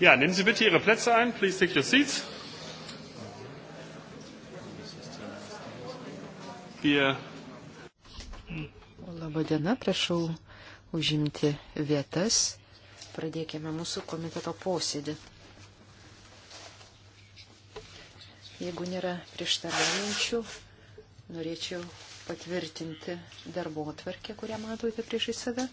Ja, nehmen Sie bitte Ihre Plätze ein. Please take your seats. Wir. Labadiena, prašau užimti vietas. Pradėkime mūsų komiteto posėdį. Jeigu nėra prieštaraujančių, norėčiau patvirtinti darbo atvarkę, kurią matote priešai save.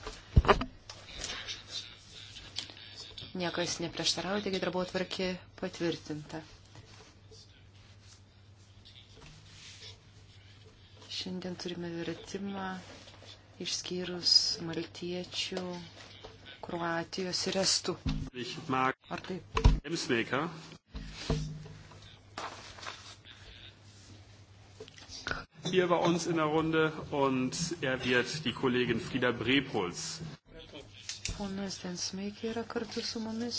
Niekas neprieštarauja, taigi darbo tvarkė patvirtinta. Šiandien turime vertimą išskyrus maltiečių, kruatijos ir estų. Ar taip? hier bei uns in der Runde und er wird die Kollegin Frieda Brepolz. Ponas Densmeikė yra kartu su mumis.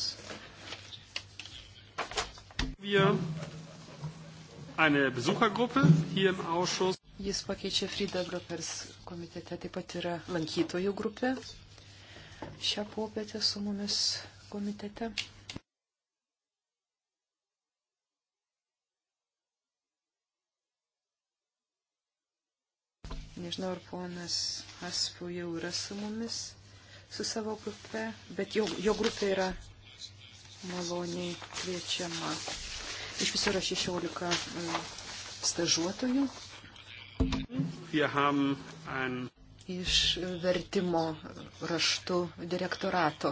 Jis pakeičia Frida Gropers komitete, taip pat yra lankytojų grupė šią popietę su mumis komitete. Nežinau, ar ponas Aspu jau yra su mumis su savo grupe, bet jo, jo grupė yra maloniai kviečiama. Iš viso yra 16 e, stažuotojų. Iš vertimo raštų direktorato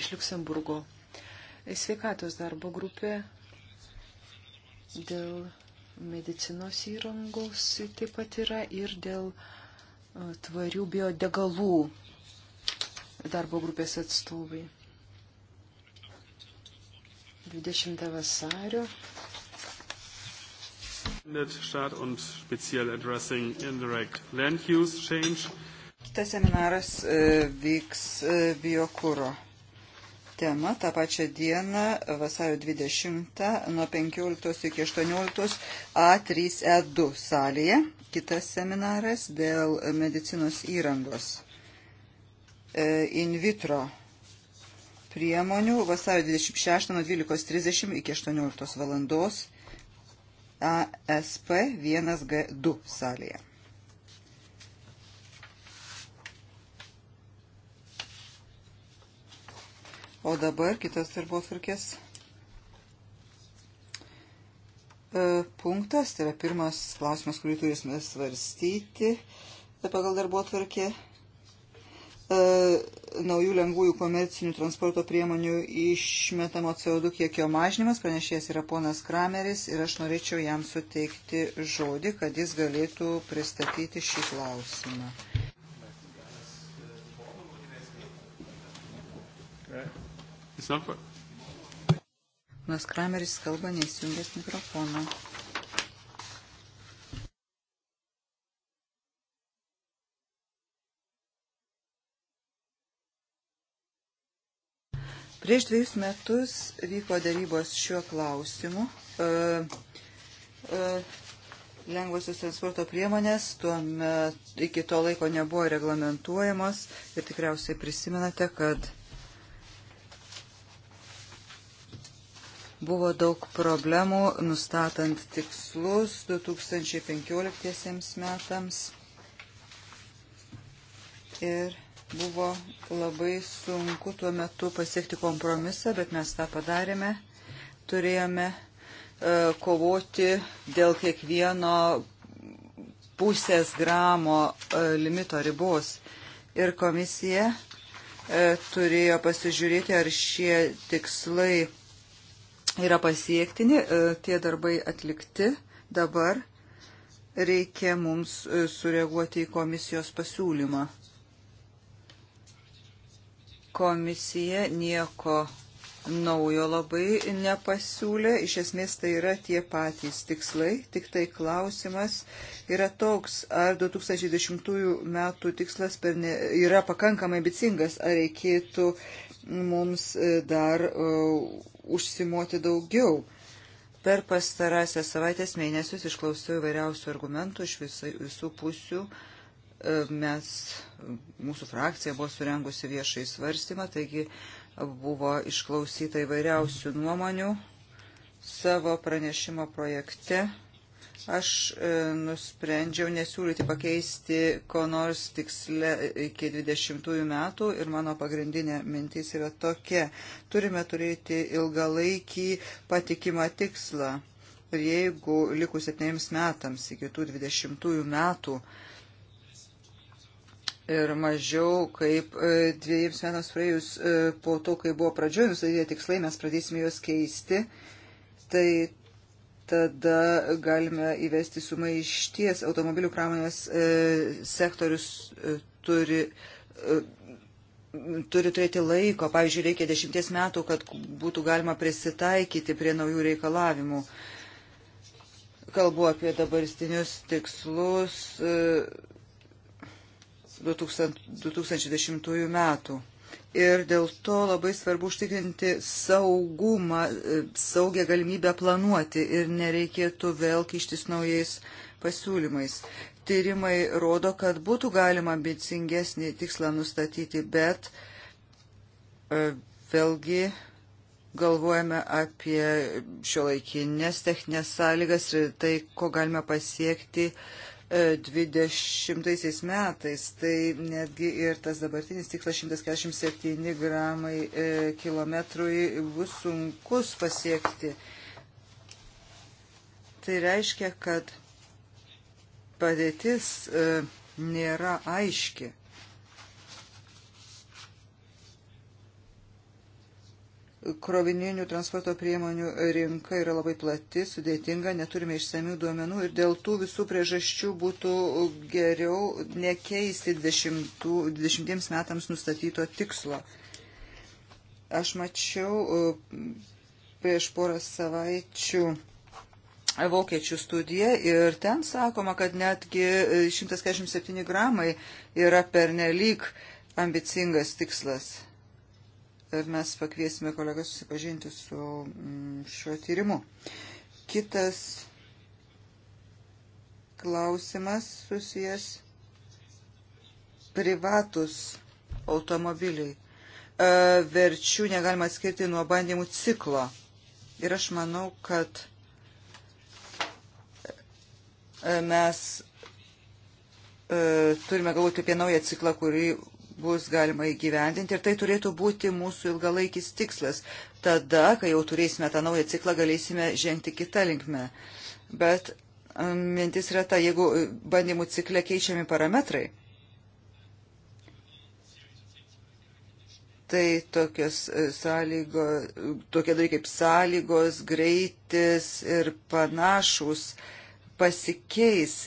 iš Luksemburgo. Sveikatos darbo grupė dėl medicinos įrangos taip pat yra ir dėl uh, tvarių biodegalų darbo grupės atstovai. 20 vasario. Start und speziell addressing indirect land use change. Kitas seminaras e, vyks e, biokūro tema tą pačią dieną, vasario 20, nuo 15 iki 18 A3E2 salėje kitas seminaras dėl medicinos įrangos e, in vitro priemonių vasario 26 nuo 12.30 iki 18 valandos ASP 1G2 salėje. O dabar kitas darbos rūkės. E, punktas, tai yra pirmas klausimas, kurį turėsime svarstyti pagal darbo tvarkę e, naujų lengvųjų komercinių transporto priemonių išmetamo CO2 kiekio mažinimas. Pranešėjas yra ponas Krameris ir aš norėčiau jam suteikti žodį, kad jis galėtų pristatyti šį klausimą. It's not for... Nors Krameris kalba neįsijungęs mikrofoną. Prieš dviejus metus vyko darybos šiuo klausimu. E, e, lengvosios transporto priemonės tuo metu iki to laiko nebuvo reglamentuojamos ir tikriausiai prisimenate, kad Buvo daug problemų nustatant tikslus 2015 metams ir buvo labai sunku tuo metu pasiekti kompromisą, bet mes tą padarėme. Turėjome e, kovoti dėl kiekvieno pusės gramo e, limito ribos. Ir komisija e, turėjo pasižiūrėti, ar šie tikslai yra pasiektini, e, tie darbai atlikti dabar. Reikia mums e, sureaguoti į komisijos pasiūlymą. Komisija nieko naujo labai nepasiūlė. Iš esmės tai yra tie patys tikslai, tik tai klausimas yra toks, ar 2010 metų tikslas ne, yra pakankamai ambicingas, ar reikėtų mums e, dar uh, užsimoti daugiau. Per pastarąsias savaitės mėnesius išklausiau įvairiausių argumentų iš visai, visų pusių. E, mes, mūsų frakcija buvo surengusi viešai svarstymą, taigi buvo išklausyta įvairiausių nuomonių savo pranešimo projekte. Aš e, nusprendžiau nesiūlyti pakeisti ko nors tiksle iki 20 metų ir mano pagrindinė mintis yra tokia. Turime turėti ilgalaikį patikimą tikslą. Ir jeigu likus 7 metams iki tų 20 metų ir mažiau kaip e, dviejams metams praėjus e, po to, kai buvo pradžioje nustatyti tikslai, mes pradėsime juos keisti, tai tada galime įvesti sumą iš ties. Automobilių pramonės e, sektorius e, turi, e, turi turėti laiko. Pavyzdžiui, reikia dešimties metų, kad būtų galima prisitaikyti prie naujų reikalavimų. Kalbu apie dabarstinius tikslus e, 2000, 2010 metų ir dėl to labai svarbu užtikrinti saugumą, e, saugę galimybę planuoti ir nereikėtų vėl kištis naujais pasiūlymais. Tyrimai rodo, kad būtų galima ambicingesnį tikslą nustatyti, bet e, vėlgi galvojame apie šiuolaikinės techninės sąlygas ir tai, ko galime pasiekti 20 e, metais, tai netgi ir tas dabartinis tikslas 147 gramai e, kilometrui bus sunkus pasiekti. Tai reiškia, kad padėtis e, nėra aiški. Krovininių transporto priemonių rinka yra labai plati, sudėtinga, neturime išsamių duomenų ir dėl tų visų priežasčių būtų geriau nekeisti 20, 20 metams nustatyto tikslo. Aš mačiau e, prieš porą savaičių vokiečių studiją ir ten sakoma, kad netgi 147 gramai yra pernelyg ambicingas tikslas mes pakviesime kolegas susipažinti su mm, šiuo tyrimu. Kitas klausimas susijęs privatus automobiliai. E, verčių negalima atskirti nuo bandymų ciklo. Ir aš manau, kad e, mes e, turime galvoti apie naują ciklą, kurį bus galima įgyvendinti ir tai turėtų būti mūsų ilgalaikis tikslas. Tada, kai jau turėsime tą naują ciklą, galėsime žengti kitą linkmę. Bet mm, mintis yra ta, jeigu bandymų cikle keičiami parametrai, tai tokios e, sąlygos, tokie dalykai kaip sąlygos, greitis ir panašus pasikeis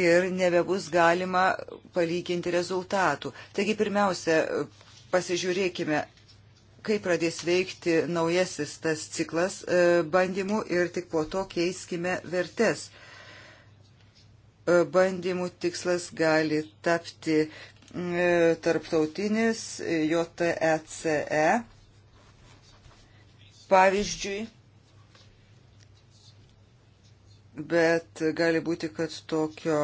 ir nebebus galima palyginti rezultatų. Taigi pirmiausia, pasižiūrėkime, kaip pradės veikti naujasis tas ciklas e, bandymų ir tik po to keiskime vertes. E, bandymų tikslas gali tapti e, tarptautinis JTECE. Pavyzdžiui, bet gali būti, kad tokio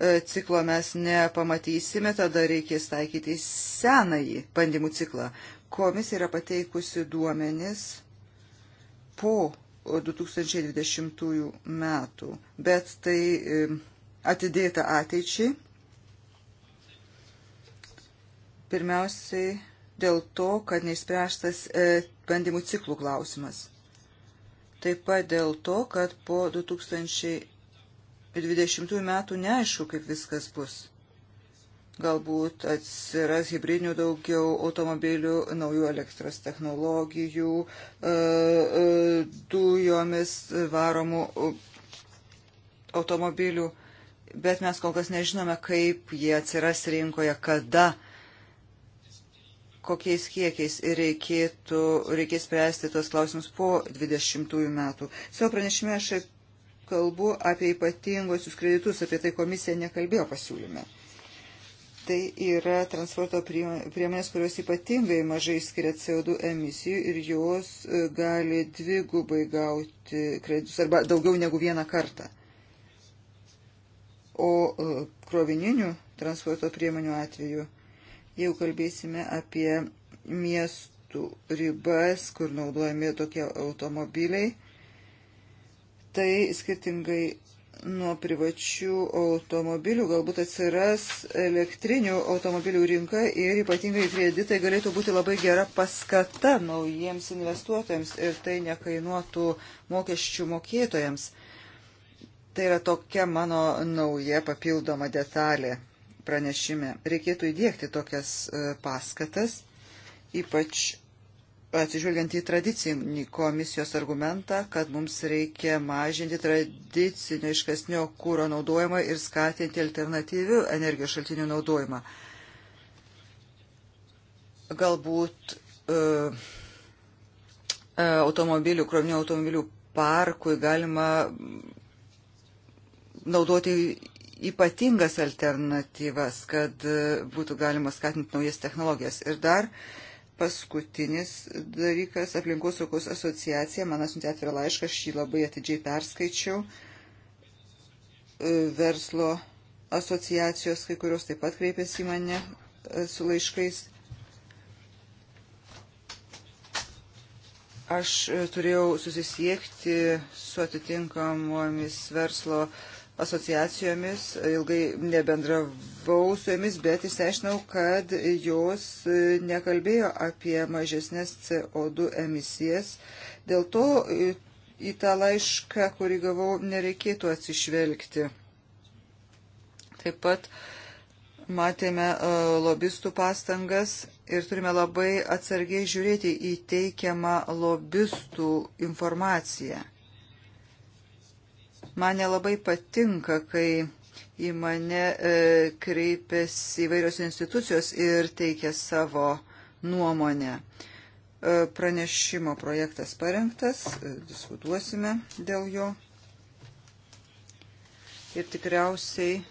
e, ciklo mes nepamatysime, tada reikės taikyti senąjį bandymų ciklą. Komisija yra pateikusi duomenis po 2020 metų, bet tai e, atidėta ateičiai. Pirmiausiai dėl to, kad neįspręstas e, bandymų ciklų klausimas. Taip pat dėl to, kad po 2020 metų neaišku, kaip viskas bus. Galbūt atsiras hybridinių daugiau automobilių, naujų elektros technologijų, e, e, dujomis varomų automobilių, bet mes kol kas nežinome, kaip jie atsiras rinkoje, kada atsiras kokiais kiekiais reikėtų, reikės spręsti tos klausimus po 20 metų. Savo pranešime aš kalbu apie ypatingosius kreditus, apie tai komisija nekalbėjo pasiūlyme. Tai yra transporto priemonės, kurios ypatingai mažai skiria CO2 emisijų ir jos e, gali dvi gubai gauti kreditus arba daugiau negu vieną kartą. O e, krovininių transporto priemonių atveju Jau kalbėsime apie miestų ribas, kur naudojami tokie automobiliai. Tai skirtingai nuo privačių automobilių galbūt atsiras elektrinių automobilių rinka ir ypatingai kreditai galėtų būti labai gera paskata naujiems investuotojams ir tai nekainuotų mokesčių mokėtojams. Tai yra tokia mano nauja papildoma detalė pranešime. Reikėtų įdėkti tokias e, paskatas, ypač atsižvelgiant į tradicinį komisijos argumentą, kad mums reikia mažinti tradicinio iškasnio kūro naudojimą ir skatinti alternatyvių energijos šaltinių naudojimą. Galbūt e, e automobilių, krovinių automobilių parkui galima naudoti ypatingas alternatyvas, kad e, būtų galima skatinti naujas technologijas. Ir dar paskutinis dalykas, aplinkosaugos asociacija, man atsiuntė atvirą laišką, aš jį labai atidžiai perskaičiau. E, verslo asociacijos, kai kurios taip pat kreipėsi į mane e, su laiškais. Aš turėjau susisiekti su atitinkamomis verslo asociacijomis asociacijomis, ilgai nebendravau su jomis, bet išsiaiškinau, kad jos nekalbėjo apie mažesnės CO2 emisijas. Dėl to į tą laišką, kurį gavau, nereikėtų atsižvelgti. Taip pat matėme e, lobistų pastangas ir turime labai atsargiai žiūrėti į teikiamą lobistų informaciją. Man nelabai patinka, kai į mane e, kreipiasi įvairios institucijos ir teikia savo nuomonę. E, pranešimo projektas parengtas, e, diskutuosime dėl jo. Ir tikriausiai e,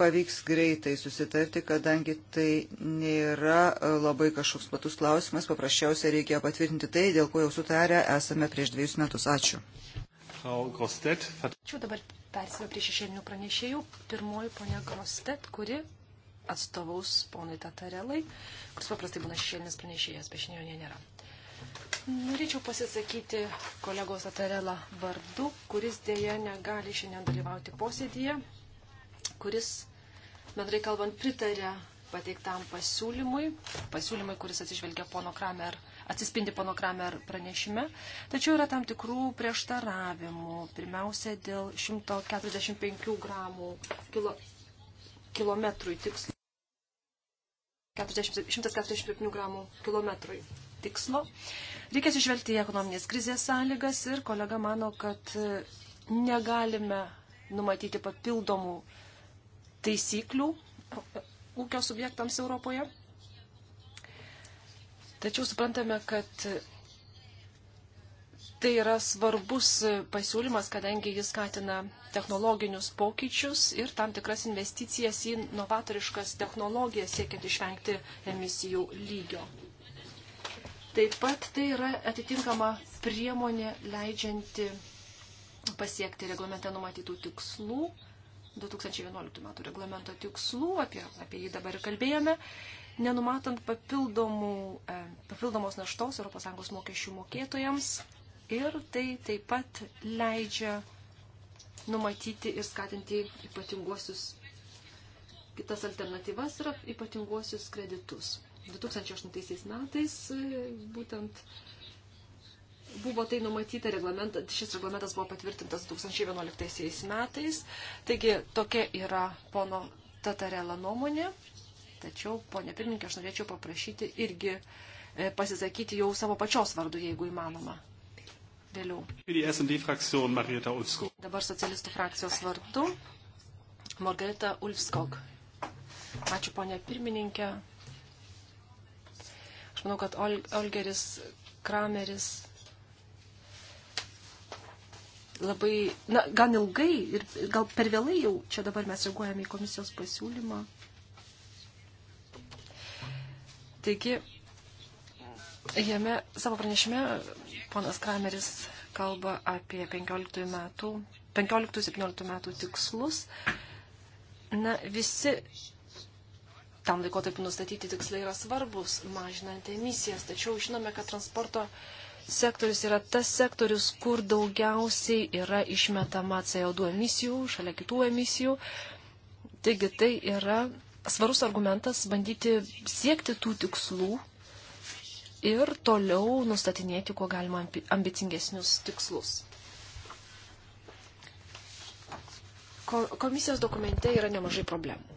pavyks greitai susitarti, kadangi tai nėra e, labai kažkoks platus klausimas, paprasčiausiai reikia patvirtinti tai, dėl ko jau sutarę esame prieš dviejus metus. Ačiū. Frau Grostet. Ačiū dabar persime prie šešėlinių pranešėjų. Pirmoji ponia Grostet, kuri atstovaus ponui Tatarelai, kuris paprastai būna šešėlinis pranešėjas, bet šiandien nėra. Norėčiau pasisakyti kolegos Atarela vardu, kuris dėja negali šiandien dalyvauti posėdėje, kuris, bendrai kalbant, pritarė pateiktam pasiūlymui, pasiūlymui, kuris atsižvelgia pono Kramer atsispindi pono Kramer pranešime, tačiau yra tam tikrų prieštaravimų. Pirmiausia, dėl 145 gramų kilo, kilometrui tikslo. 147 gramų kilometrui tikslo. Reikia atsižvelgti į ekonominės krizės sąlygas ir kolega mano, kad negalime numatyti papildomų taisyklių ūkio subjektams Europoje. Tačiau suprantame, kad tai yra svarbus pasiūlymas, kadangi jis skatina technologinius pokyčius ir tam tikras investicijas į novatoriškas technologijas siekiant išvengti emisijų lygio. Taip pat tai yra atitinkama priemonė leidžianti pasiekti reglamente numatytų tikslų, 2011 metų reglamento tikslų, apie, apie jį dabar ir kalbėjome nenumatant papildomų, e, papildomos naštos ES mokesčių mokėtojams ir tai taip pat leidžia numatyti ir skatinti ypatinguosius kitas alternatyvas yra ypatinguosius kreditus. 2008 metais e, būtent buvo tai numatyta reglamentas, šis reglamentas buvo patvirtintas 2011 metais. Taigi tokia yra pono Tatarela nuomonė. Tačiau, ponė pirmininkė, aš norėčiau paprašyti irgi e, pasisakyti jau savo pačios vardu, jeigu įmanoma. Vėliau. Dabar socialistų frakcijos vardu Margarita Ulfskog. Ačiū, ponė pirmininkė. Aš manau, kad Ol Olgeris Krameris labai, na, gan ilgai ir gal per vėlai jau čia dabar mes reaguojame į komisijos pasiūlymą. Taigi, jame savo pranešime ponas Krameris kalba apie 15-17 metų, 15 metų tikslus. Na, visi tam laikotarpiu nustatyti tikslai yra svarbus, mažinant emisijas, tačiau žinome, kad transporto sektorius yra tas sektorius, kur daugiausiai yra išmetama CO2 emisijų, šalia kitų emisijų. Taigi tai yra svarus argumentas bandyti siekti tų tikslų ir toliau nustatinėti, kuo galima ambicingesnius tikslus. Komisijos dokumente yra nemažai problemų.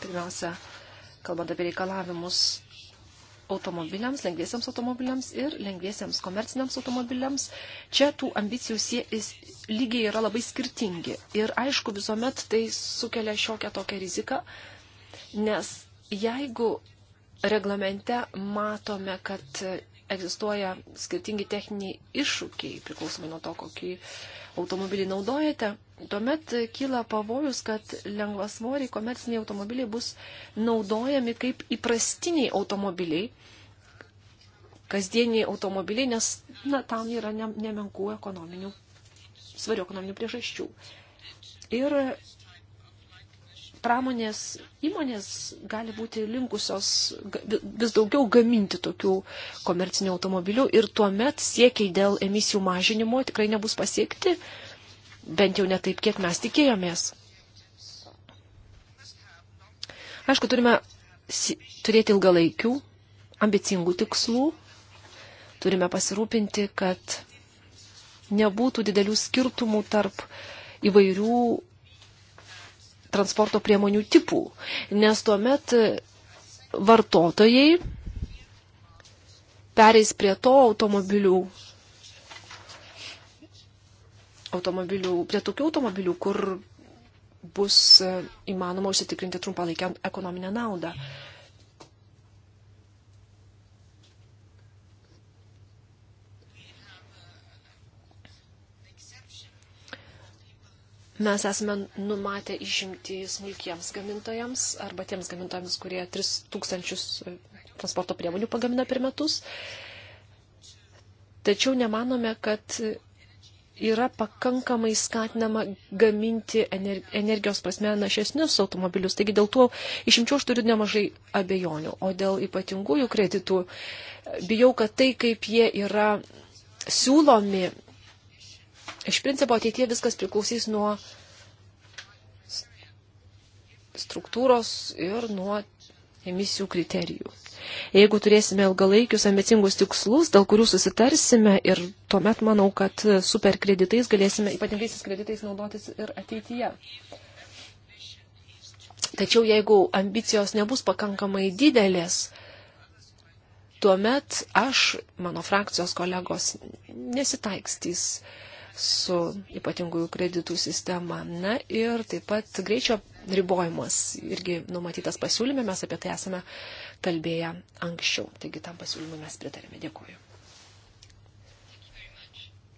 Pirmiausia, kalbant apie reikalavimus automobiliams, lengviesiams automobiliams ir lengviesiams komerciniams automobiliams. Čia tų ambicijų lygiai yra labai skirtingi. Ir aišku, visuomet tai sukelia šiokią tokią riziką, nes jeigu reglamente matome, kad egzistuoja skirtingi techniniai iššūkiai, priklausomai nuo to, kokį automobilį naudojate, tuomet kyla pavojus, kad lengvasvoriai komerciniai automobiliai bus naudojami kaip įprastiniai automobiliai, kasdieniai automobiliai, nes na, tam yra ne, nemenkų ekonominių, svarių ekonominių priežasčių. Ir pramonės įmonės gali būti linkusios vis daugiau gaminti tokių komercinių automobilių ir tuomet siekiai dėl emisijų mažinimo tikrai nebus pasiekti, bent jau ne taip, kiek mes tikėjomės. Aišku, turime turėti ilgalaikių, ambicingų tikslų, turime pasirūpinti, kad nebūtų didelių skirtumų tarp įvairių transporto priemonių tipų, nes tuomet vartotojai pereis prie to automobilių, automobilių prie tokių automobilių, kur bus įmanoma užsitikrinti trumpalaikę ekonominę naudą. Mm. Mes esame numatę išimtį smulkiems gamintojams arba tiems gamintojams, kurie 3000 e, transporto priemonių pagamina per metus. Tačiau nemanome, kad yra pakankamai skatinama gaminti energijos prasme našesnius automobilius. Taigi dėl to išimčių aš turiu nemažai abejonių. O dėl ypatingųjų kreditų bijau, kad tai, kaip jie yra siūlomi, Iš principo ateitie viskas priklausys nuo struktūros ir nuo emisijų kriterijų. Jeigu turėsime ilgalaikius ambicingus tikslus, dėl kurių susitarsime ir tuomet manau, kad superkreditais galėsime ypatingaisiais kreditais naudotis ir ateityje. Tačiau jeigu ambicijos nebus pakankamai didelės, tuomet aš, mano frakcijos kolegos, nesitaikstys uh, su ypatingųjų kreditų sistema. Na ir taip pat greičio ribojimas irgi numatytas pasiūlyme, mes apie tai esame kalbėję anksčiau. Taigi tam pasiūlymui mes pritarėme. Dėkuoju.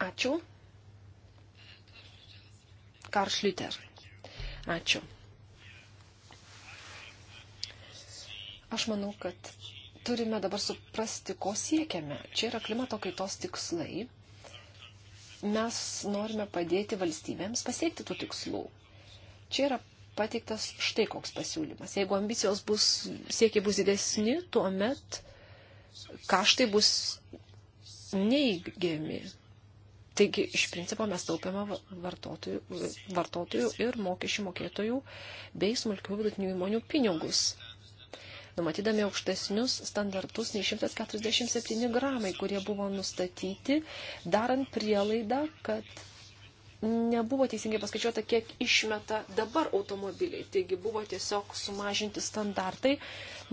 Ačiū. Karšliuter. Ačiū. Aš manau, kad turime dabar suprasti, ko siekiame. Čia yra klimato kaitos tikslai mes norime padėti valstybėms pasiekti tų tikslų. Čia yra pateiktas štai koks pasiūlymas. Jeigu ambicijos bus, siekiai bus didesni, tuomet kaštai bus neįgiami. Taigi, iš principo, mes taupėme vartotojų, vartotojų ir mokesčių mokėtojų bei smulkių vidutinių įmonių pinigus numatydami aukštesnius standartus nei 147 gramai, kurie buvo nustatyti, darant prielaidą, kad nebuvo teisingai paskaičiuota, kiek išmeta dabar automobiliai. Taigi buvo tiesiog sumažinti standartai,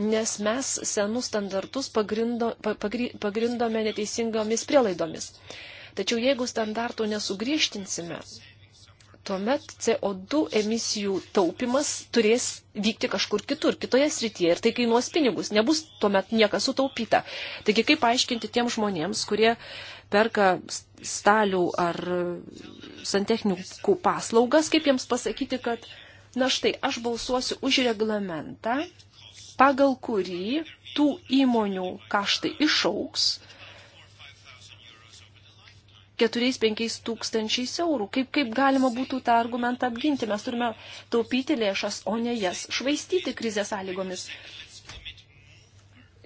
nes mes senus standartus pagrindo, pagri, pagrindome neteisingomis prielaidomis. Tačiau jeigu standartų nesugriežtinsime, tuomet CO2 emisijų taupimas turės vykti kažkur kitur, kitoje srityje ir tai kainuos pinigus, nebus tuomet niekas sutaupyta. Taigi kaip aiškinti tiem žmonėms, kurie perka stalių ar santechnikų paslaugas, kaip jiems pasakyti, kad na štai aš balsuosiu už reglamentą, pagal kurį tų įmonių kaštai išauks, 4-5 tūkstančiais eurų. Kaip, kaip galima būtų tą argumentą apginti? Mes turime taupyti lėšas, o ne jas švaistyti krizės sąlygomis.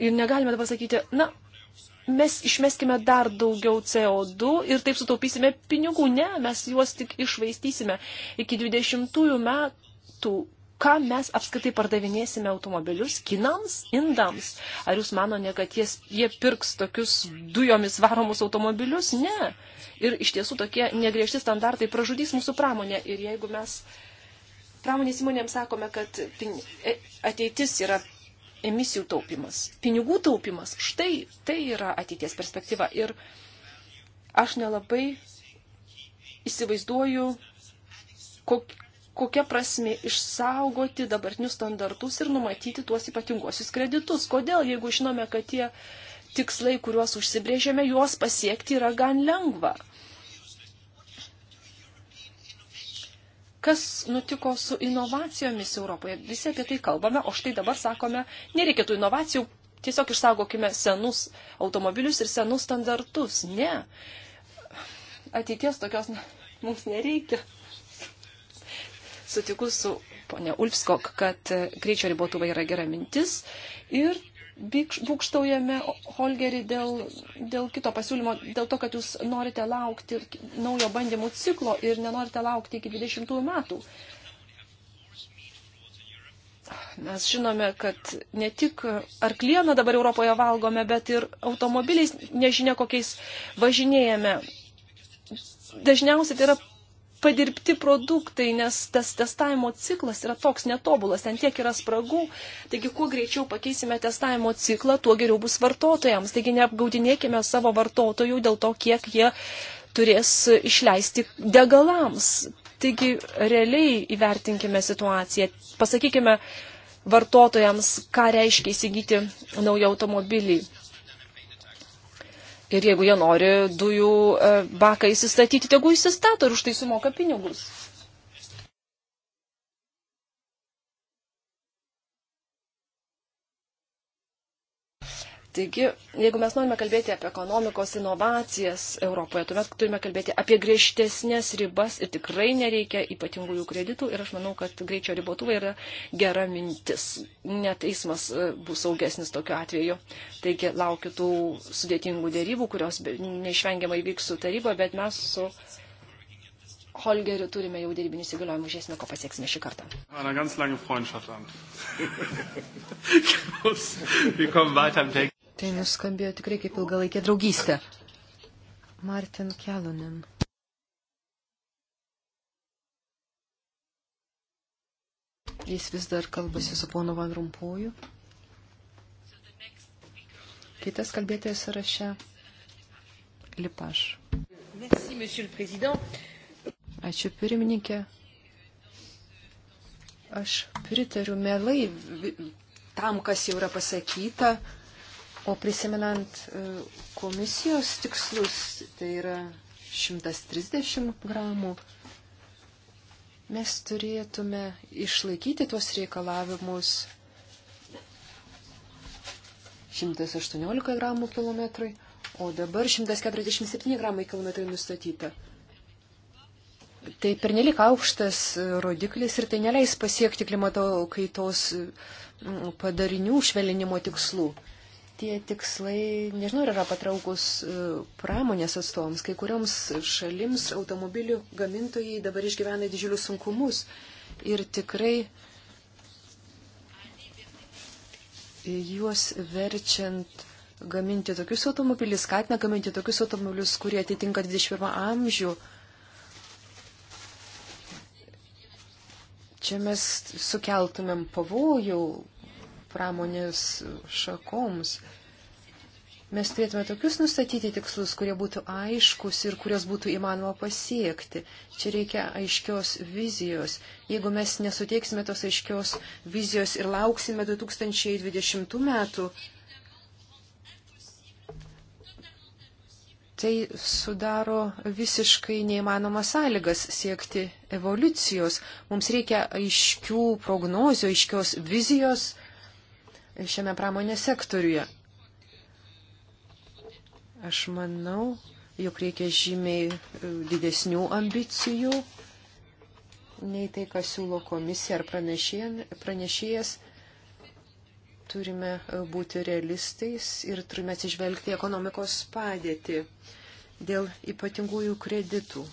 Ir negalime dabar sakyti, na, mes išmeskime dar daugiau CO2 ir taip sutaupysime pinigų. Ne, mes juos tik išvaistysime. Iki 20 metų kam mes apskritai pardavinėsime automobilius? Kinams? Indams? Ar jūs manone, kad jie, jie pirks tokius dujomis varomus automobilius? Ne. Ir iš tiesų tokie negriežti standartai pražudys mūsų pramonę. Ir jeigu mes pramonės įmonėms sakome, kad e, ateitis yra emisijų taupimas, pinigų taupimas, štai tai yra ateities perspektyva. Ir aš nelabai įsivaizduoju, kok, kokia prasme išsaugoti dabartinius standartus ir numatyti tuos ypatinguosius kreditus. Kodėl, jeigu žinome, kad tie tikslai, kuriuos užsibrėžėme, juos pasiekti yra gan lengva. Kas nutiko su inovacijomis Europoje? Visi apie tai kalbame, o štai dabar sakome, nereikėtų inovacijų, tiesiog išsaugokime senus automobilius ir senus standartus. Ne. Ateities tokios mums nereikia sutiku su ponia Ulfskok, kad e, greičio ribotuvai yra gera mintis ir būkštaujame, Holgeri, dėl, dėl kito pasiūlymo, dėl to, kad jūs norite laukti naujo bandymų ciklo ir nenorite laukti iki 20 metų. Mes žinome, kad ne tik arklieną dabar Europoje valgome, bet ir automobiliais nežinia kokiais važinėjame. Dažniausiai tai yra padirbti produktai, nes tas testavimo ciklas yra toks netobulas, ten tiek yra spragų, taigi kuo greičiau pakeisime testavimo ciklą, tuo geriau bus vartotojams. Taigi neapgaudinėkime savo vartotojų dėl to, kiek jie turės išleisti degalams. Taigi realiai įvertinkime situaciją, pasakykime vartotojams, ką reiškia įsigyti naują automobilį. Ir jeigu jie nori dujų e, baką įsistatyti, tegu įsistato ir už tai sumoka pinigus. Taigi, jeigu mes norime kalbėti apie ekonomikos inovacijas Europoje, tuomet turime kalbėti apie griežtesnės ribas ir tikrai nereikia ypatingųjų kreditų ir aš manau, kad greičio ribotuvai yra gera mintis. Net eismas e, bus saugesnis tokiu atveju. Taigi, laukiu tų sudėtingų dėrybų, kurios neišvengiamai vyks su taryba, bet mes su Holgeriu turime jau dėrybinius įgaliojimus, žiūrėsime, ko pasieksime šį kartą. Tai nuskambėjo tikrai kaip ilgalaikė draugystė. Martin Kelunin. Jis vis dar kalbasi su ponu Van Rumpuoju. Kitas kalbėtojas sąraše - Lipaš. Ačiū pirmininkė. Aš pritariu mielai tam, kas jau yra pasakyta. O prisimenant e, komisijos tikslus, tai yra 130 gramų, mes turėtume išlaikyti tuos reikalavimus 118 gramų kilometrui, o dabar 147 gramai kilometrai nustatyta. Tai pernelik aukštas rodiklis ir tai neleis pasiekti klimato kaitos padarinių švelinimo tikslų tie tikslai, nežinau, yra patraukus e, pramonės atstovams. Kai kurioms šalims automobilių gamintojai dabar išgyvena didžiulius sunkumus. Ir tikrai juos verčiant gaminti tokius automobilius, skatina gaminti tokius automobilius, kurie atitinka 21 amžių. Čia mes sukeltumėm pavojų pramonės šakoms. Mes turėtume tokius nustatyti tikslus, kurie būtų aiškus ir kurios būtų įmanoma pasiekti. Čia reikia aiškios vizijos. Jeigu mes nesuteiksime tos aiškios vizijos ir lauksime 2020 metų, tai sudaro visiškai neįmanomas sąlygas siekti evoliucijos. Mums reikia aiškių prognozių, aiškios vizijos šiame pramonės sektoriuje. Aš manau, jog reikia žymiai e, didesnių ambicijų nei tai, kas siūlo komisija ar pranešėjas. Turime e, būti realistais ir turime atsižvelgti ekonomikos padėtį dėl ypatingųjų kreditų.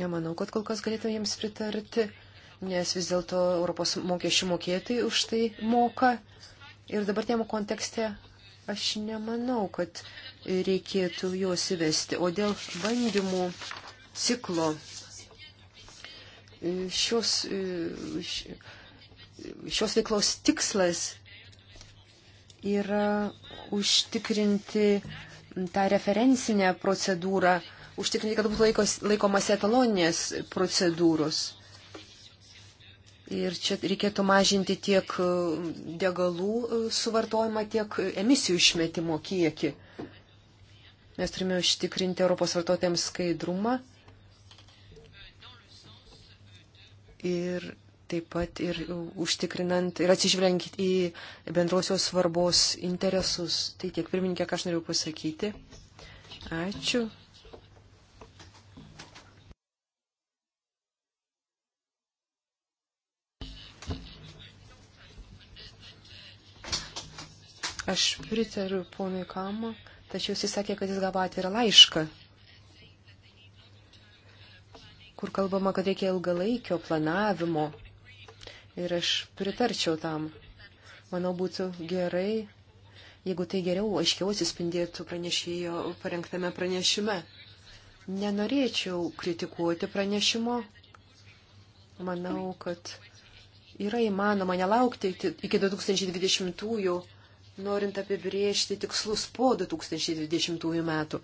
Nemanau, kad kol kas galėtume jiems pritarti nes vis dėlto Europos mokesčių mokėtai už tai moka. Ir dabartėmo kontekste aš nemanau, kad reikėtų juos įvesti. O dėl bandymų ciklo šios, šios veiklos tikslas yra užtikrinti tą referencinę procedūrą, užtikrinti, kad būtų laikos, laikomas etaloninės procedūros. Ir čia reikėtų mažinti tiek e, degalų e, suvartojimą, tiek emisijų išmetimo kiekį. Mes turime užtikrinti Europos vartotojams skaidrumą ir taip pat ir užtikrinant ir atsižvelgiant į bendrosios svarbos interesus. Tai tiek pirmininkė, ką aš noriu pasakyti. Ačiū. Aš pritariu ponui Kamu, tačiau jis sakė, kad jis gavo atvirą laišką, kur kalbama, kad reikia ilgalaikio planavimo. Ir aš pritarčiau tam. Manau, būtų gerai, jeigu tai geriau aiškiau atsispindėtų pranešėjo parengtame pranešime. Nenorėčiau kritikuoti pranešimo. Manau, kad yra įmanoma nelaukti iki 2020-ųjų norint apibriežti tikslus po 2020 metų.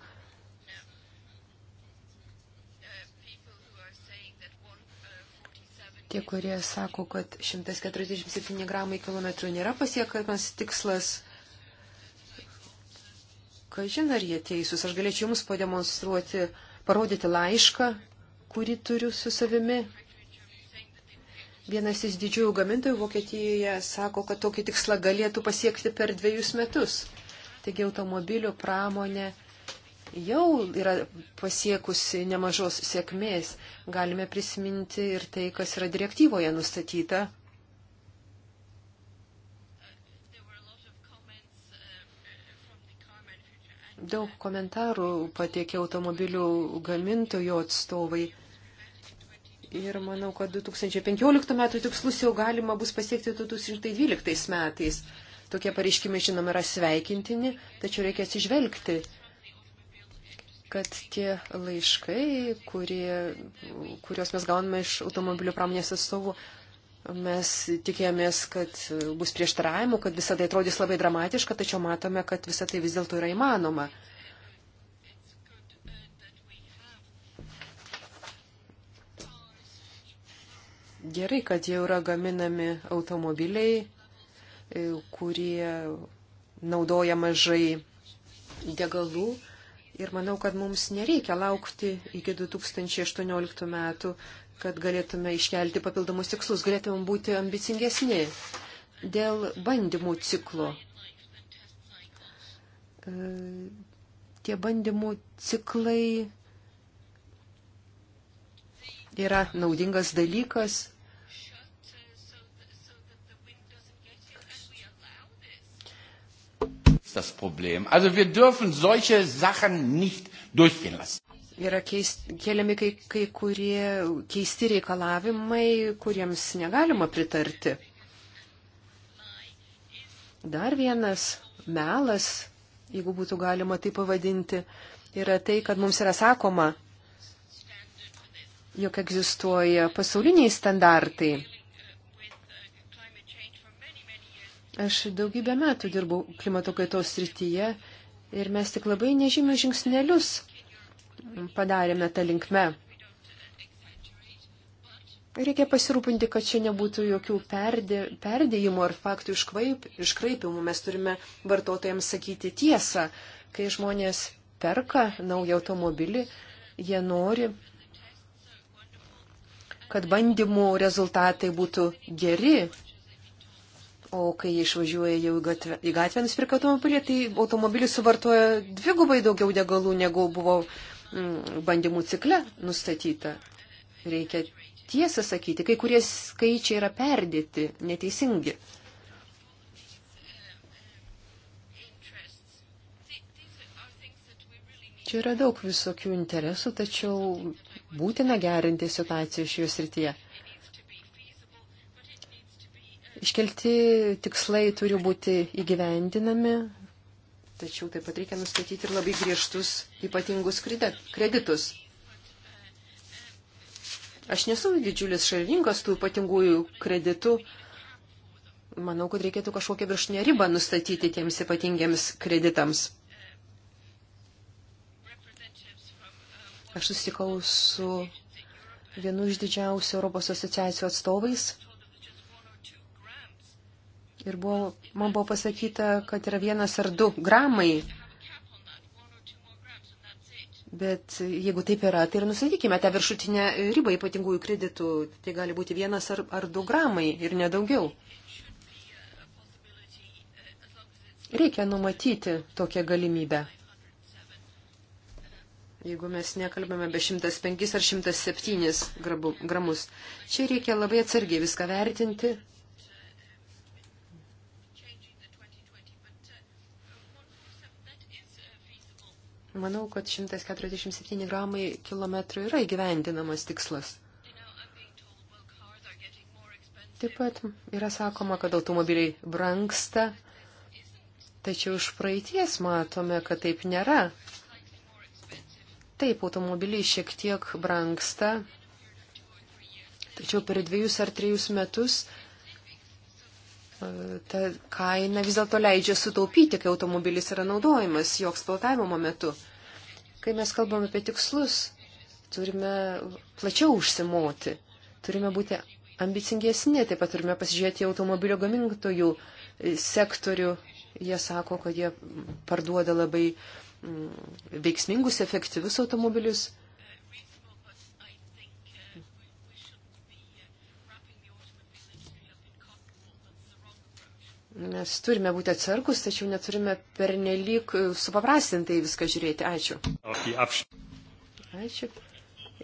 Tie, kurie sako, kad 147 gramai kilometrų nėra pasiekamas tikslas, kažin ar jie teisūs. Aš galėčiau jums pademonstruoti, parodyti laišką, kurį turiu su savimi. Vienas iš didžiųjų gamintojų Vokietijoje sako, kad tokį tikslą galėtų pasiekti per dviejus metus. Taigi automobilių pramonė jau yra pasiekusi nemažos sėkmės. Galime prisiminti ir tai, kas yra direktyvoje nustatyta. Daug komentarų patiekė automobilių gamintojų atstovai. Ir manau, kad 2015 metų tikslus jau galima bus pasiekti 2012 metais. Tokie pareiškimai, žinoma, yra sveikintini, tačiau reikia atsižvelgti, kad tie laiškai, kurie, kuriuos mes gauname iš automobilių pramonės atstovų, Mes tikėjomės, kad bus prieštaravimų, kad visą tai atrodys labai dramatiška, tačiau matome, kad visą tai vis dėlto yra įmanoma. Gerai, kad jau yra gaminami automobiliai, e, kurie naudoja mažai degalų. Ir manau, kad mums nereikia laukti iki 2018 metų, kad galėtume iškelti papildomus tikslus, galėtume būti ambicingesni dėl bandymų ciklo. E, tie bandymų ciklai yra naudingas dalykas, ist das Problem. Also wir dürfen solche Sachen nicht durchgehen lassen. Yra keist, keliami kai, kai kurie keisti reikalavimai, kuriems negalima pritarti. Dar vienas melas, jeigu būtų galima tai pavadinti, yra tai, kad mums yra sakoma, jog egzistuoja pasauliniai standartai Aš daugybę metų dirbau klimato kaitos srityje ir mes tik labai nežymius žingsnelius padarėme tą linkme. Reikia pasirūpinti, kad čia nebūtų jokių perdė, perdėjimų ar faktų iškvaip, iškraipimų. Mes turime vartotojams sakyti tiesą. Kai žmonės perka naują automobilį, jie nori, kad bandymų rezultatai būtų geri, O kai jie išvažiuoja jau į gatvę, į gatvę nusipirka automobilį, tai automobilis suvartoja dvigubai daugiau degalų, negu buvo mm, bandymų cikle nustatyta. Reikia tiesą sakyti, kai kurie skaičiai yra perdėti, neteisingi. Čia yra daug visokių interesų, tačiau būtina gerinti situaciją šioje srityje. Iškelti tikslai turi būti įgyvendinami, tačiau taip pat reikia nustatyti ir labai griežtus ypatingus kreditus. Aš nesu didžiulis šalininkas tų ypatingųjų kreditų. Manau, kad reikėtų kažkokią viršinę ribą nustatyti tiems ypatingiems kreditams. Aš susikau su vienu iš didžiausių Europos asociacijų atstovais Ir buvo, man buvo pasakyta, kad yra vienas ar du gramai. Bet jeigu taip yra, tai ir nusakykime tą viršutinę ribą ypatingųjų kreditų. Tai gali būti vienas ar, ar du gramai ir nedaugiau. Reikia numatyti tokią galimybę. Jeigu mes nekalbame be 105 ar 107 gramus. Čia reikia labai atsargiai viską vertinti Manau, kad 147 gramai kilometrų yra įgyvendinamas tikslas. Taip pat yra sakoma, kad automobiliai brangsta, tačiau iš praeities matome, kad taip nėra. Taip, automobiliai šiek tiek brangsta, tačiau per dviejus ar trejus metus E, ta kaina vis dėlto leidžia sutaupyti, kai automobilis yra naudojamas jo eksploatavimo metu. Kai mes kalbame apie tikslus, turime plačiau užsimoti, turime būti ambicingesni, taip pat turime pasižiūrėti automobilio gamintojų e, sektorių. Jie sako, kad jie parduoda labai mm, veiksmingus, efektyvius automobilius. Mes turime būti atsargus, tačiau neturime pernelyg e, supaprastintai viską žiūrėti. Ačiū. Ačiū.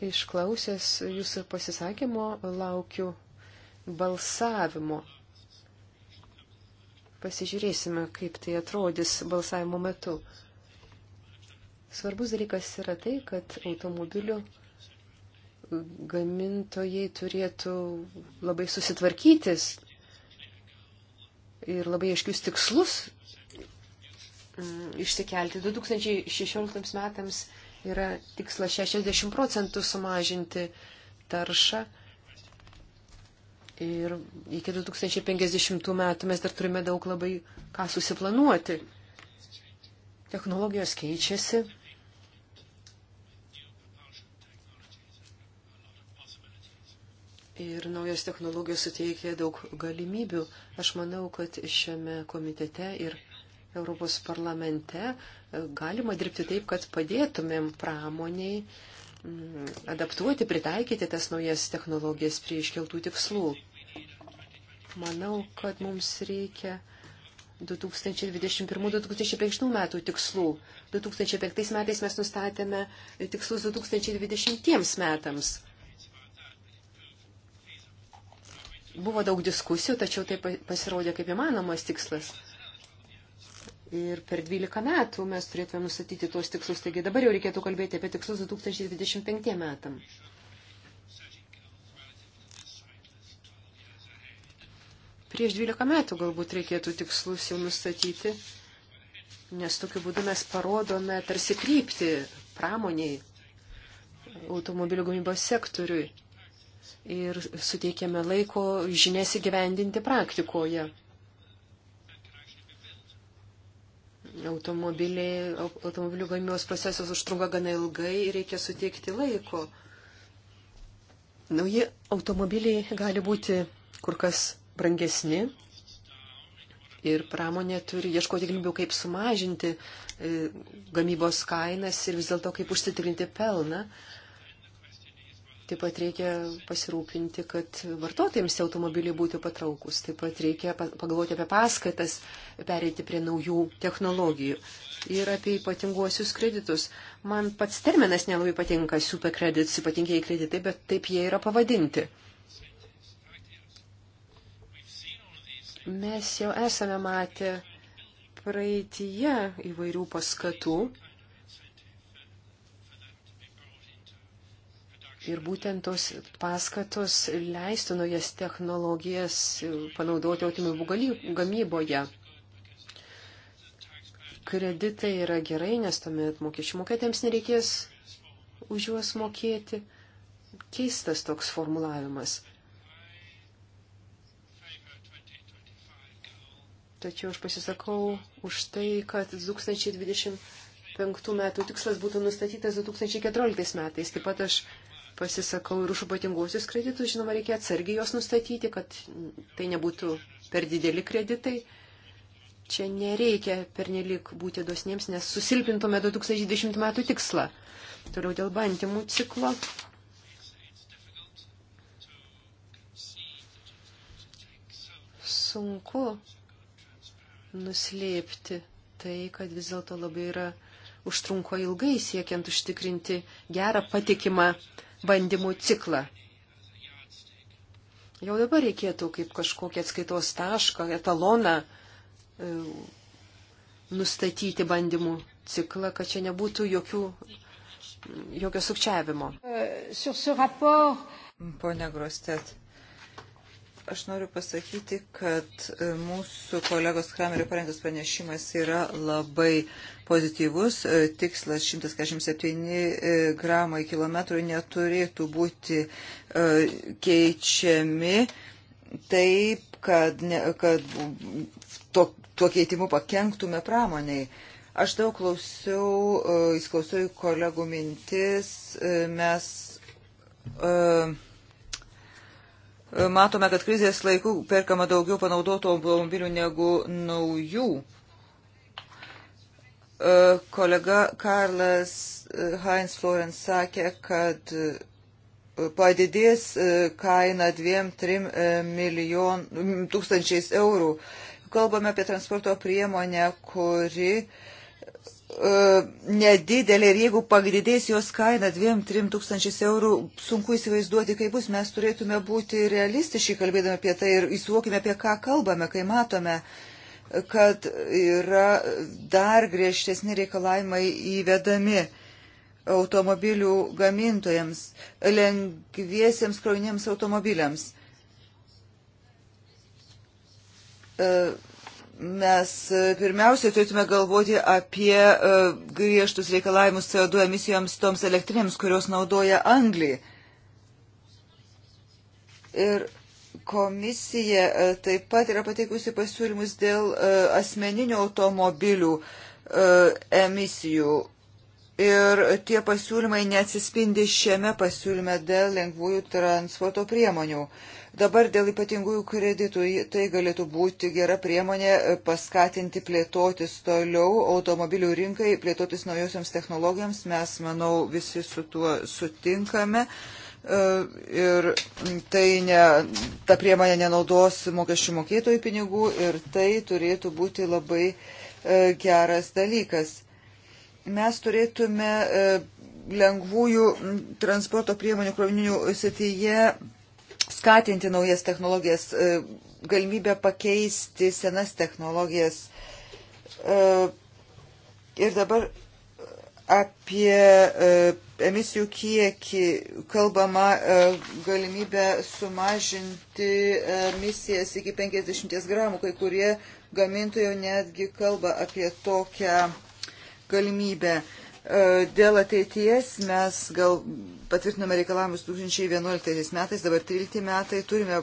Išklausęs jūsų pasisakymo, laukiu balsavimo. Pasižiūrėsime, kaip tai atrodys balsavimo metu. Svarbus dalykas yra tai, kad automobilių gamintojai turėtų labai susitvarkytis ir labai aiškius tikslus mm, išsikelti. 2016 metams yra tikslas 60 procentų sumažinti taršą. Ir iki 2050 metų mes dar turime daug labai ką susiplanuoti. Technologijos keičiasi, ir naujos technologijos suteikia daug galimybių. Aš manau, kad šiame komitete ir Europos parlamente e, galima dirbti taip, kad padėtumėm pramoniai mm, adaptuoti, pritaikyti tas naujas technologijas prie iškeltų tikslų. Manau, kad mums reikia 2021-2025 metų tikslų. 2005 metais mes nustatėme tikslus 2020 metams. Buvo daug diskusijų, tačiau tai pasirodė kaip įmanomas tikslas. Ir per 12 metų mes turėtume nustatyti tuos tikslus, taigi dabar jau reikėtų kalbėti apie tikslus 2025 metam. Prieš 12 metų galbūt reikėtų tikslus jau nustatyti, nes tokiu būdu mes parodome tarsi krypti pramoniai automobilių gamybos sektoriui ir suteikiame laiko žinias įgyvendinti praktikoje. Automobilių gamybos procesas užtrunka gana ilgai ir reikia suteikti laiko. Nauji automobiliai gali būti kur kas brangesni ir pramonė turi ieškoti galimybių, kaip sumažinti e, gamybos kainas ir vis dėlto kaip užsitikrinti pelną. Taip pat reikia pasirūpinti, kad vartotojams tie automobiliai būtų patraukus. Taip pat reikia pagalvoti apie paskatas perėti prie naujų technologijų. Ir apie ypatinguosius kreditus. Man pats terminas nelabai patinka, super kredits, ypatingiai kreditai, bet taip jie yra pavadinti. Mes jau esame matę praeitie įvairių paskatų Ir būtent tos paskatos leistų naujas technologijas panaudoti automobilių gamyboje. Kreditai yra gerai, nes tuomet mokesčių mokėtėms nereikės už juos mokėti. Keistas toks formulavimas. Tačiau aš pasisakau už tai, kad 2025 metų tikslas būtų nustatytas 2014 metais. Taip pat aš pasisakau ir už ypatinguosius kreditus, žinoma, reikia atsargiai juos nustatyti, kad tai nebūtų per dideli kreditai. Čia nereikia pernelik būti dosniems, nes susilpintume 2020 metų tikslą. Toliau dėl bandymų ciklo. Sunku nuslėpti tai, kad vis dėlto labai yra užtrunko ilgai siekiant užtikrinti gerą patikimą uh, bandymų ciklą. Jau dabar reikėtų kaip kažkokį atskaitos tašką, etaloną e, nustatyti bandymų ciklą, kad čia nebūtų jokių, jokio sukčiavimo. Pone Grostet, Aš noriu pasakyti, kad e, mūsų kolegos Kramerio parengtas pranešimas yra labai pozityvus. E, tikslas 147 e, gramai kilometrų neturėtų būti keičiami taip, kad, ne, kad to, tuo keitimu pakenktume pramoniai. Aš daug klausiau, įsklausiau kolegų mintis, mes. Uh, E, matome, kad krizės laikų perkama daugiau panaudotų automobilių negu naujų. E, kolega Karlas e, Heinz Florence sakė, kad padidės kaina 2-3 tūkstančiais eurų. Kalbame apie transporto priemonę, kuri uh, E, nedidelė ir jeigu pagridės jos kaina 2-3 tūkstančiais eurų, sunku įsivaizduoti, kaip bus. Mes turėtume būti realistiški kalbėdami apie tai ir įsivokime, apie ką kalbame, kai matome, kad yra dar griežtesni reikalavimai įvedami automobilių gamintojams, lengviesiems krovinėms automobiliams. E, Mes e, pirmiausia turėtume galvoti apie e, griežtus reikalavimus CO2 emisijoms toms elektrinėms, kurios naudoja anglį. Ir komisija e, taip pat yra pateikusi pasiūlymus dėl asmeninių automobilių emisijų Ir tie pasiūlymai neatsispindi šiame pasiūlyme dėl lengvųjų transporto priemonių. Dabar dėl ypatingųjų kreditų tai galėtų būti gera priemonė paskatinti plėtotis toliau automobilių rinkai, plėtotis naujosiams technologijams. Mes, manau, visi su tuo sutinkame. E, ir tai ne, ta priemonė nenaudos mokesčių mokėtojų pinigų ir tai turėtų būti labai e, geras dalykas mes turėtume e, lengvųjų transporto priemonių krovininių srityje skatinti naujas technologijas, e, galimybę pakeisti senas technologijas. E, ir dabar apie emisijų kiekį kalbama galimybę sumažinti emisijas iki 50 gramų, kai kurie gamintojai netgi kalba apie tokią galimybę. E, dėl ateities mes gal patvirtiname reikalavimus 2011 metais, dabar 13 metai, turime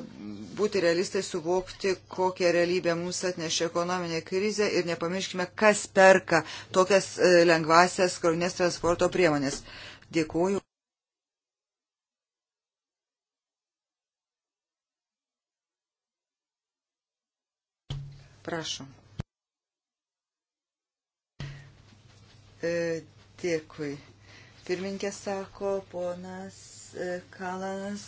būti realistai, suvokti, kokią realybę mums atnešė ekonominė krizė ir nepamirškime, kas perka tokias e, lengvasias krovinės transporto priemonės. Dėkuoju. Prašom. E, dėkui. Pirminkė sako, ponas e, Kalanas,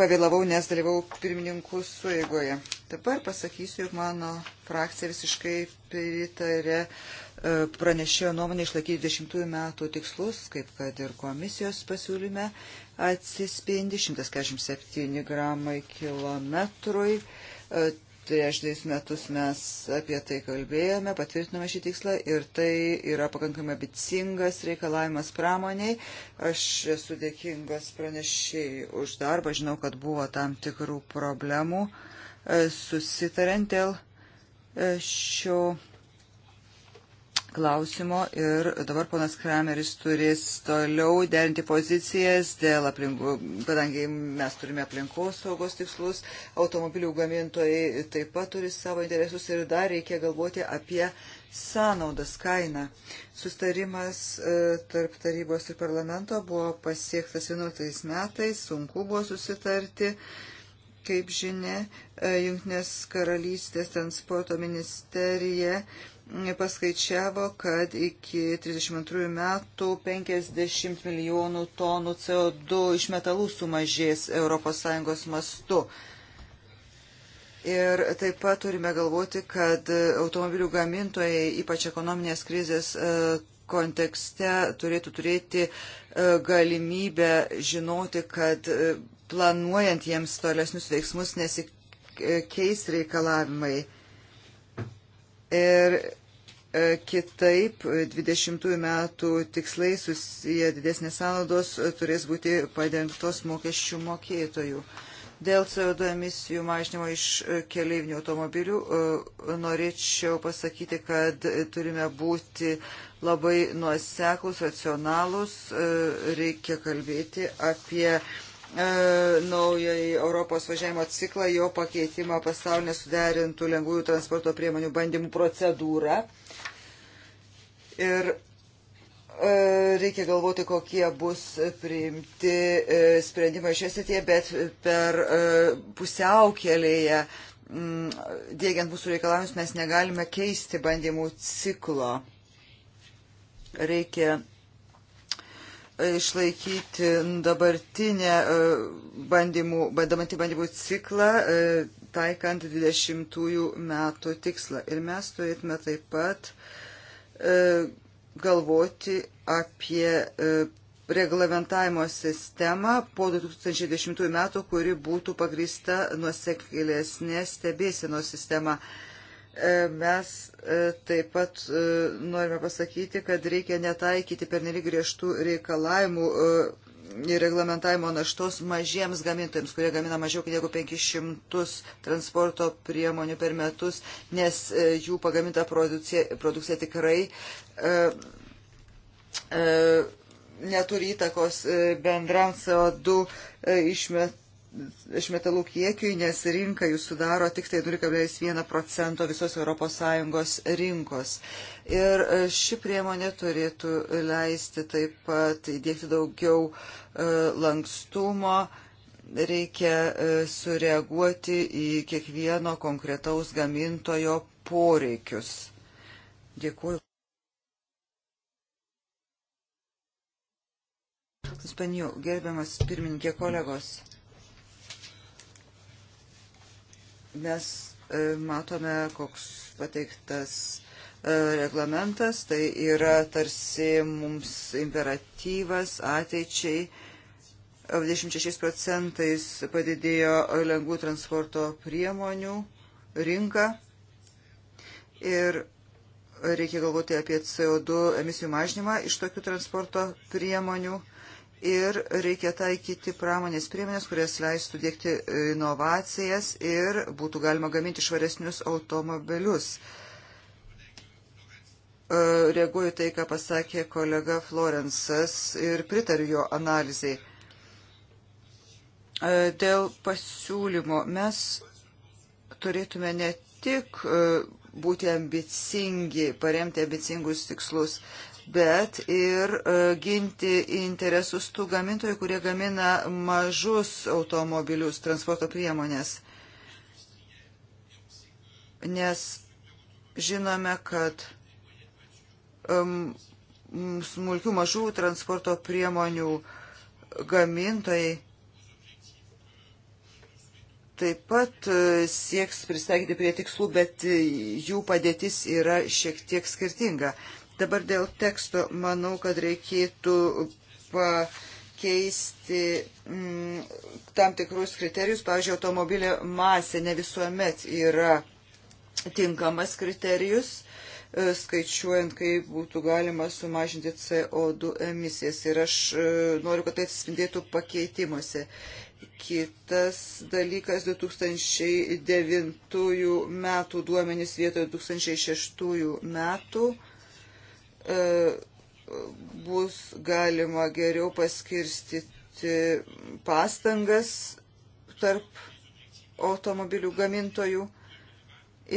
pavėlavau, nes dalyvau pirmininkų suėgoje. Dabar pasakysiu, jog mano frakcija visiškai pritarė e, pranešėjo nuomonė išlaikyti 10 metų tikslus, kaip kad ir komisijos pasiūlyme atsispindi 147 gramai kilometrui prieš dviejus metus mes apie tai kalbėjome, patvirtinome šį tikslą ir tai yra pakankamai ambicingas reikalavimas pramoniai. Aš esu dėkingas pranešėjai už darbą, žinau, kad buvo tam tikrų problemų e, susitariant dėl e, šio klausimo ir dabar ponas Krameris turės toliau derinti pozicijas dėl aplinkų, kadangi mes turime aplinkos saugos tikslus, automobilių gamintojai taip pat turi savo interesus ir dar reikia galvoti apie sąnaudas kainą. Sustarimas e, tarp tarybos ir parlamento buvo pasiektas 11 metais, sunku buvo susitarti kaip žinia, e, Junktinės karalystės transporto ministerija paskaičiavo, kad iki 32 metų 50 milijonų tonų CO2 iš metalų sumažės ES mastu. Ir taip pat turime galvoti, kad automobilių gamintojai, ypač ekonominės krizės e, kontekste, turėtų turėti e, galimybę žinoti, kad e, planuojant jiems tolesnius veiksmus nesikeis reikalavimai. Ir E, kitaip 20 e, metų tikslai susiję didesnės sąnaudos e, turės būti padengtos mokesčių mokėtojų. Dėl CO2 emisijų mažinimo iš keleivinių automobilių norėčiau pasakyti, kad turime būti labai nuoseklus, racionalus. Reikia kalbėti apie naująjį Europos važiavimo ciklą, jo pakeitimą pasaulinę suderintų lengvųjų transporto priemonių bandymų procedūrą. Ir e, reikia galvoti, kokie bus priimti e, sprendimai šioje srityje, bet per e, pusiaukelėje, dėgiant mūsų reikalavimus, mes negalime keisti bandymų ciklo. Reikia išlaikyti dabartinę bandymų, bandantį bandymų ciklą, taikant 20 metų tikslą. Ir mes turėtume taip pat E, galvoti apie e, reglamentavimo sistemą po 2010 metų, kuri būtų pagrįsta nuoseklesnė stebėsienos sistema. E, mes taip pat norime pasakyti, kad reikia netaikyti pernelyg griežtų reikalavimų reglamentavimo naštos mažiems gamintojams, kurie gamina mažiau negu 500 transporto priemonių per metus, nes e, jų pagaminta produkcija, produkcija tikrai e, e, neturi įtakos e, bendram CO2 e, išmet išmetalų kiekiui, nes rinka jų sudaro tik tai 0,1 procento visos ES rinkos. Ir e, ši priemonė turėtų leisti taip pat įdėkti daugiau e, lankstumo, reikia e, sureaguoti į kiekvieno konkretaus gamintojo poreikius. Dėkuoju. Spaniu, gerbiamas pirmininkė kolegos. Mes e, matome, koks pateiktas e, reglamentas, tai yra tarsi mums imperatyvas ateičiai. 26 procentais padidėjo lengvų transporto priemonių rinka ir reikia galvoti apie CO2 emisijų mažinimą iš tokių transporto priemonių ir reikia taikyti pramonės priemonės, kurias leistų dėkti e, inovacijas ir būtų galima gaminti švaresnius automobilius. E, reaguoju tai, ką pasakė kolega Florensas ir pritariu jo analizai. E, dėl pasiūlymo mes turėtume ne tik būti ambicingi, paremti ambicingus tikslus bet ir e, ginti interesus tų gamintojų, kurie gamina mažus automobilius, transporto priemonės. Nes žinome, kad um, smulkių mažų transporto priemonių gamintojai taip pat e, sieks pristaikyti prie tikslų, bet e, jų padėtis yra šiek tiek skirtinga. Dabar dėl teksto manau, kad reikėtų pakeisti mm, tam tikrus kriterijus. Pavyzdžiui, automobilio masė ne visuomet yra tinkamas kriterijus, e, skaičiuojant, kaip būtų galima sumažinti CO2 emisijas. Ir aš e, noriu, kad tai atsispindėtų pakeitimuose. Kitas dalykas 2009 metų duomenys vietoje 2006 metų E, bus galima geriau paskirstyti pastangas tarp automobilių gamintojų.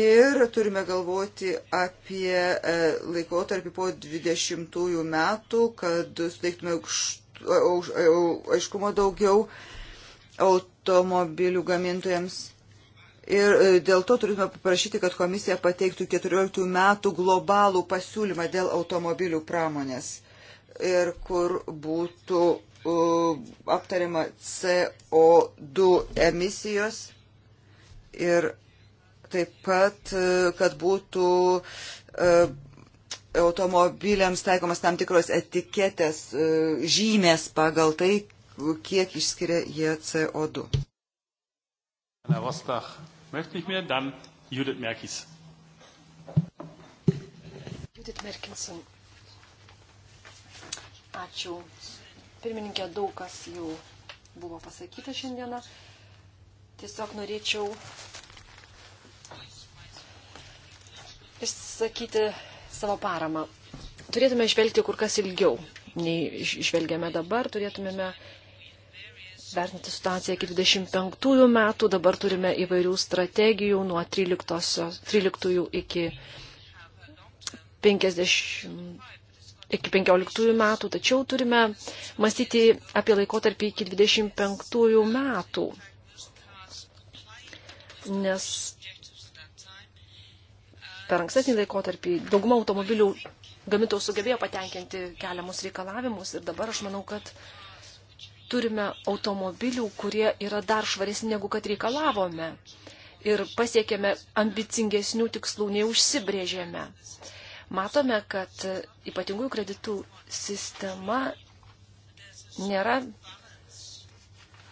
Ir turime galvoti apie e, laikotarpį po 20 metų, kad suteiktume aiškumo daugiau automobilių gamintojams. Ir e, dėl to turime paprašyti, kad komisija pateiktų 14 metų globalų pasiūlymą dėl automobilių pramonės ir kur būtų uh, aptariama CO2 emisijos ir taip pat, e, kad būtų uh, automobiliams taikomas tam tikros etiketės uh, žymės pagal tai, kiek išskiria jie CO2. Vostach. Möchte nicht mehr? Dann Judith Merkis. Judith Merkinson. Ačiū. Pirmininkė, daug kas jau buvo pasakyta šiandieną. Tiesiog norėčiau išsakyti savo paramą. Turėtume žvelgti kur kas ilgiau, nei žvelgiame dabar, turėtumėme vertinti situaciją iki 25 metų. Dabar turime įvairių strategijų nuo 13, 13 iki, 50, iki 15 metų, tačiau turime mąstyti apie laikotarpį iki 25 metų. Nes per ankstesnį laikotarpį dauguma automobilių gamintojų sugebėjo patenkinti keliamus reikalavimus ir dabar aš manau, kad turime automobilių, kurie yra dar švaresni negu kad reikalavome ir pasiekėme ambicingesnių tikslų, nei užsibrėžėme. Matome, kad ypatingųjų kreditų sistema nėra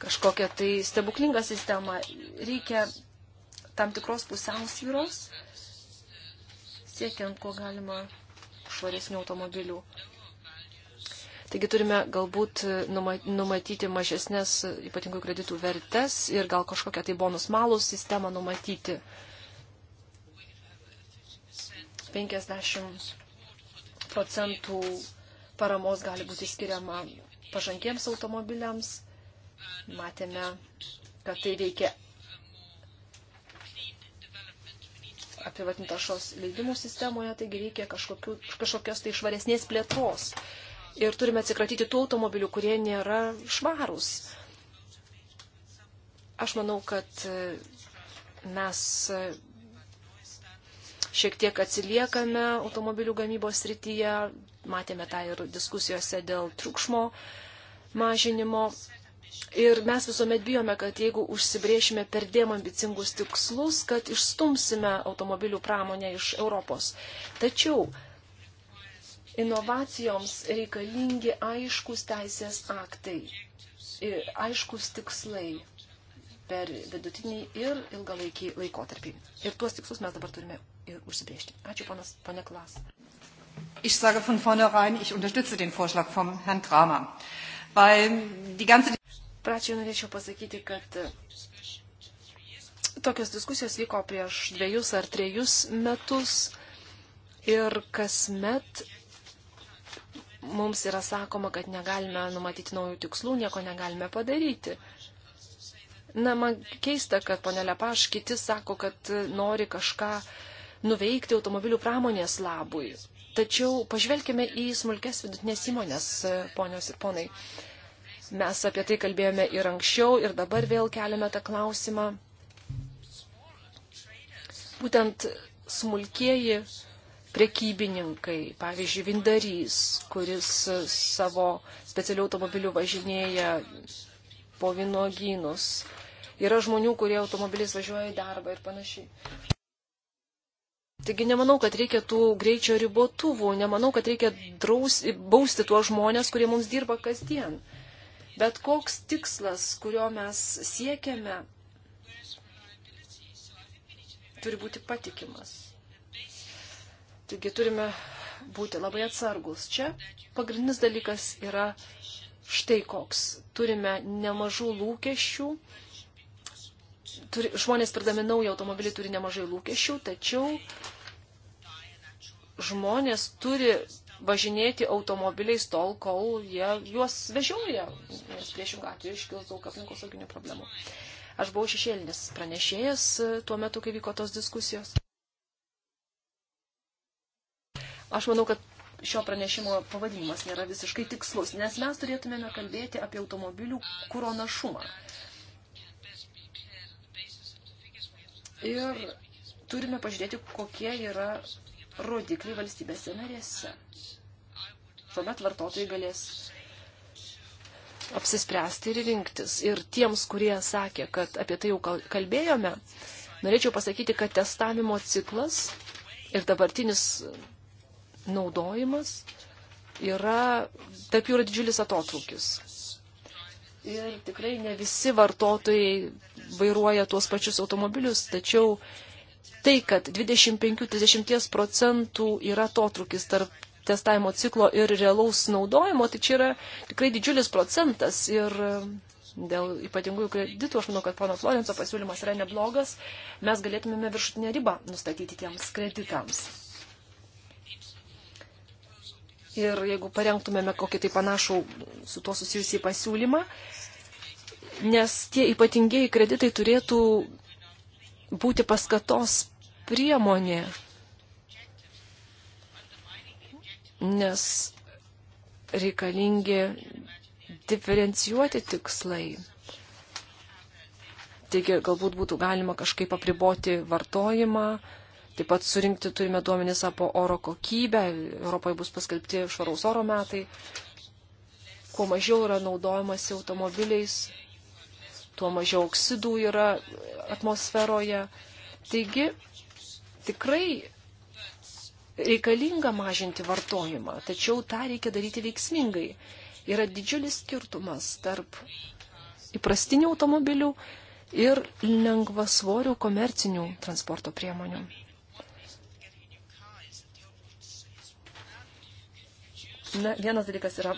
kažkokia tai stebuklinga sistema. Reikia tam tikros pusiausvyros, siekiant kuo galima švaresnių automobilių. Taigi turime galbūt e, numatyti mažesnės e, ypatingų kreditų vertes ir gal kažkokią tai bonus malus sistemą numatyti. 50 procentų paramos gali būti skiriama pažangiems automobiliams. Matėme, kad tai veikia apivartintašos leidimų sistemoje, taigi reikia kažkokios tai švaresnės plėtros ir turime atsikratyti tų automobilių, kurie nėra švarūs. Aš manau, kad e, mes e, šiek tiek atsiliekame automobilių gamybos srityje, matėme tą ir diskusijose dėl triukšmo mažinimo. Ir mes visuomet bijome, kad jeigu užsibriešime per dėm ambicingus tikslus, kad išstumsime automobilių pramonę iš Europos. Tačiau Inovacijoms reikalingi aiškus teisės aktai, aiškus tikslai per vidutinį ir ilgalaikį laikotarpį. Ir tuos tikslus mes dabar turime ir užsibriežti. Ačiū, ponas, ponė Klas. Ich sage von vornherein, ich unterstütze den Vorschlag von Herrn Kramer. Weil die ganze... Pradžioje norėčiau pasakyti, kad tokios diskusijos vyko prieš dviejus ar trejus metus ir kasmet mums yra sakoma, kad negalime numatyti naujų tikslų, nieko negalime padaryti. Na, man keista, kad ponė Lepaš kiti sako, kad nori kažką nuveikti automobilių pramonės labui. Tačiau pažvelkime į smulkės vidutinės įmonės, ponios ir ponai. Mes apie tai kalbėjome ir anksčiau, ir dabar vėl keliame tą klausimą. Būtent smulkieji prekybininkai, pavyzdžiui, vindarys, kuris savo specialių automobilių važinėja po vynogynus. Yra žmonių, kurie automobiliais važiuoja į darbą ir panašiai. Taigi nemanau, kad reikia tų greičio ribotuvų, nemanau, kad reikia draus, bausti tuos žmonės, kurie mums dirba kasdien. Bet koks tikslas, kurio mes siekiame, turi būti patikimas. Taigi turime būti labai atsargus. Čia pagrindinis dalykas yra štai koks. Turime nemažų lūkesčių. Turi, žmonės pradami naują automobilį turi nemažai lūkesčių, tačiau žmonės turi važinėti automobiliais tol, kol jie juos vežioja, nes priešingą atveju iškils daug aplinkosauginių problemų. Aš buvau šešėlinis pranešėjas tuo metu, kai vyko tos diskusijos. Aš manau, kad šio pranešimo pavadinimas nėra visiškai tikslus, nes mes turėtumėme kalbėti apie automobilių kūro našumą. Ir turime pažiūrėti, kokie yra rodikliai valstybėse narėse. Tuomet vartotojai galės apsispręsti ir rinktis. Ir tiems, kurie sakė, kad apie tai jau kalbėjome, norėčiau pasakyti, kad testavimo ciklas ir dabartinis naudojimas yra, tarp jų yra didžiulis atotrūkis. Ir tikrai ne visi vartotojai vairuoja tuos pačius automobilius, tačiau tai, kad 25-30 procentų yra atotrūkis tarp testavimo ciklo ir realaus naudojimo, tai čia yra tikrai didžiulis procentas. Ir um, dėl ypatingųjų kreditų, aš manau, kad pono Florenco pasiūlymas yra neblogas, mes galėtumėme viršutinę ribą nustatyti tiems kreditams. Ir jeigu parengtumėme kokį tai panašų su tuo susijusį pasiūlymą, nes tie ypatingieji kreditai turėtų būti paskatos priemonė, nes reikalingi diferencijuoti tikslai. Taigi galbūt būtų galima kažkaip apriboti vartojimą, Taip pat surinkti turime duomenis apie oro kokybę. Europoje bus paskelbti švaraus oro metai. Kuo mažiau yra naudojamasi automobiliais, tuo mažiau oksidų yra atmosferoje. Taigi, tikrai reikalinga mažinti vartojimą, tačiau tą reikia daryti veiksmingai. Yra didžiulis skirtumas tarp įprastinių automobilių ir lengvasvorių komercinių transporto priemonių. Na, vienas dalykas yra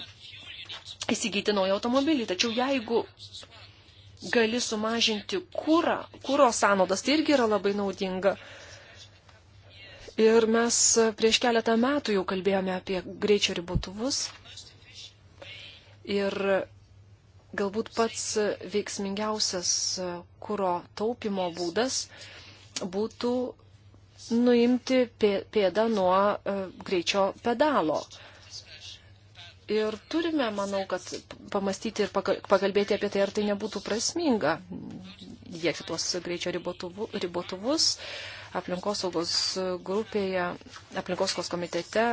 įsigyti naują automobilį, tačiau jeigu gali sumažinti kūrą, kūro sąnaudas, tai irgi yra labai naudinga. Ir mes prieš keletą metų jau kalbėjome apie greičio ribotuvus. Ir galbūt pats veiksmingiausias kūro taupimo būdas būtų nuimti pėdą nuo e, greičio pedalo. Ir turime, manau, kad pamastyti ir pakalbėti apie tai, ar tai nebūtų prasminga dėkti tuos greičio ribotuvus. Aplinkosaugos grupėje, aplinkosaugos komitete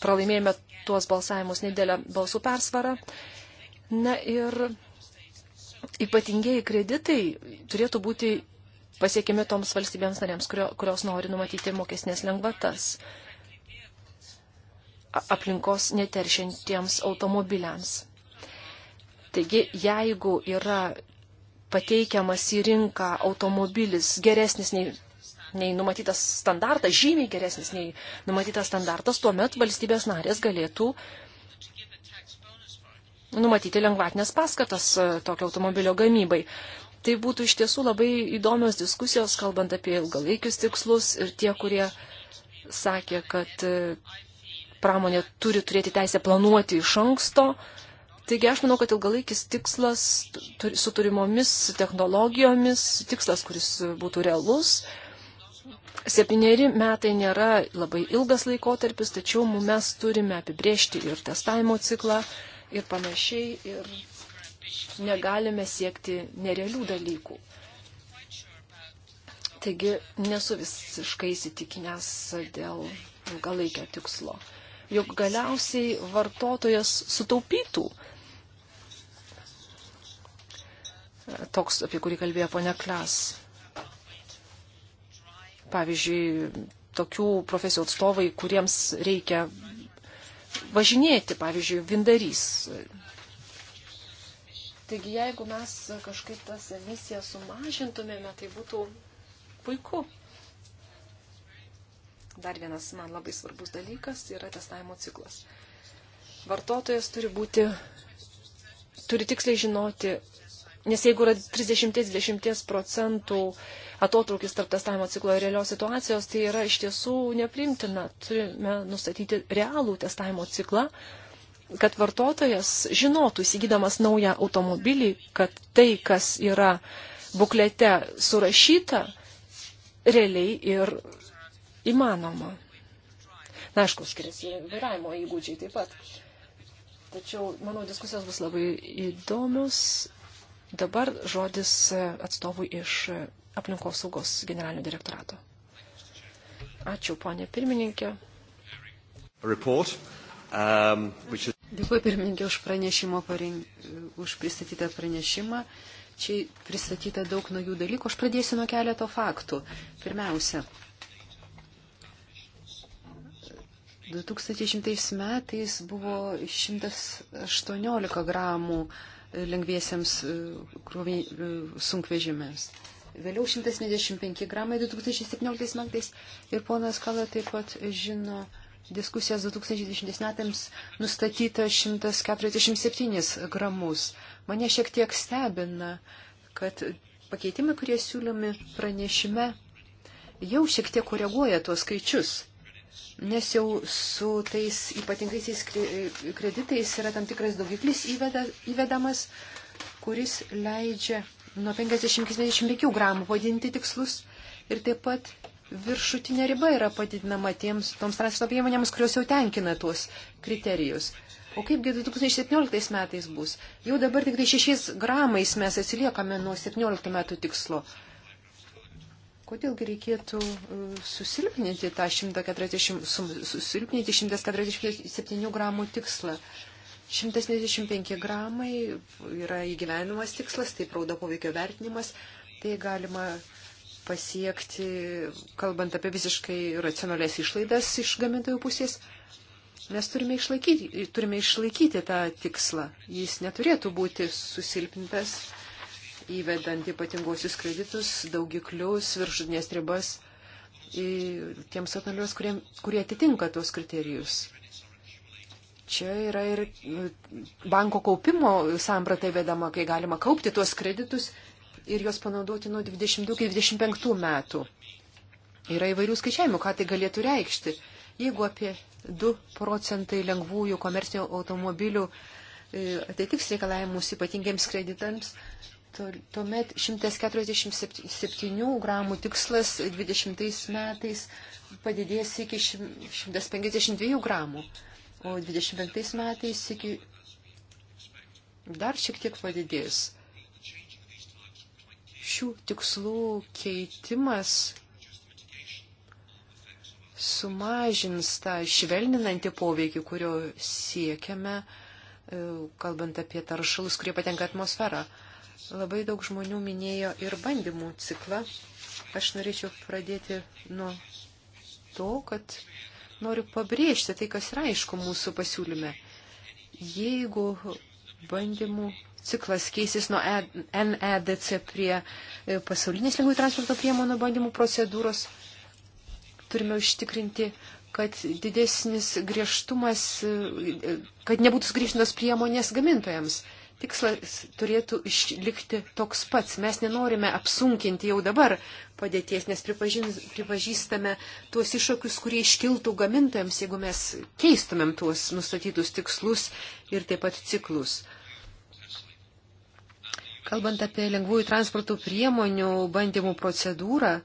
pralaimėjome tuos balsavimus nedėlę balsų persvarą. Na ir ypatingieji kreditai turėtų būti pasiekimi toms valstybėms narėms, kurios nori numatyti mokesnės lengvatas aplinkos neteršiantiems automobiliams. Taigi, jeigu yra pateikiamas į rinką automobilis geresnis nei, nei numatytas standartas, žymiai geresnis nei numatytas standartas, tuomet valstybės narės galėtų numatyti lengvatinės paskatas e, tokio automobilio gamybai. Tai būtų iš tiesų labai įdomios diskusijos, kalbant apie ilgalaikius tikslus ir tie, kurie sakė, kad e, pramonė turi turėti teisę planuoti iš anksto. Taigi aš manau, kad ilgalaikis tikslas su turimomis technologijomis, tikslas, kuris būtų realus. Septyneri metai nėra labai ilgas laikotarpis, tačiau mes turime apibriežti ir testavimo ciklą ir panašiai ir negalime siekti nerealių dalykų. Taigi nesu visiškai įsitikinęs dėl ilgalaikio tikslo jog galiausiai vartotojas sutaupytų. Toks, apie kurį kalbėjo ponia Klas. Pavyzdžiui, tokių profesijų atstovai, kuriems reikia važinėti, pavyzdžiui, vindarys. Taigi, jeigu mes kažkaip tas emisijas sumažintumėme, tai būtų puiku. Dar vienas man labai svarbus dalykas yra testavimo ciklas. Vartotojas turi būti, turi tiksliai žinoti, nes jeigu yra 30-20 procentų atotrukis tarp testavimo ciklo ir realios situacijos, tai yra iš tiesų neprimtina. Turime nustatyti realų testavimo ciklą, kad vartotojas žinotų, įsigydamas naują automobilį, kad tai, kas yra buklete surašyta, realiai ir įmanoma. Na, aišku, skiriasi vairavimo įgūdžiai taip pat. Tačiau, manau, diskusijos bus labai įdomios. Dabar žodis atstovui iš aplinkos saugos generalinio direktorato. Ačiū, ponė pirmininkė. Report, um, is... Dėkui pirmininkė už, pareng... už pristatytą pranešimą. Čia pristatyta daug naujų dalykų. Aš pradėsiu nuo keleto faktų. Pirmiausia, 2000 metais buvo 118 gramų lengviesiems e, e, sunkvežimėms. Vėliau 175 gramai 2017 metais ir ponas Kala taip pat žino diskusijas 2020 metams nustatyta 147 gramus. Mane šiek tiek stebina, kad pakeitimai, kurie siūlomi pranešime, jau šiek tiek koreguoja tuos skaičius nes jau su tais ypatingaisiais kreditais yra tam tikras daugiklis įveda, įvedamas, kuris leidžia nuo 50 iki 75 gramų padidinti tikslus ir taip pat viršutinė riba yra padidinama tiems, toms transporto priemonėms, kurios jau tenkina tuos kriterijus. O kaipgi 2017 metais bus? Jau dabar tik tai 6 gramais mes atsiliekame nuo 17 metų tikslo. Kodėlgi reikėtų e, susilpninti tą 140, susilpninti 147 gramų tikslą? 175 gramai yra įgyvenimas tikslas, tai rauda poveikio vertinimas, tai galima pasiekti, kalbant apie visiškai racionalės išlaidas iš gamintojų pusės. Mes turime išlaikyti, turime išlaikyti tą tikslą. Jis neturėtų būti susilpnintas įvedant ypatingosius kreditus, daugiklius, viršutinės ribas tiems atnalios, kurie, kurie atitinka tuos kriterijus. Čia yra ir e, banko kaupimo samprata įvedama, kai galima kaupti tuos kreditus ir juos panaudoti nuo 22 iki 25 metų. Yra įvairių skaičiavimų, ką tai galėtų reikšti. Jeigu apie 2 procentai lengvųjų komercinių automobilių e, atitiks reikalavimus ypatingiems kreditams, Tuomet 147 gramų tikslas 20 metais padidės iki 152 gramų, o 25 metais iki dar šiek tiek padidės. Šių tikslų keitimas sumažins tą švelninantį poveikį, kurio siekiame, e, kalbant apie taršalus, kurie patenka atmosferą. Labai daug žmonių minėjo ir bandymų ciklą. Aš norėčiau pradėti nuo to, kad noriu pabrėžti tai, kas yra aišku mūsų pasiūlyme. Jeigu bandymų ciklas keisis nuo e- NEDC prie e, pasaulinės lengvųjų transporto priemonių bandymų procedūros, turime užtikrinti, kad didesnis griežtumas, e, kad nebūtų sugrįžtinas priemonės gamintojams tikslas turėtų išlikti toks pats. Mes nenorime apsunkinti jau dabar padėties, nes pripažįstame tuos iššūkius, kurie iškiltų gamintojams, jeigu mes keistumėm tuos nustatytus tikslus ir taip pat ciklus. Kalbant apie lengvųjų transporto priemonių bandymų procedūrą,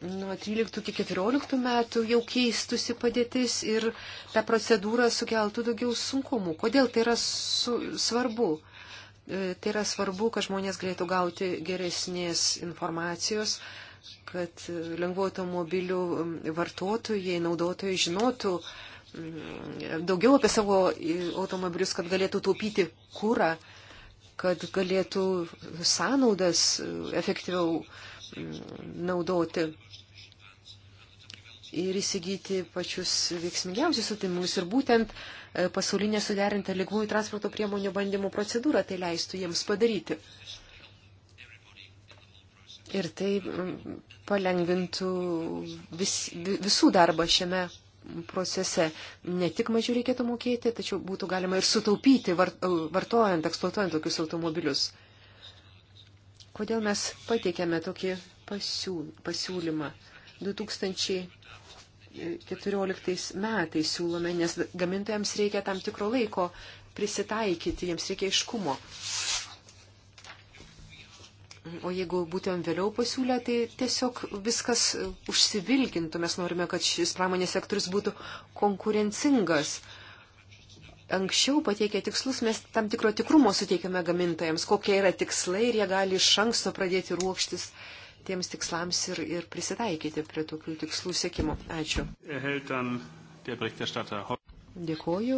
nuo 13 iki 14 metų jau keistusi padėtis ir ta procedūra sukeltų daugiau sunkumų. Kodėl tai yra su, svarbu? E, tai yra svarbu, kad žmonės galėtų gauti geresnės informacijos, kad lengvo automobilių vartotojai, naudotojai žinotų daugiau apie savo automobilius, kad galėtų taupyti kūrą, kad galėtų sąnaudas e, efektyviau naudoti ir įsigyti pačius veiksmingiausius sutimus. Ir būtent e, pasaulinė suderinta lygmųjų transporto priemonių bandymų procedūra tai leistų jiems padaryti. Ir tai palengvintų vis, visų darbą šiame procese. Ne tik mažiau reikėtų mokėti, tačiau būtų galima ir sutaupyti, e, vartojant, eksploatuojant tokius automobilius. Kodėl mes pateikėme tokį pasiūlymą? 2000 2014 metais siūlome, nes gamintojams reikia tam tikro laiko prisitaikyti, jiems reikia iškumo. O jeigu būtent vėliau pasiūlė, tai tiesiog viskas užsivilkintų. Mes norime, kad šis pramonės sektorius būtų konkurencingas. Anksčiau patiekę tikslus mes tam tikro tikrumo suteikiame gamintojams, kokie yra tikslai ir jie gali iš anksto pradėti ruokštis uh, tiems tikslams ir, ir prisitaikyti prie tokių tikslų sėkimo. Ačiū. Dėkoju.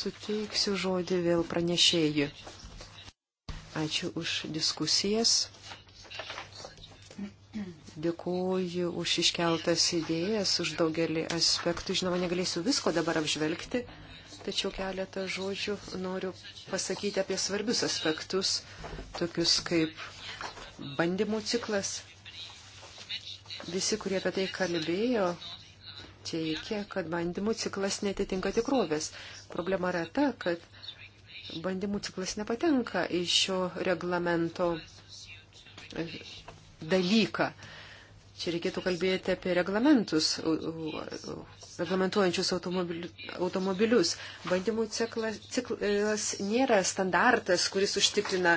Suteiksiu žodį vėl pranešėjui. Ačiū už diskusijas. Dėkuoju už iškeltas idėjas, už daugelį aspektų. Žinoma, negalėsiu visko dabar apžvelgti, tačiau keletą žodžių noriu pasakyti apie svarbius aspektus, tokius kaip bandymų ciklas. Visi, kurie apie tai kalbėjo, teikia, kad bandymų ciklas netitinka tikrovės. Problema yra ta, kad bandymų ciklas nepatenka į šio reglamento e, dalyką. Čia reikėtų kalbėti apie reglamentus, reglamentuojančius automobilius. Bandymų ciklas, ciklas nėra standartas, kuris užtikrina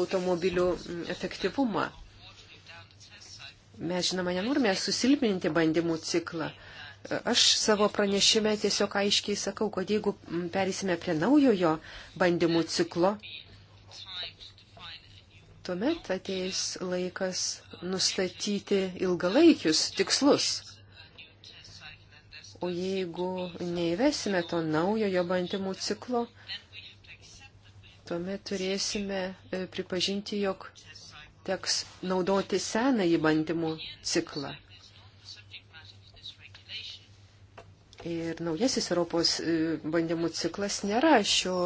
automobilių efektyvumą. Mes, žinoma, nenorime susilpninti bandymų ciklą. Aš savo pranešime tiesiog aiškiai sakau, kad jeigu perėsime prie naujojo bandymų ciklo, tuomet ateis laikas nustatyti ilgalaikius tikslus O jeigu neįvesime to naujojo bandymų ciklo, tuomet turėsime e, pripažinti, jog teks naudoti senąjį bandymų ciklą. Ir naujasis Europos e, bandymų ciklas nėra šio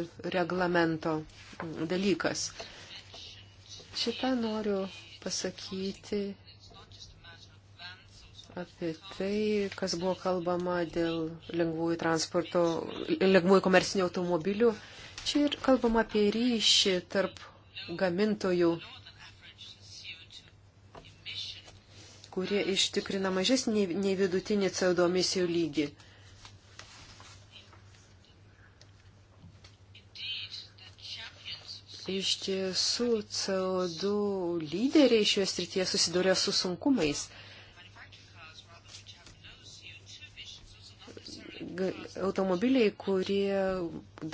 e, reglamento dalykas. Šitą noriu pasakyti apie tai, kas buvo kalbama dėl lengvųjų transporto, lengvųjų komersinių automobilių. Čia ir kalbama apie ryšį tarp gamintojų, kurie ištikrina mažesnį nei vidutinį CO2 emisijų lygį. Iš tiesų, CO2 lyderiai šioje srityje susiduria su sunkumais. automobiliai, kurie,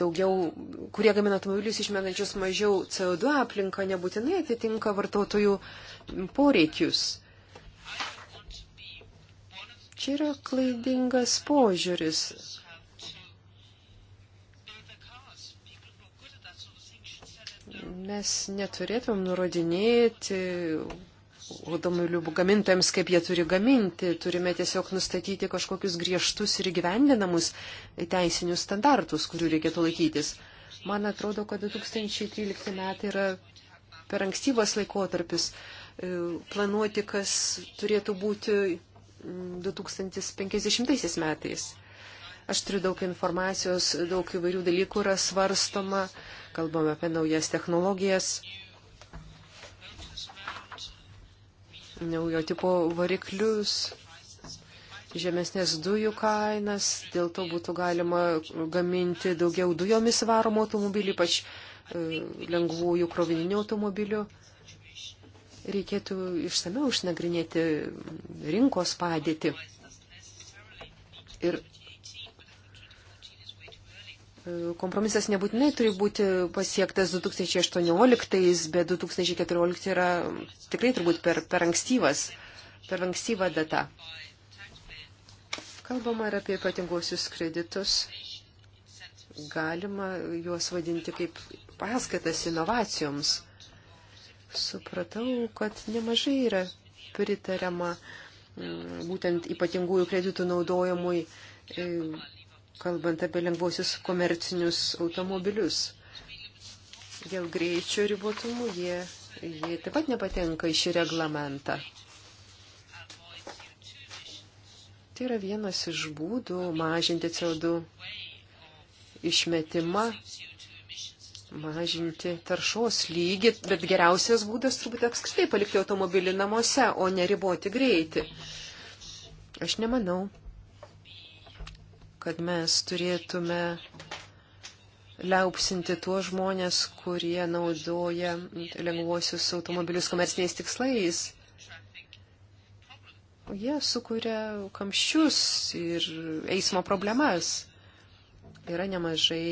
daugiau, kurie gamina automobilius išmenančius mažiau CO2 aplinką, nebūtinai atitinka vartotojų poreikius. Čia yra klaidingas požiūris. Mes neturėtumėm nurodinėti automobilių gamintojams, kaip jie turi gaminti. Turime tiesiog nustatyti kažkokius griežtus ir gyvendinamus teisinius standartus, kurių reikėtų laikytis. Man atrodo, kad 2013 metai yra per ankstyvas laikotarpis e, planuoti, kas turėtų būti 2050 metais. Aš turiu daug informacijos, daug įvairių dalykų yra svarstoma, kalbame apie naujas technologijas, naujo tipo variklius, žemesnės dujų kainas, dėl to būtų galima gaminti daugiau dujomis varomų automobilių, ypač e, lengvųjų krovininių automobilių. Reikėtų išsameu išnagrinėti rinkos padėtį. Ir kompromisas nebūtinai turi būti pasiektas 2018, bet 2014 yra tikrai turbūt per, per ankstyvas, per ankstyva data. Kalbama ir apie ypatinguosius kreditus. Galima juos vadinti kaip paskatas inovacijoms. Supratau, kad nemažai yra pritariama mm, būtent ypatingųjų kreditų naudojimui e, kalbant apie lengvosius komercinius automobilius. Dėl greičio ribotumų jie, jie taip pat nepatenka į šį reglamentą. Tai yra vienas iš būdų mažinti CO2 išmetimą, mažinti taršos lygį, bet geriausias būdas turbūt apskritai palikti automobilį namuose, o neriboti greitį. Aš nemanau, kad mes turėtume liaupsinti tuos žmonės, kurie naudoja lengvuosius automobilius komerciniais tikslais. Jie sukuria kamščius ir eismo problemas. Yra nemažai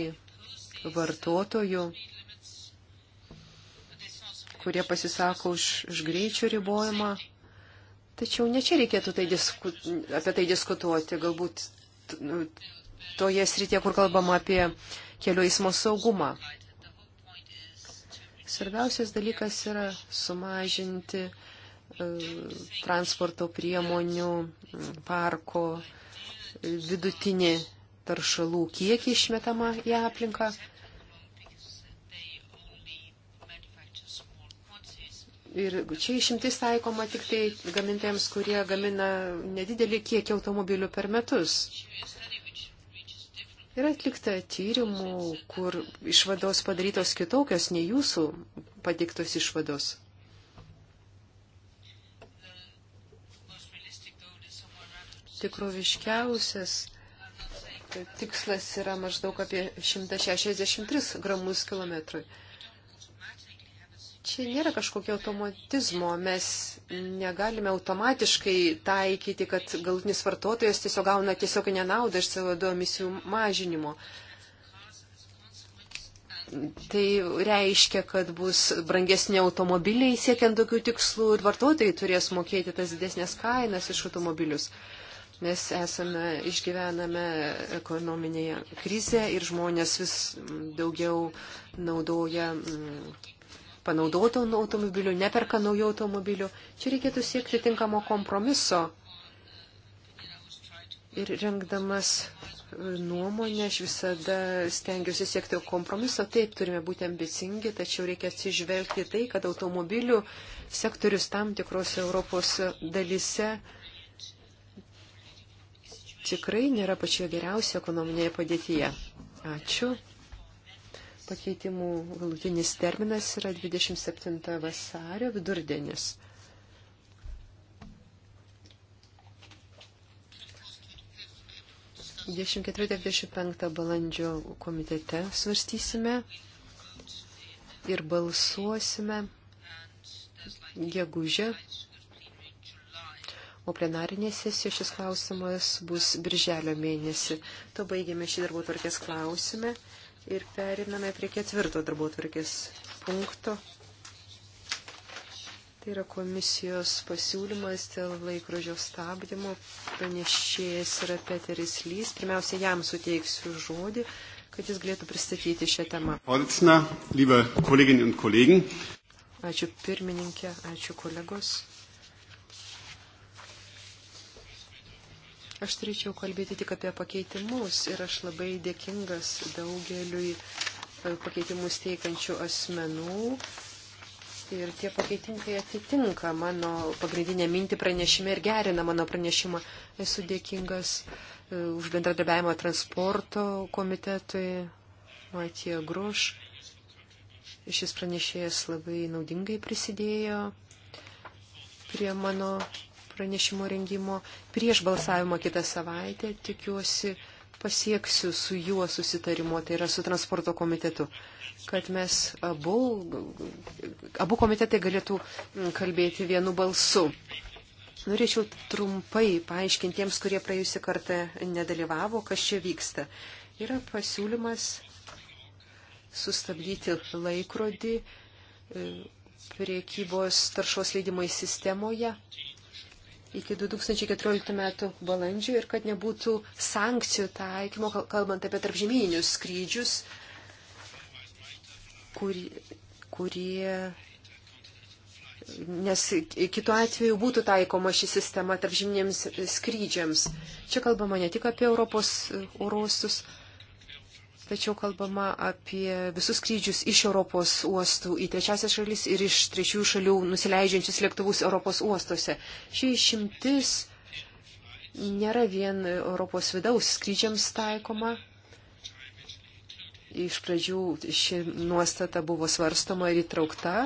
vartotojų, kurie pasisako už, už greičių ribojimą. Tačiau ne čia reikėtų tai disku, apie tai diskutuoti. Galbūt Nu, toje srityje, kur kalbama apie kelių eismo saugumą. Svarbiausias dalykas yra sumažinti e, transporto priemonių parko e, vidutinį taršalų kiekį išmetamą į aplinką. Ir čia išimtis taikoma tik tai gamintojams, kurie gamina nedidelį kiekį automobilių per metus. Yra atlikta tyrimų, kur išvados padarytos kitokios nei jūsų patiktos išvados. Tikroviškiausias tikslas yra maždaug apie 163 gramus kilometrui. Čia nėra kažkokio automatizmo, mes negalime automatiškai taikyti, kad galutinis vartotojas tiesiog gauna tiesioginę naudą iš CO2 emisijų mažinimo. Tai reiškia, kad bus brangesni automobiliai siekiant tokių tikslų ir vartotojai turės mokėti tas didesnės kainas iš automobilius. Mes esame, išgyvename ekonominėje krizę ir žmonės vis daugiau naudoja. Mm, panaudotų automobilių, neperka naujų automobilių. Čia reikėtų siekti tinkamo kompromiso. Ir rengdamas e, nuomonę, aš visada stengiuosi siekti kompromiso. Taip, turime būti ambicingi, tačiau reikia atsižvelgti tai, kad automobilių sektorius tam tikros Europos dalise tikrai nėra pačioje geriausioje ekonominėje padėtyje. Ačiū. Pakeitimų galutinis terminas yra 27 vasario vidurdienis. Dvidešimt ketvirtą, dvidešimt penktą balandžio komitete svarstysime ir balsuosime gegužę. O plenarinė sesija šis klausimas bus birželio mėnesį. To baigėme šį darbo tvarkės klausimą. Ir periname prie ketvirto darbo tvarkės punkto. Tai yra komisijos pasiūlymas dėl laikrodžio stabdymo. Pranešėjas yra Peteris Lys. Pirmiausia, jam suteiksiu žodį, kad jis galėtų pristatyti šią temą. Ačiū pirmininkė, ačiū kolegos. Aš turėčiau kalbėti tik apie pakeitimus ir aš labai dėkingas daugeliui e, pakeitimus teikančių asmenų. Ir tie pakeitinkai atitinka mano pagrindinę mintį pranešime ir gerina mano pranešimą. Esu dėkingas e, už bendradarbiavimą transporto komitetui Matija Gruš. Šis pranešėjas labai naudingai prisidėjo prie mano pranešimo rengimo prieš balsavimą kitą savaitę. Tikiuosi pasieksiu su juo susitarimo, tai yra su transporto komitetu, kad mes abu, abu komitetai galėtų mm, kalbėti vienu balsu. Norėčiau trumpai paaiškinti tiems, kurie praėjusią kartą nedalyvavo, kas čia vyksta. Yra pasiūlymas sustabdyti laikrodį e, priekybos taršos leidimai sistemoje iki 2014 metų balandžio ir kad nebūtų sankcijų taikymo, kalbant apie tarpžemyninius skrydžius, kurie, kurie. Nes kitu atveju būtų taikoma ši sistema tarpžyminiams skrydžiams. Čia kalbama ne tik apie Europos orostus, Tačiau kalbama apie visus skrydžius iš Europos uostų į trečiasias šalis ir iš trečiųjų šalių nusileidžiančius lėktuvus Europos uostuose. Ši išimtis nėra vien Europos vidaus skrydžiams taikoma. Iš pradžių ši nuostata buvo svarstoma ir įtraukta,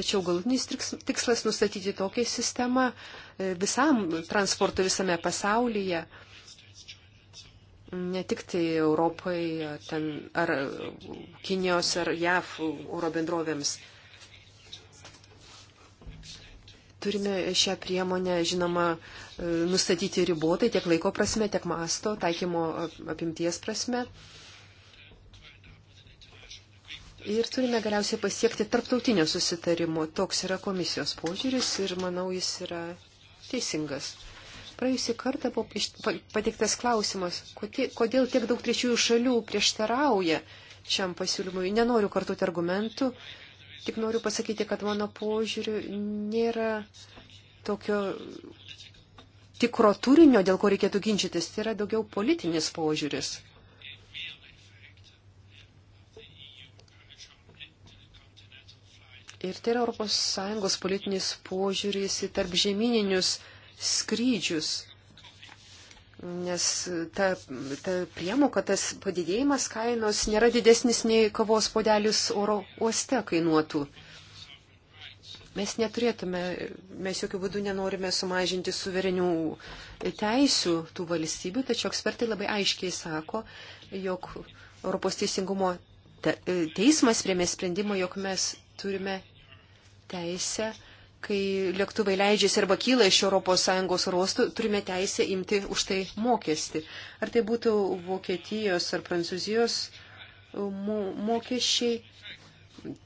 tačiau galutinis tikslas nustatyti tokią sistemą e, visam transportui visame pasaulyje ne tik tai Europai, ten, ar Kinijos, ar JAV oro bendrovėms. Turime šią priemonę, žinoma, nustatyti ribotai tiek laiko prasme, tiek masto, taikymo apimties prasme. Ir turime galiausiai pasiekti tarptautinio susitarimo. Toks yra komisijos požiūris ir, manau, jis yra teisingas. Praėjusį kartą buvo pateiktas klausimas, kodėl tiek daug trečiųjų šalių prieštarauja šiam pasiūlymui. Nenoriu kartuoti argumentų, tik noriu pasakyti, kad mano požiūriu nėra tokio tikro turinio, dėl ko reikėtų ginčytis. Tai yra daugiau politinis požiūris. Ir tai yra ES politinis požiūris į tarp žemyninius skrydžius, nes ta, ta priemoka, tas padidėjimas kainos nėra didesnis nei kavos podelis oro uoste kainuotų. Mes neturėtume, mes jokių būdų nenorime sumažinti suverenių teisių tų valstybių, tačiau ekspertai labai aiškiai sako, jog Europos teisingumo te, teismas priemė sprendimą, jog mes turime teisę kai lėktuvai leidžiasi arba kyla iš ES rostų, turime teisę imti už tai mokestį. Ar tai būtų Vokietijos ar Prancūzijos e, mokesčiai?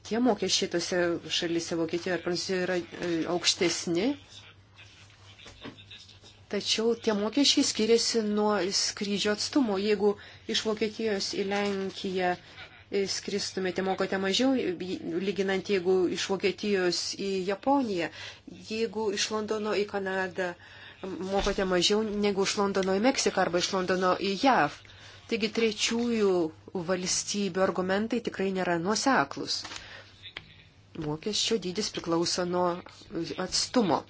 Tie mokesčiai tose šalise Vokietijoje ar Prancūzijoje yra e, aukštesni, tačiau tie mokesčiai skiriasi nuo skrydžio atstumo. Jeigu iš Vokietijos į Lenkiją skristumėte, mokate mažiau, lyginant jeigu iš Vokietijos į Japoniją, jeigu iš Londono į Kanadą mokate mažiau negu iš Londono į Meksiką arba iš Londono į JAV. Taigi trečiųjų valstybių argumentai tikrai nėra nuoseklus. Mokesčio dydis priklauso nuo atstumo.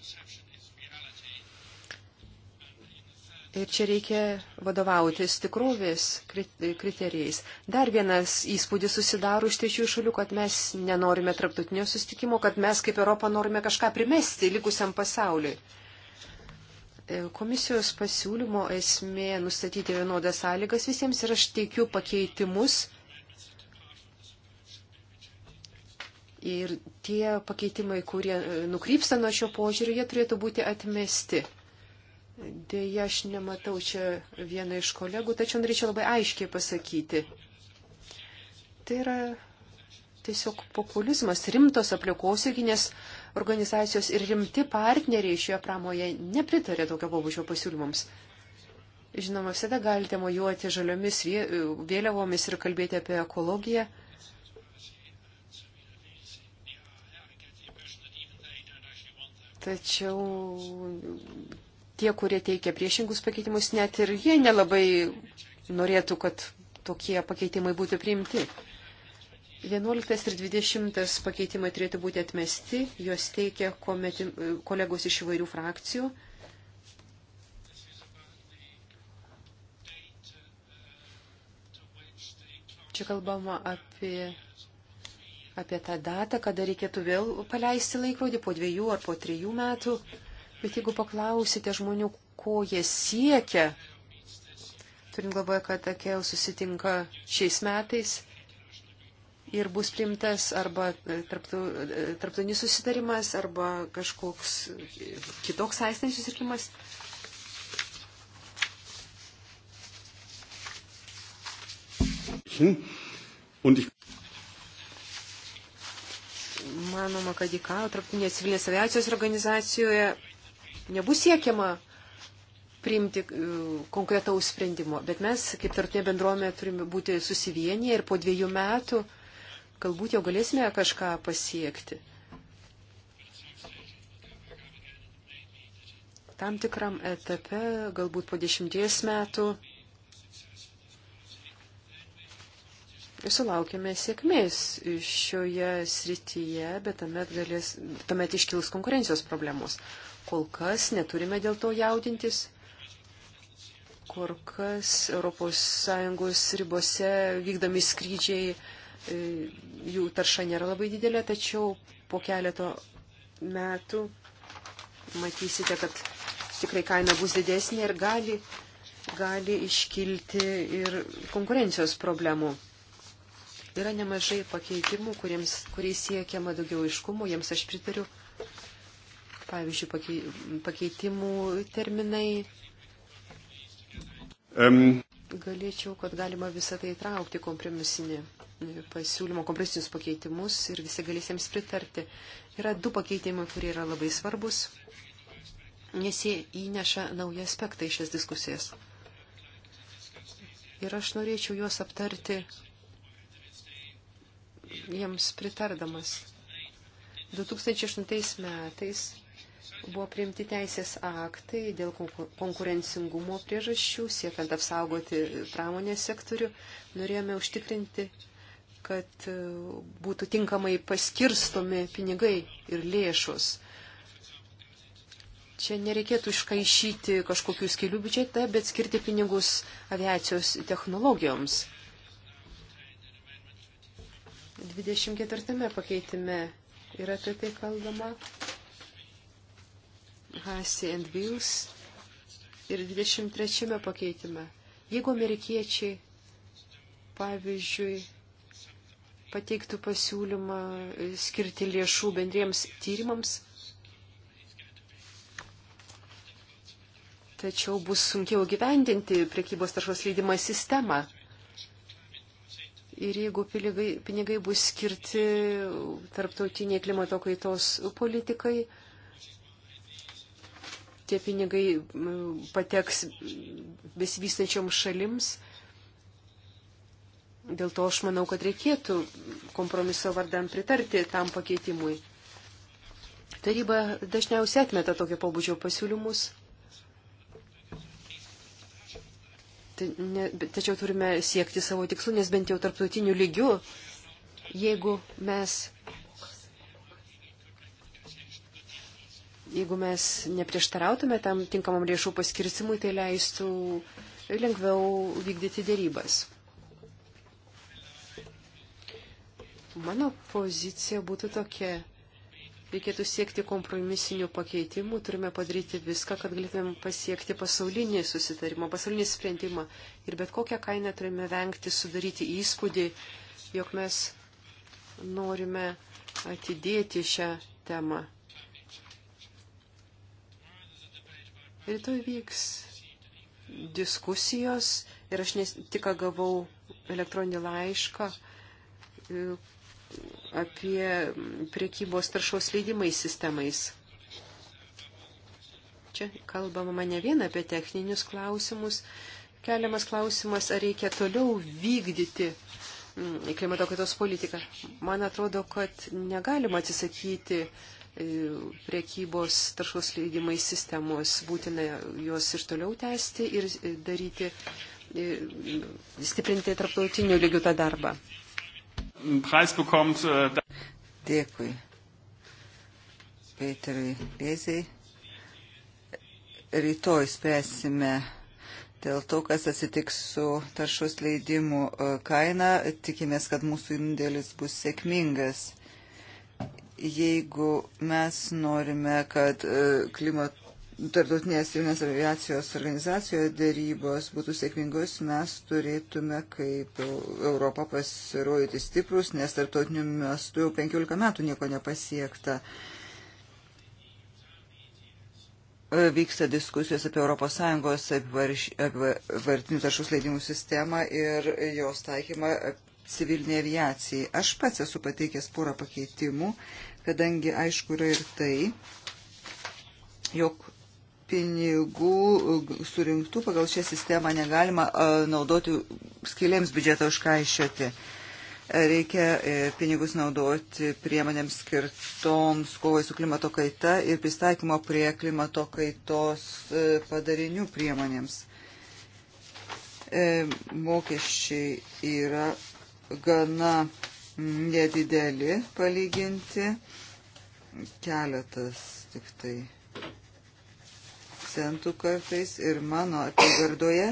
Ir čia reikia vadovautis tikrovės kriterijais. Dar vienas įspūdis susidaro iš trečiųjų šalių, kad mes nenorime traptutinio sustikimo, kad mes kaip Europa norime kažką primesti likusiam pasauliui. E, komisijos pasiūlymo esmė nustatyti vienodas sąlygas visiems ir aš teikiu pakeitimus. Ir tie pakeitimai, kurie e, nukrypsta nuo šio požiūrio, jie turėtų būti atmesti. Dėja, aš nematau čia vieną iš kolegų, tačiau norėčiau labai aiškiai pasakyti. Tai yra tiesiog populizmas, rimtos aplinkosauginės organizacijos ir rimti partneriai šioje pramoje nepritarė tokio pobūdžio pasiūlymams. Žinoma, visada galite mojuoti žaliomis vėliavomis ir kalbėti apie ekologiją. Tačiau tie, kurie teikia priešingus pakeitimus, net ir jie nelabai norėtų, kad tokie pakeitimai būtų priimti. 11 ir 20 pakeitimai turėtų būti atmesti, juos teikia kolegos iš įvairių frakcijų. Čia kalbama apie, apie tą datą, kada reikėtų vėl paleisti laikrodį po dviejų ar po trijų metų. Bet jeigu paklausite žmonių, ko jie siekia, turint galvoje, kad Akeo susitinka šiais metais ir bus primtas arba e, e, tarptautinis susitarimas, arba kažkoks e, kitoks aistinis susitikimas, Zeichen. Und ich Manoma, kad IKAO, tarptautinės civilinės aviacijos organizacijoje, nebus siekiama priimti e, konkretaus sprendimo, bet mes, kaip tarptautinė bendruomenė, turime būti susivienyje ir po dviejų metų galbūt jau galėsime kažką pasiekti. Tam tikram etape, galbūt po dešimties metų, sulaukime sėkmės šioje srityje, bet tuomet, galės, tuomet iškils konkurencijos problemos. Kol kas neturime dėl to jaudintis. Kur kas ES ribose vykdami skrydžiai, e, jų tarša nėra labai didelė, tačiau po keleto metų matysite, kad tikrai kaina bus didesnė ir gali, gali iškilti ir konkurencijos problemų. Yra nemažai pakeitimų, kuriems, kuriais siekiama daugiau iškumo, jiems aš pritariu pavyzdžiui, pakeitimų terminai. Um. Galėčiau, kad galima visą tai įtraukti kompromisinį e, pasiūlymo, kompromisinius pakeitimus ir visi galėsiems pritarti. Yra du pakeitimai, kurie yra labai svarbus, nes jie įneša naują aspektą į šias diskusijas. Ir aš norėčiau juos aptarti jiems pritardamas. 2008 metais Buvo priimti teisės aktai dėl konkurencingumo priežasčių, siekiant apsaugoti pramonės sektorių. Norėjome užtikrinti, kad e, būtų tinkamai paskirstomi pinigai ir lėšos. Čia nereikėtų iškaišyti kažkokių skilių biudžete, bet skirti pinigus aviacijos technologijoms. 24 pakeitime yra apie tai kalbama. Hasi and Vils ir 23 pakeitime. Jeigu amerikiečiai, pavyzdžiui, pateiktų pasiūlymą skirti lėšų bendriems tyrimams, tačiau bus sunkiau gyvendinti priekybos taršos leidimą sistemą. Ir jeigu pinigai, pinigai bus skirti tarptautiniai klimato kaitos politikai, tie pinigai pateks besivystančiom šalims. Dėl to aš manau, kad reikėtų kompromiso vardan pritarti tam pakeitimui. Taryba dažniausiai atmeta tokio pobūdžio pasiūlymus. Tai tačiau turime siekti savo tikslų, nes bent jau tarptautiniu lygiu, jeigu mes jeigu mes neprieštarautume tam tinkamam lėšų paskirstimui, tai leistų lengviau vykdyti dėrybas. Mano pozicija būtų tokia. Reikėtų siekti kompromisinių pakeitimų, turime padaryti viską, kad galėtumėm pasiekti pasaulinį susitarimą, pasaulinį sprendimą. Ir bet kokią kainą turime vengti sudaryti įspūdį, jog mes norime atidėti šią temą. Rytoj vyks diskusijos ir aš nes, tik gavau elektroninį laišką e, apie priekybos taršos leidimais sistemais. Čia kalbama ne vien apie techninius klausimus. Keliamas klausimas, ar reikia toliau vykdyti mm, klimato kaitos politiką. Man atrodo, kad negalima atsisakyti E, priekybos taršos leidimai sistemos, būtina juos ir toliau tęsti ir e, daryti, e, stiprinti tarptautinių lygių tą darbą. Äh, Dėkui. Peterui Lėzijai. Rytoj spręsime dėl to, kas atsitiks su taršos leidimų kaina. Tikimės, kad mūsų indėlis bus sėkmingas jeigu mes norime, kad e, klimato tarptautinės civilinės aviacijos organizacijoje dėrybos būtų sėkmingos, mes turėtume kaip Europą pasirodyti stiprus, nes tarptautiniu mestu jau 15 metų nieko nepasiekta. E, vyksta diskusijos apie ES apivartinių taršus leidimų sistemą ir jos taikymą civilinė aviacijai. Aš pats esu pateikęs porą pakeitimų kadangi aišku yra ir tai, jog pinigų uh, surinktų pagal šią sistemą negalima uh, naudoti skilėms biudžeto užkaišioti. Reikia uh, pinigus naudoti priemonėms skirtoms kovai su klimato kaita ir pristaikymo prie klimato kaitos padarinių priemonėms. Mokesčiai yra gana nedideli palyginti, keletas tik tai centų kartais ir mano apygardoje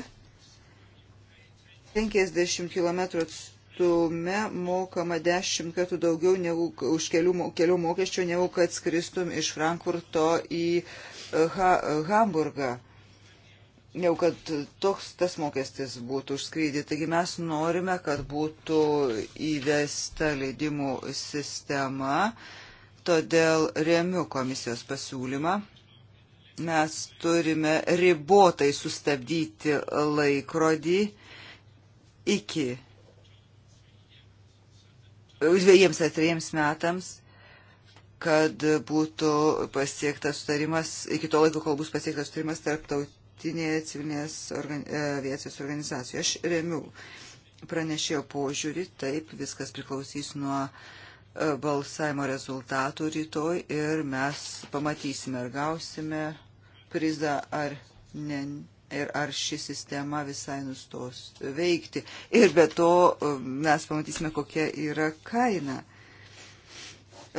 50 km atstume mokama 10 kartų daugiau negu, už kelių, kelių mokesčių, negu kad skristum iš Frankfurto į e, ha, Hamburgą jau kad toks tas mokestis būtų užskrydį. Taigi mes norime, kad būtų įvesta leidimų sistema, todėl remiu komisijos pasiūlymą. Mes turime ribotai sustabdyti laikrodį iki dviejiems ar trejiems metams kad būtų pasiektas sutarimas, iki to laiko, kol bus pasiektas sutarimas tarptautinių tarptautinėje civilinės organi e, aviacijos organizacijoje. Aš remiu pranešėjo požiūrį, taip, viskas priklausys nuo e, balsavimo rezultatų rytoj ir mes pamatysime, ar gausime prizą ar ne ir ar ši sistema visai nustos veikti. Ir be to e, mes pamatysime, kokia yra kaina.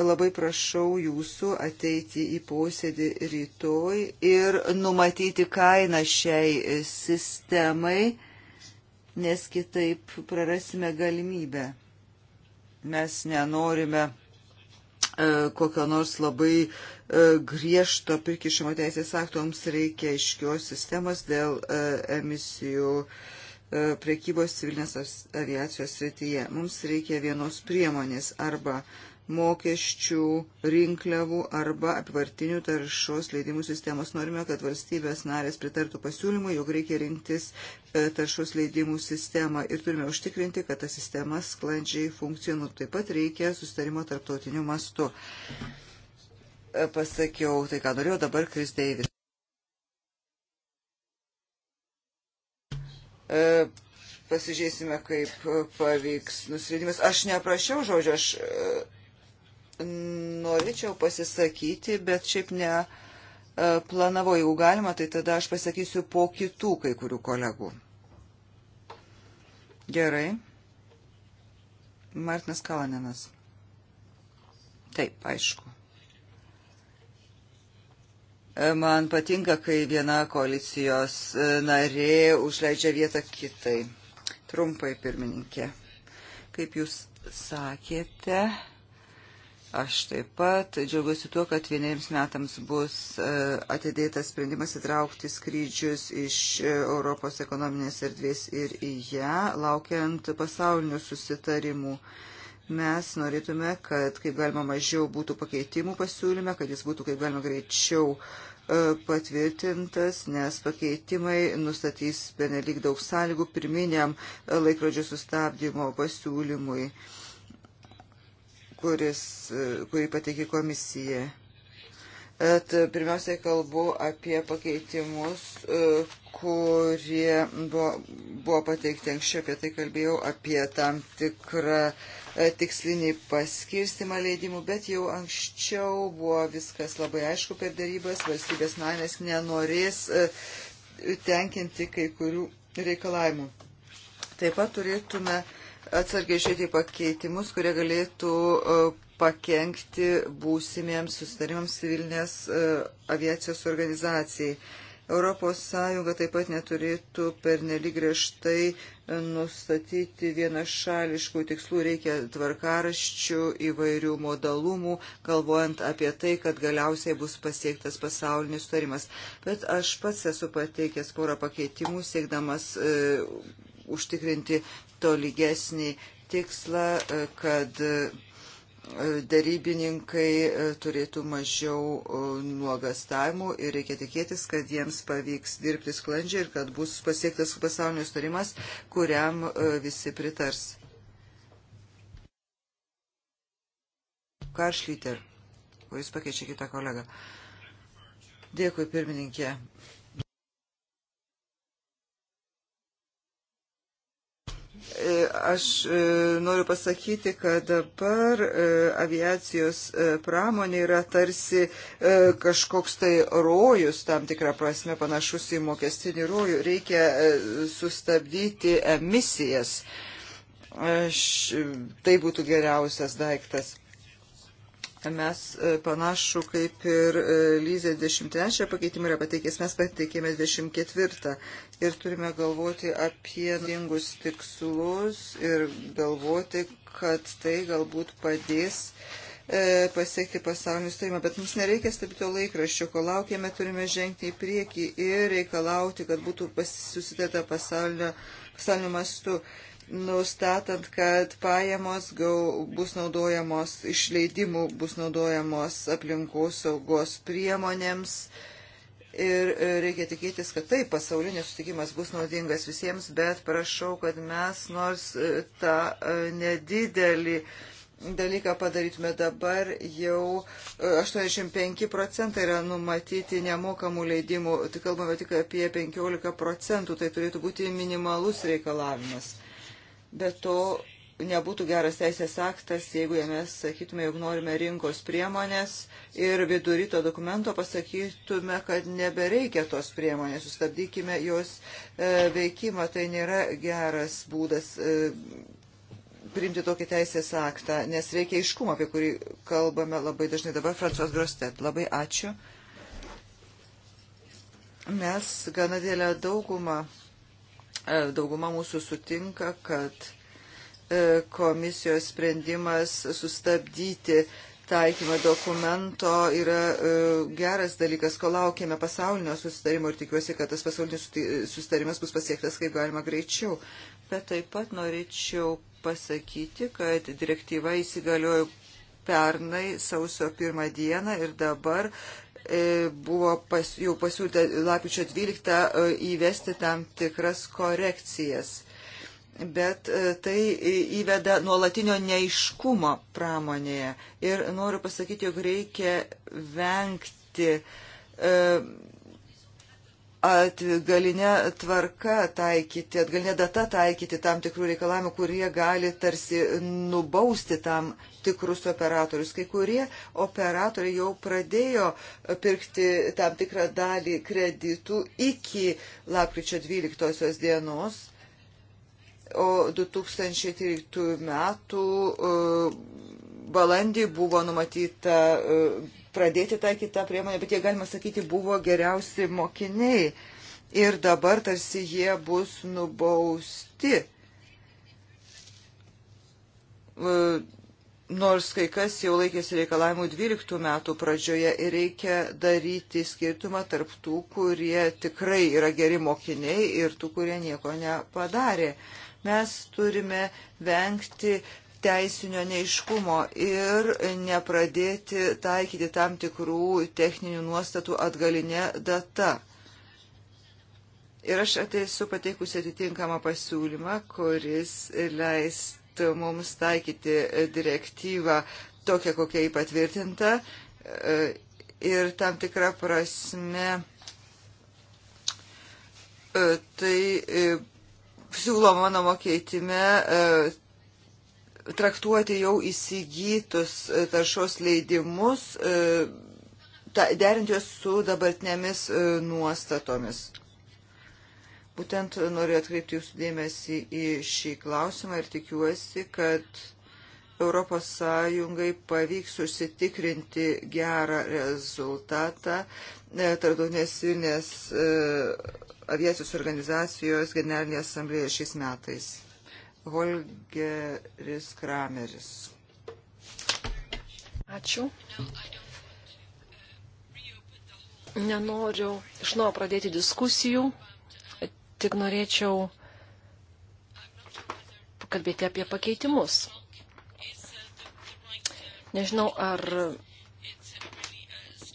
Labai prašau jūsų ateiti į posėdį rytoj ir numatyti kainą šiai sistemai, nes kitaip prarasime galimybę. Mes nenorime e, kokio nors labai e, griežto prikišimo teisės akto, mums reikia iškios sistemos dėl e, emisijų priekybos civilinės aviacijos srityje. Mums reikia vienos priemonės arba mokesčių, rinkliavų arba apivartinių taršos leidimų sistemos. Norime, kad valstybės narės pritartų pasiūlymui, jog reikia rinktis e, taršos leidimų sistemą ir turime užtikrinti, kad ta sistema sklandžiai funkcionuotų. Taip pat reikia sustarimo tarptautiniu mastu. E, pasakiau tai, ką norėjau dabar Kris Deivis. E, pasižiūrėsime, kaip pavyks nusivedimas. Aš neprašiau žodžio, aš e, norėčiau pasisakyti, bet šiaip ne e, planavo, jeigu galima, tai tada aš pasakysiu po kitų kai kurių kolegų. Gerai. Martinas Kalaninas. Taip, aišku. E, man patinka, kai viena koalicijos e, narė užleidžia vietą kitai. Trumpai, pirmininkė. Kaip jūs sakėte, Aš taip pat džiaugiuosi tuo, kad vieniems metams bus e, atidėtas sprendimas įtraukti skrydžius iš e, Europos ekonominės erdvės ir į ją, laukiant pasaulinių susitarimų. Mes norėtume, kad kaip galima mažiau būtų pakeitimų pasiūlyme, kad jis būtų kaip galima greičiau e, patvirtintas, nes pakeitimai nustatys benelik daug sąlygų pirminiam laikrodžio sustabdymo pasiūlymui kuris, e, kurį pateikė komisija. Bet pirmiausiai kalbu apie pakeitimus, e, kurie buvo, buvo pateikti anksčiau, apie tai kalbėjau, apie tam tikrą e, tikslinį paskirstimą leidimų, bet jau anksčiau buvo viskas labai aišku per darybas, valstybės narės nenorės tenkinti kai kurių reikalavimų. Taip pat turėtume uh, atsargiai žiūrėti į pakeitimus, kurie galėtų e, pakengti būsimiems sustarimams civilinės e, aviacijos organizacijai. ES taip pat neturėtų pernelyg griežtai e, nustatyti vienašališkų tikslų, reikia tvarkaraščių įvairių modalumų, galvojant apie tai, kad galiausiai bus pasiektas pasaulinis sutarimas. Bet aš pats esu pateikęs porą pakeitimų, siekdamas e, užtikrinti tolygesnį tikslą, e, kad e, darybininkai e, turėtų mažiau nuogastavimų ir reikia tikėtis, kad jiems pavyks dirbti sklandžiai ir kad bus pasiektas pasaulinis tarimas, kuriam visi pritars. Karšlyter, kuris pakeičia kitą kolegą. Dėkui, pirmininkė. E, aš e, noriu pasakyti, kad dabar e, aviacijos pramonė yra tarsi kažkoks tai rojus, tam tikrą prasme panašus į mokestinį rojų. Reikia sustabdyti emisijas. Aš, tai būtų geriausias daiktas. Mes e, panašu, kaip ir e, Lyzė 23 pakeitimą yra pateikęs, mes pateikėme 24 ir turime galvoti apie dingus tikslus ir galvoti, kad tai galbūt padės e, pasiekti pasaulinį stojimą, bet mums nereikia stabdyti laikraščio, ko laukėme, turime žengti į priekį ir reikalauti, kad būtų susitarta pasaulinio, pasaulinio mastu. E, nustatant, kad pajamos gau, bus naudojamos, išleidimų bus naudojamos aplinkos saugos priemonėms. Ir reikia tikėtis, kad taip, pasaulinis sutikimas bus naudingas visiems, bet prašau, kad mes nors e, tą e, nedidelį dalyką padarytume dabar, jau 85 e, procentai yra numatyti nemokamų leidimų, tai kalbame tik apie 15 procentų, tai turėtų būti minimalus reikalavimas bet to nebūtų geras teisės aktas, jeigu jame sakytume, jog norime rinkos priemonės ir vidury to dokumento pasakytume, kad nebereikia tos priemonės, sustabdykime jos e, veikimą. Tai nėra geras būdas e, priimti tokį teisės aktą, nes reikia iškumo, apie kurį kalbame labai dažnai dabar Francijos Grostet. Labai ačiū. Mes gana dėlę daugumą E, dauguma mūsų sutinka, kad e, komisijos sprendimas sustabdyti taikymą dokumento yra e, geras dalykas, ko laukiame pasaulinio susitarimo ir tikiuosi, kad tas pasaulinis susitarimas bus pasiektas kaip galima greičiau. Bet taip pat norėčiau pasakyti, kad direktyva įsigaliojo pernai sausio pirmą dieną ir dabar E, buvo pas, jau pasiūlyta lapkričio 12 e, įvesti tam tikras korekcijas. Bet e, tai įveda nuolatinio neiškumo pramonėje. Ir noriu pasakyti, jog reikia vengti atgalinė tvarka taikyti, atgalinė data taikyti tam tikrų reikalavimų, kurie gali tarsi nubausti tam tikrus operatorius. Kai kurie operatoriai jau pradėjo pirkti tam tikrą dalį kreditų iki lapkričio 12 dienos, o 2013 metų uh, balandį buvo numatyta uh, pradėti taikyti tą priemonę, bet jie, galima sakyti, buvo geriausi mokiniai. Ir dabar tarsi jie bus nubausti. E, nors kai kas jau laikėsi reikalavimų 12 metų pradžioje ir reikia daryti skirtumą tarp tų, kurie tikrai yra geri mokiniai ir tų, kurie nieko nepadarė. Mes turime vengti teisinio neiškumo ir nepradėti taikyti tam tikrų techninių nuostatų atgalinė data. Ir aš ateisiu pateikusi atitinkamą pasiūlymą, kuris leist mums taikyti direktyvą tokią, kokia jį patvirtinta e, ir tam tikrą prasme e, tai e, siūlo mano mokėtime traktuoti jau įsigytus e, taršos leidimus, e, derinti juos su dabartinėmis e, nuostatomis. Būtent noriu atkreipti jūsų dėmesį į šį klausimą ir tikiuosi, kad Europos Sąjungai pavyks užsitikrinti gerą rezultatą tarptautinės civilinės aviacijos organizacijos generalinėje asamblėje šiais metais. Holgeris Krameris. Ačiū. Nenoriu iš nuo pradėti diskusijų, tik norėčiau pakalbėti apie pakeitimus. Nežinau, ar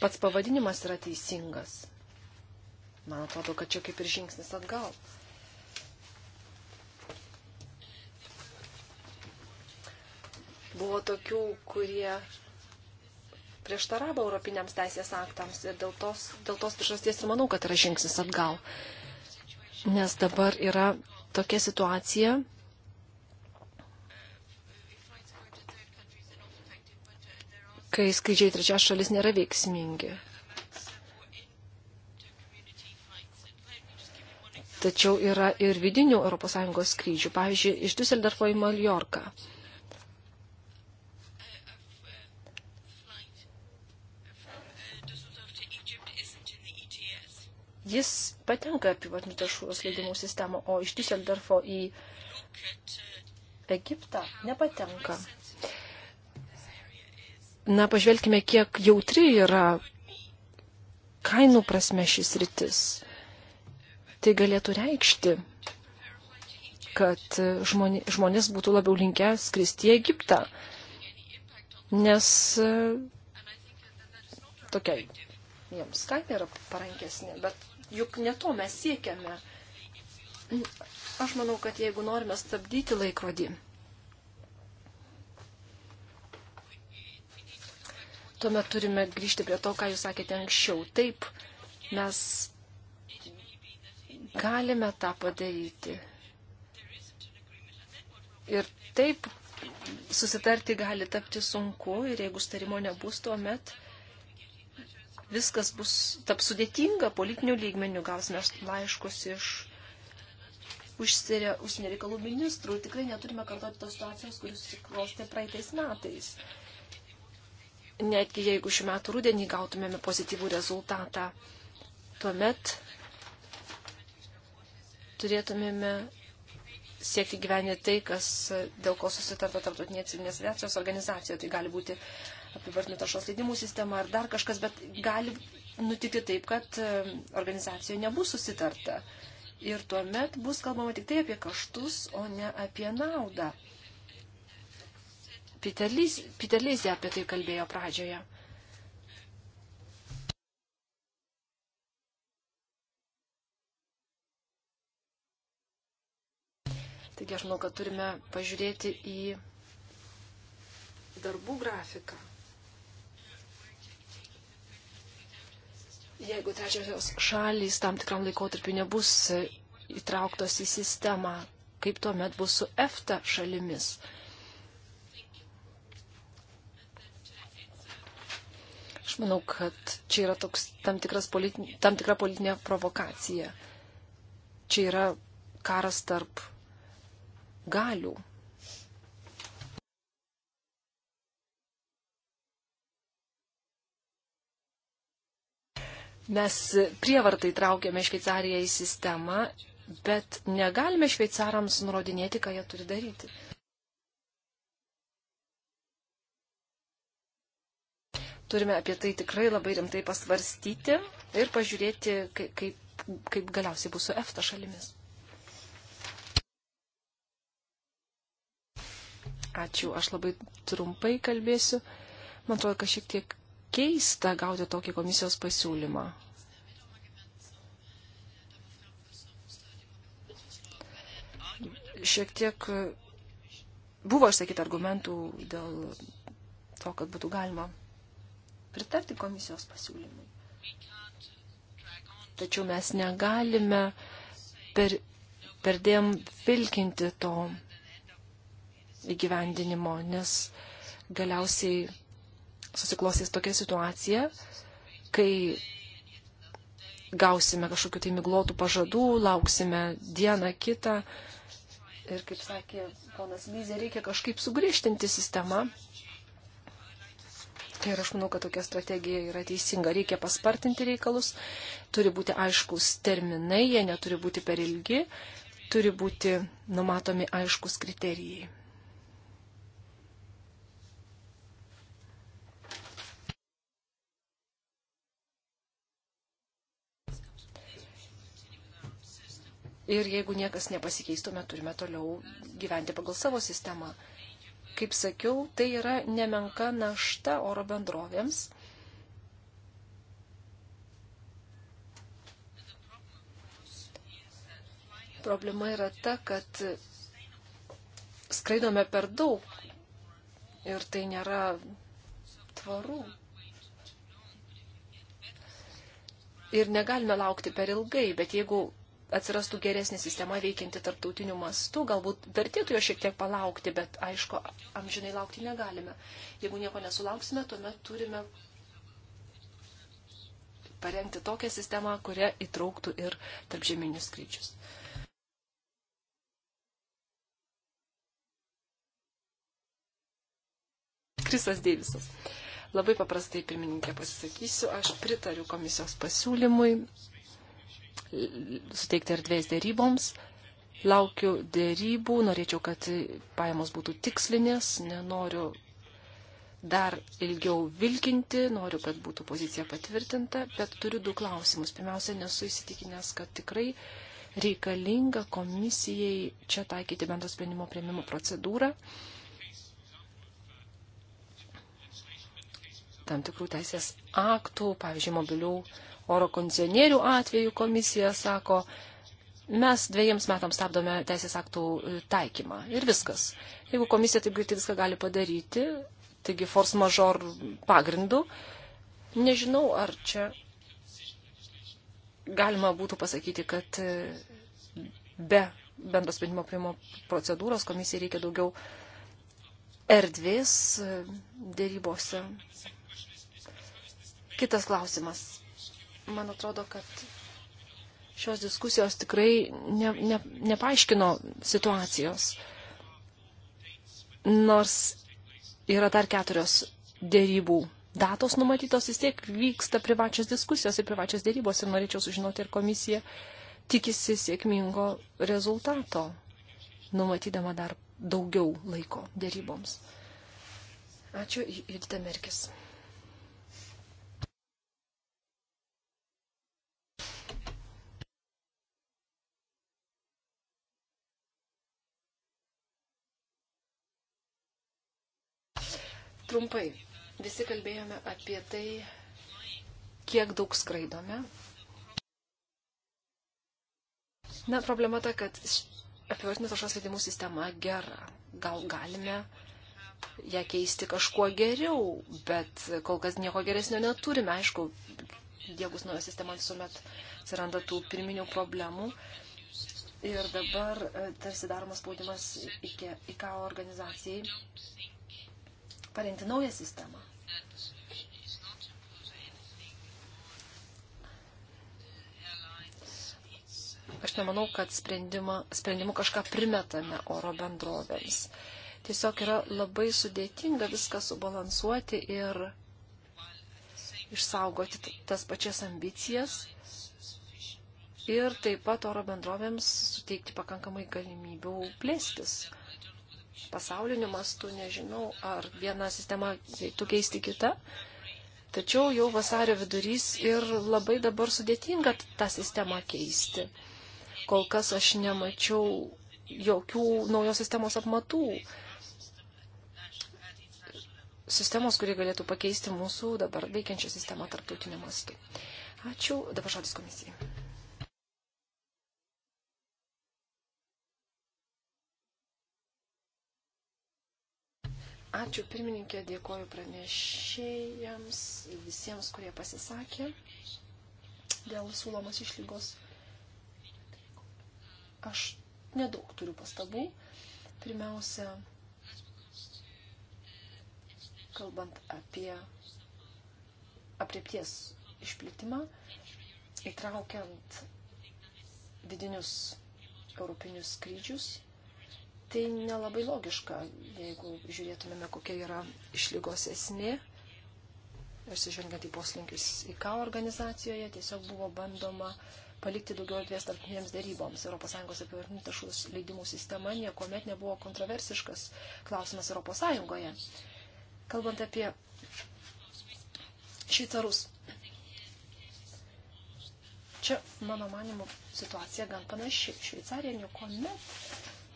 pats pavadinimas yra teisingas. Man atrodo, kad čia kaip ir žingsnis atgal. Buvo tokių, kurie prieštaravo europiniams teisės aktams ir dėl tos, dėl tos priežasties ir manau, kad yra žingsnis atgal. Nes dabar yra tokia situacija, kai skrydžiai trečias šalis nėra veiksmingi. Tačiau yra ir vidinių ES skrydžių, pavyzdžiui, iš Düsseldorfo į Mallorką. jis patenka apivartinių taršos leidimų sistemą, o iš Düsseldorfo į Egiptą nepatenka. Na, pažvelkime, kiek jautri yra kainų prasme šis rytis. Tai galėtų reikšti, kad žmonės būtų labiau linkę skristi į Egiptą, nes e, tokia jiems kaina yra parankesnė, bet Juk ne to mes siekiame. Aš manau, kad jeigu norime stabdyti laikrodį, tuomet turime grįžti prie to, ką jūs sakėte anksčiau. Taip, mes galime tą padaryti. Ir taip susitarti gali tapti sunku ir jeigu starimo nebus, tuomet viskas bus taps sudėtinga politinių lygmenių, gausime laiškus iš užsienio reikalų ministrų, tikrai neturime kartoti tos situacijos, kuris susiklostė praeitais metais. Netgi jeigu šiuo metu rudenį gautumėme pozityvų rezultatą, tuomet turėtumėme siekti gyventi tai, kas, dėl ko susitarta tarptautinė civilinės aviacijos organizacija. Tai gali būti apivartinių taršos leidimų sistema ar dar kažkas, bet gali nutikti taip, kad e, organizacijoje nebus susitarta. Ir tuomet bus kalbama tik tai apie kaštus, o ne apie naudą. Peter Lyzė apie tai kalbėjo pradžioje. Taigi aš manau, kad turime pažiūrėti į darbų grafiką. Jeigu trečiosios šalys tam tikram laikotarpiu nebus e, įtrauktos į sistemą, kaip tuomet bus su EFTA šalimis? Aš manau, kad čia yra toks tam, politin, tam tikra politinė provokacija. Čia yra karas tarp galių. Mes prievartai traukėme Šveicariją į sistemą, bet negalime šveicarams nurodinėti, ką jie turi daryti. Turime apie tai tikrai labai rimtai pasvarstyti ir pažiūrėti, kaip, kaip, kaip galiausiai bus su EFTA šalimis. Ačiū, aš labai trumpai kalbėsiu. Man atrodo, kad šiek tiek keista gauti tokį komisijos pasiūlymą. Šiek tiek buvo išsakyti argumentų dėl to, kad būtų galima pritarti komisijos pasiūlymui. Tačiau mes negalime per, perdėm vilkinti to įgyvendinimo, nes galiausiai susiklosės tokia situacija, kai gausime kažkokiu tai miglotų pažadų, lauksime dieną kitą. Ir kaip sakė ponas Lyzė, reikia kažkaip sugrįžtinti sistemą. Ir aš manau, kad tokia strategija yra teisinga. Reikia paspartinti reikalus, turi būti aiškus terminai, jie neturi būti per ilgi, turi būti numatomi aiškus kriterijai. Ir jeigu niekas nepasikeistume, turime toliau gyventi pagal savo sistemą. Kaip sakiau, tai yra nemenka našta oro bendrovėms. Problema yra ta, kad skraidome per daug ir tai nėra tvaru. Ir negalime laukti per ilgai, bet jeigu atsirastų geresnė sistema veikianti tarptautiniu mastu, galbūt vertėtų jo šiek tiek palaukti, bet aišku, amžinai laukti negalime. Jeigu nieko nesulauksime, tuomet turime parengti tokią sistemą, kuria įtrauktų ir tarpžeminius skrydžius. Krisas Deivisas. Labai paprastai pirmininkė pasisakysiu, aš pritariu komisijos pasiūlymui suteikti erdvės dėryboms. Laukiu dėrybų, norėčiau, kad pajamos būtų tikslinės, nenoriu dar ilgiau vilkinti, noriu, kad būtų pozicija patvirtinta, bet turiu du klausimus. Pirmiausia, nesu įsitikinęs, kad tikrai reikalinga komisijai čia taikyti bendro sprendimo prieimimo procedūrą. Tam tikrų teisės aktų, pavyzdžiui, mobilių oro kondicionierių atveju komisija sako, mes dviejiems metams stabdome teisės aktų e, taikymą ir viskas. Jeigu komisija taip greitai viską gali padaryti, taigi force major pagrindu, nežinau, ar čia galima būtų pasakyti, kad e, be bendro sprendimo priimo procedūros komisijai reikia daugiau erdvės e, dėrybose. Kitas klausimas man atrodo, kad šios diskusijos tikrai ne, ne, nepaaiškino situacijos. Nors yra dar keturios dėrybų datos numatytos, vis tiek vyksta privačios diskusijos ir privačios dėrybos ir norėčiau sužinoti, ar komisija tikisi sėkmingo rezultato, numatydama dar daugiau laiko dėryboms. Ačiū, Judita Merkis. trumpai. Visi kalbėjome apie tai, kiek daug skraidome. Na, problema ta, kad apivartinės taršos leidimų sistema gera. Gal galime ją keisti kažkuo geriau, bet kol kas nieko geresnio neturime. Aišku, diegus nauja sistema visuomet atsiranda tų pirminių problemų. Ir dabar e, tarsi daromas spaudimas į KAO organizacijai parengti naują sistemą. Aš nemanau, kad sprendimu kažką primetame oro bendrovėms. Tiesiog yra labai sudėtinga viską subalansuoti ir išsaugoti tas pačias ambicijas ir taip pat oro bendrovėms suteikti pakankamai galimybių plėstis pasauliniu mastu, nežinau, ar viena sistema reiktų keisti kitą. Tačiau jau vasario vidurys ir labai dabar sudėtinga tą sistemą keisti. Kol kas aš nemačiau jokių naujos sistemos apmatų. Sistemos, kurie galėtų pakeisti mūsų dabar veikiančią sistemą tarptautiniu mastu. Ačiū. Dabar žodis komisijai. Ačiū pirmininkė, dėkoju pranešėjams, visiems, kurie pasisakė dėl siūlomos išlygos. Aš nedaug turiu pastabų. Pirmiausia, kalbant apie apriepties išplitimą, įtraukiant vidinius europinius skrydžius, Tai nelabai logiška, jeigu žiūrėtumėme, kokia yra išlygos esmė. Ir sižvelgiant į poslinkius į ką organizacijoje, tiesiog buvo bandoma palikti daugiau erdvės tarptautinėms daryboms. ES apivartinių tašų leidimų sistema niekuomet nebuvo kontroversiškas klausimas ES. Kalbant apie šveicarus. Čia, mano manimu, situacija gan panaši. Šveicarija niekuomet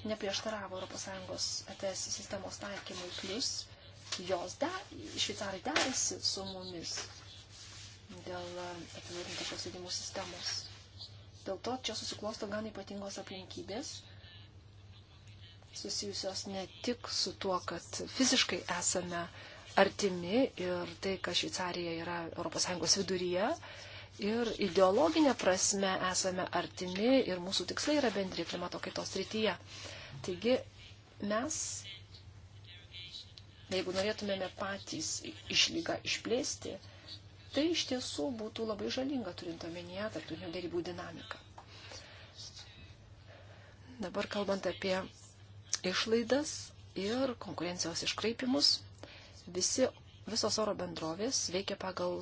neprieštaravo ES ETS sistemos taikymui, plus jos de, šveicarai derasi su mumis dėl e, apibūdintos pasėdimų sistemos. Dėl to čia susiklosto gan ypatingos aplinkybės, susijusios ne tik su tuo, kad fiziškai esame artimi ir tai, kad Šveicarija yra ES viduryje, ir ideologinė prasme esame artimi ir mūsų tikslai yra bendri klimato kaitos rytyje. Taigi mes, jeigu norėtumėme patys išlygą išplėsti, tai iš tiesų būtų labai žalinga turint omenyje tarptautinių dėrybų dinamiką. Dabar kalbant apie išlaidas ir konkurencijos iškraipimus, visi, visos oro bendrovės veikia pagal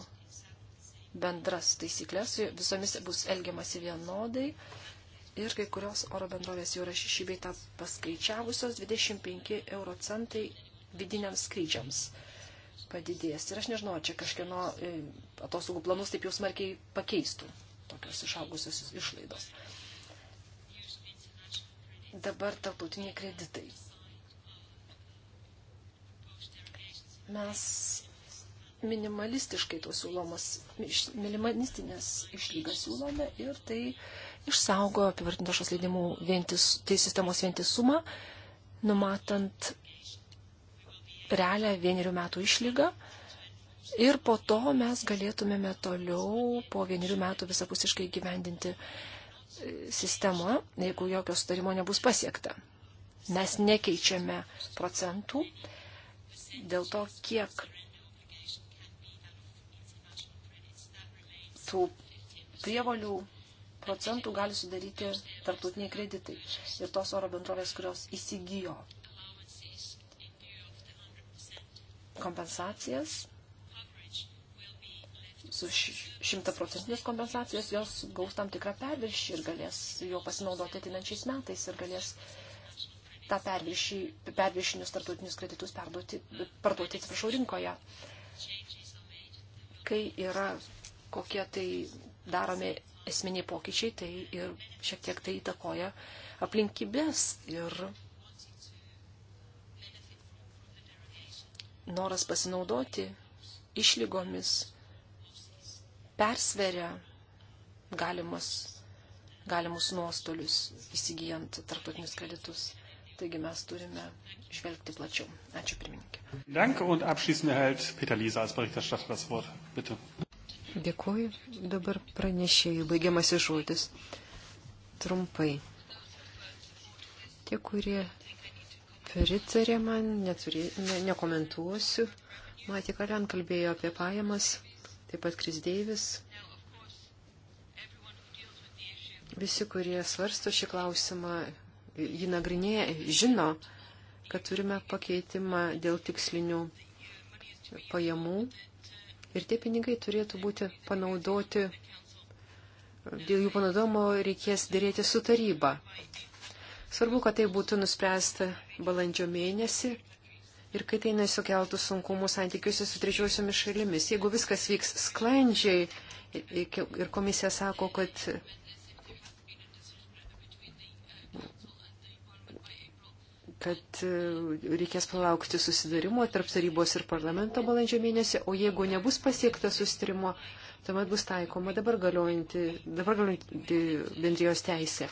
bendras taisyklės, visomis bus elgiamasi vienodai. Ir kai kurios oro bendrovės jau yra šešybei tą paskaičiavusios 25 euro centai vidiniams skrydžiams padidės. Ir aš nežinau, čia kažkieno e, atostogų planus taip jau smarkiai pakeistų tokios išaugusios išlaidos. Dabar tarptautiniai kreditai. Mes minimalistiškai tos siūlomos, minimalistinės išlygas siūlome ir tai išsaugo apivartinto šios leidimų vientis, tai sistemos vientisumą, numatant realią vienerių metų išlygą. Ir po to mes galėtumėme toliau po vienerių metų visapusiškai gyvendinti e, sistemą, jeigu jokio sutarimo nebus pasiekta. Mes nekeičiame procentų dėl to, kiek tų prievolių procentų gali sudaryti tarptautiniai kreditai ir tos oro bendrovės, kurios įsigijo kompensacijas su šimtaprocentinės kompensacijos jos gaus tam tikrą perviršį ir galės jo pasinaudoti atinančiais metais ir galės tą perviršį, perviršinius tarptautinius kreditus perduoti, parduoti, atsiprašau, rinkoje. Kai yra kokie tai daromi esminiai pokyčiai, tai ir šiek tiek tai įtakoja aplinkybės ir noras pasinaudoti išlygomis persveria galimas, galimus nuostolius įsigijant tarptautinius kreditus. Taigi mes turime žvelgti plačiau. Ačiū pirmininkė. Danke und abschließend erhält Peter Lisa als Berichterstatter das Wort. Bitte. Dėkuoju. Dabar pranešėjai baigiamas išžodis. Trumpai. Tie, kurie pritarė man, neturi, ne, nekomentuosiu. Matė Kalian kalbėjo apie pajamas, taip pat Kris Deivis. Visi, kurie svarsto šį klausimą, jį nagrinėja, žino, kad turime pakeitimą dėl tikslinių pajamų Ir tie pinigai turėtų būti panaudoti, dėl jų panaudojimo reikės dėrėti su taryba. Svarbu, kad tai būtų nuspręsta balandžio mėnesį ir kad tai nesukeltų sunkumų santykiuose su trečiosiomis šalimis. Jeigu viskas vyks sklandžiai ir komisija sako, kad kad e, reikės palaukti susidarimo tarp tarybos ir parlamento balandžio mėnesį, o jeigu nebus pasiektas susidarimo, tuomet bus taikoma dabar galiojanti, dabar galiojanti bendrijos teisė.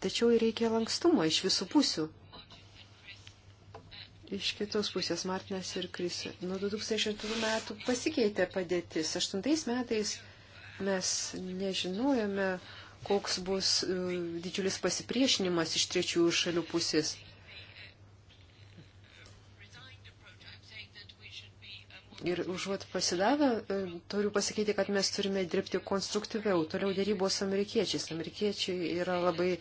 Tačiau reikia lankstumo iš visų pusių. Iš kitos pusės Martinas ir Kris. Nuo 2008 metų pasikeitė padėtis. 8 metais mes nežinojome, koks bus e, didžiulis pasipriešinimas iš trečiųjų šalių pusės. Ir užuot pasidavę, e, turiu pasakyti, kad mes turime dirbti konstruktyviau. Toliau dėrybos su amerikiečiais. Amerikiečiai yra labai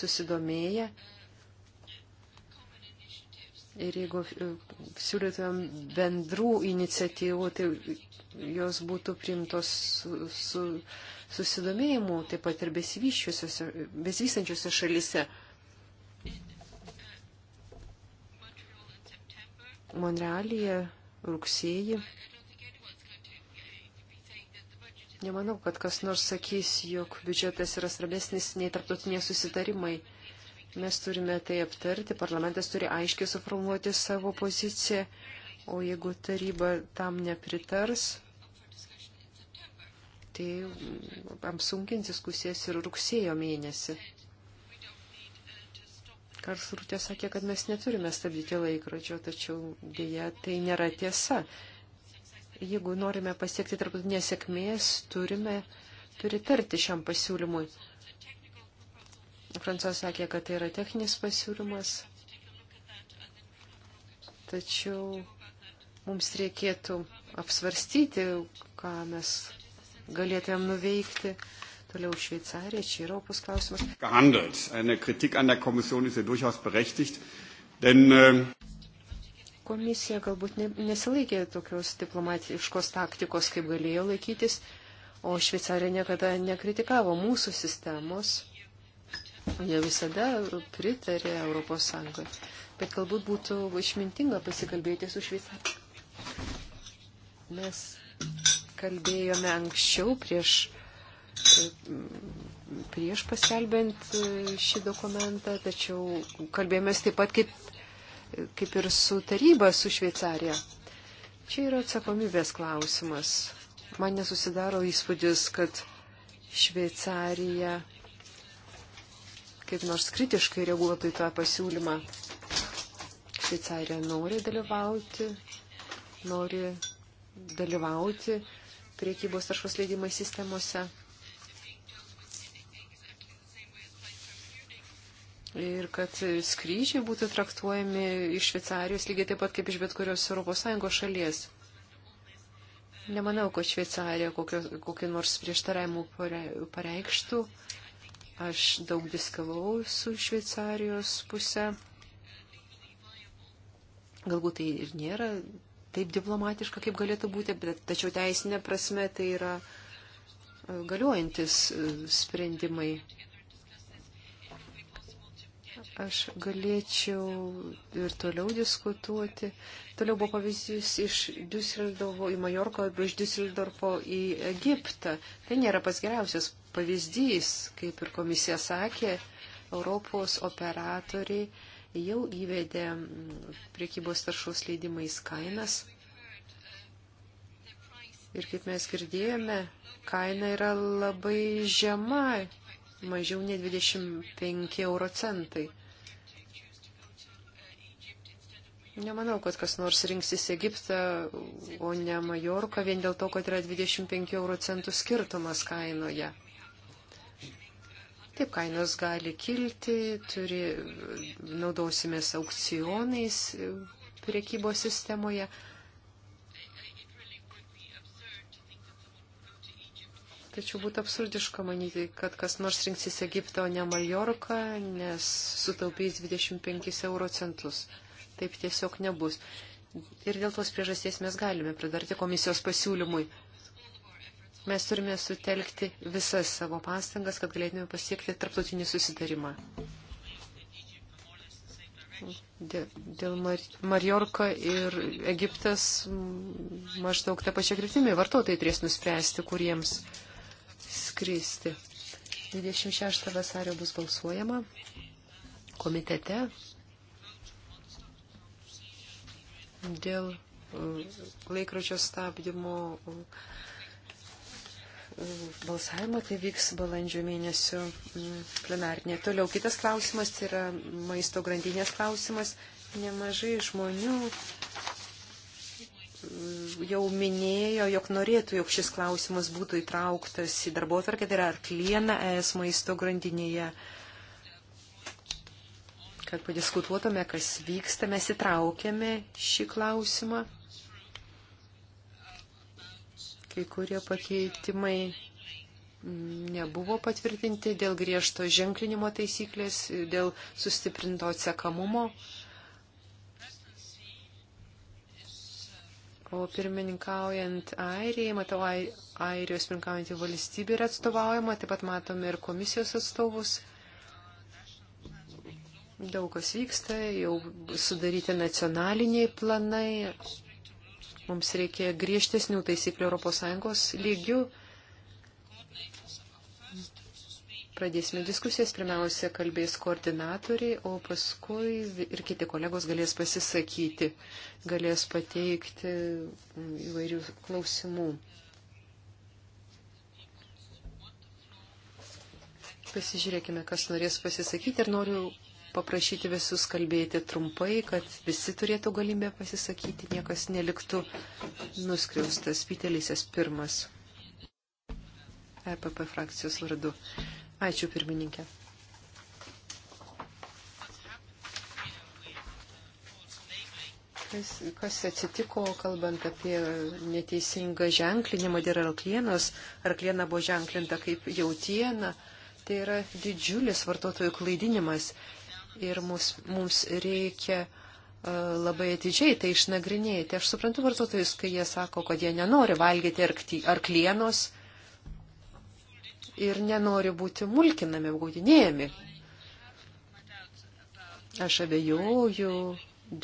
susidomėję. Ir jeigu e, siūlytumėm bendrų iniciatyvų, tai jos būtų primtos su, su susidomėjimu, taip pat ir besivystančiose šalise. Monrealyje, rugsėjį. Nemanau, kad kas nors sakys, jog biudžetas yra svarbesnis nei tarptautiniai susitarimai. Mes turime tai aptarti, parlamentas turi aiškiai suformuoti savo poziciją, o jeigu taryba tam nepritars, tai apsunkins diskusijas ir rugsėjo mėnesį. Karlsrūtė sakė, kad mes neturime stabdyti laikrodžio, tačiau dėja tai nėra tiesa. Jeigu norime pasiekti tarptautinės sėkmės, turime pritarti šiam pasiūlymui. Franco sakė, kad tai yra techninis pasiūlymas, tačiau mums reikėtų apsvarstyti, ką mes galėtumėm nuveikti. Toliau Šveicarija, čia yra opus klausimas. Gehandelt. Eine Kritik an der Kommission ist ja durchaus berechtigt, denn. Ähm, Komisija galbūt ne, nesilaikė tokios diplomatiškos taktikos, kaip galėjo laikytis, o Šveicarija niekada nekritikavo mūsų sistemos. Jie visada pritarė Europos Sąjungai. Bet galbūt būtų išmintinga pasikalbėti su Šveicarija. Mes kalbėjome anksčiau prieš, prieš paskelbent e, šį dokumentą, tačiau kalbėjomės taip pat kaip, kaip ir su taryba, su Šveicarija. Čia yra atsakomybės klausimas. Man nesusidaro įspūdis, kad Šveicarija kaip nors kritiškai reaguotų į tą pasiūlymą. Šveicarija nori dalyvauti, nori dalyvauti priekybos taršos leidimai sistemose. Ir kad skrydžiai būtų traktuojami iš Šveicarijos lygiai taip pat kaip iš bet kurios ES šalies. Nemanau, kad Šveicarija kokį nors prieštaravimų pareikštų. Aš daug diskavau su Šveicarijos pusė. Galbūt tai ir nėra taip diplomatiška, kaip galėtų būti, bet tačiau teisinė prasme tai yra e, galiuojantis e, sprendimai. Aš galėčiau ir toliau diskutuoti. Toliau buvo pavyzdys iš Düsseldorfo į Majorką, iš Düsseldorfo į Egiptą. Tai nėra pats geriausias pavyzdys, kaip ir komisija sakė, Europos operatoriai jau įvedė mm, priekybos taršos leidimais kainas. Ir kaip mes girdėjome, kaina yra labai žema, mažiau nei 25 euro centai. Nemanau, kad kas nors rinksis Egiptą, o ne Majorką, vien dėl to, kad yra 25 euro centų skirtumas kainoje. Taip, kainos gali kilti, turi, naudosimės aukcionais e, priekybos sistemoje. Tačiau būtų absurdiška manyti, kad kas nors rinksis Egiptą, o ne Maljorką, nes sutaupys 25 euro centus. Taip tiesiog nebus. Ir dėl tos priežasties mes galime pridarti komisijos pasiūlymui mes turime sutelkti visas savo pastangas, kad galėtume pasiekti tarptautinį susitarimą. Dėl Marjorka ir Egiptas maždaug tą pačią kryptimį vartotojai turės nuspręsti, kuriems skristi. 26 vasario bus balsuojama komitete dėl e, laikrodžio stabdymo balsavimo, tai vyks balandžio mėnesio mm, plenarnė. Toliau kitas klausimas tai yra maisto grandinės klausimas. Nemažai žmonių mm, jau minėjo, jog norėtų, jog šis klausimas būtų įtrauktas į darbo atvarkę, tai yra arklieną ES maisto grandinėje. Kad padiskutuotume, kas vyksta, mes įtraukėme šį klausimą Kai kurie pakeitimai nebuvo patvirtinti dėl griežto ženklinimo taisyklės, dėl sustiprinto atsekamumo. O pirmininkaujant Airijai, matau, Airijos pirmininkaujantį valstybę yra atstovaujama, taip pat matome ir komisijos atstovus. Daug kas vyksta, jau sudaryti nacionaliniai planai, Mums reikia griežtesnių taisyklių ES lygių. Pradėsime diskusijas, pirmiausia, kalbės koordinatoriai, o paskui ir kiti kolegos galės pasisakyti, galės pateikti įvairių klausimų. Pasižiūrėkime, kas norės pasisakyti ir noriu paprašyti visus kalbėti trumpai, kad visi turėtų galimybę pasisakyti, niekas neliktų nuskriaustas. Pitelisės pirmas. EPP frakcijos vardu. Ačiū pirmininkė. Kas, kas atsitiko, kalbant apie neteisingą ženklinimą dėl arklienos, arkliena buvo ženklinta kaip jautiena, tai yra didžiulis vartotojų klaidinimas ir mus, mums reikia e, labai atidžiai tai išnagrinėti. Aš suprantu vartotojus, kai jie sako, kad jie nenori valgyti arklienos ir nenori būti mulkinami, gaudinėjami. Aš abejoju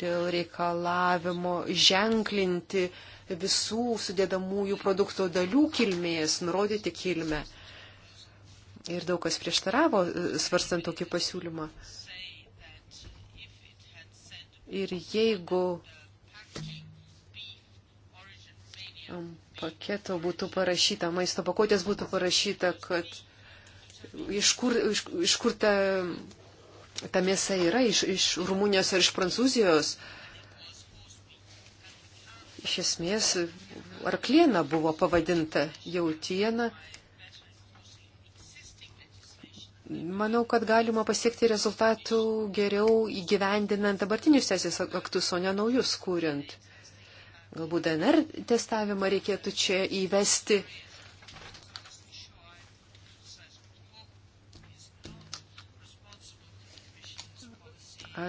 dėl reikalavimo ženklinti visų sudėdamųjų produkto dalių kilmės, nurodyti kilmę. Ir daug kas prieštaravo e, svarstant tokį pasiūlymą. Ir jeigu um, paketo būtų parašyta, maisto pakuotės būtų parašyta, kad iš kur, iš, iš kur ta, ta mėsa yra, iš, iš Rumunijos ar iš Prancūzijos, iš esmės arklėna buvo pavadinta jautiena Manau, kad galima pasiekti rezultatų geriau įgyvendinant dabartinius teisės aktus, o ne naujus kūrint. Galbūt DNR testavimą reikėtų čia įvesti.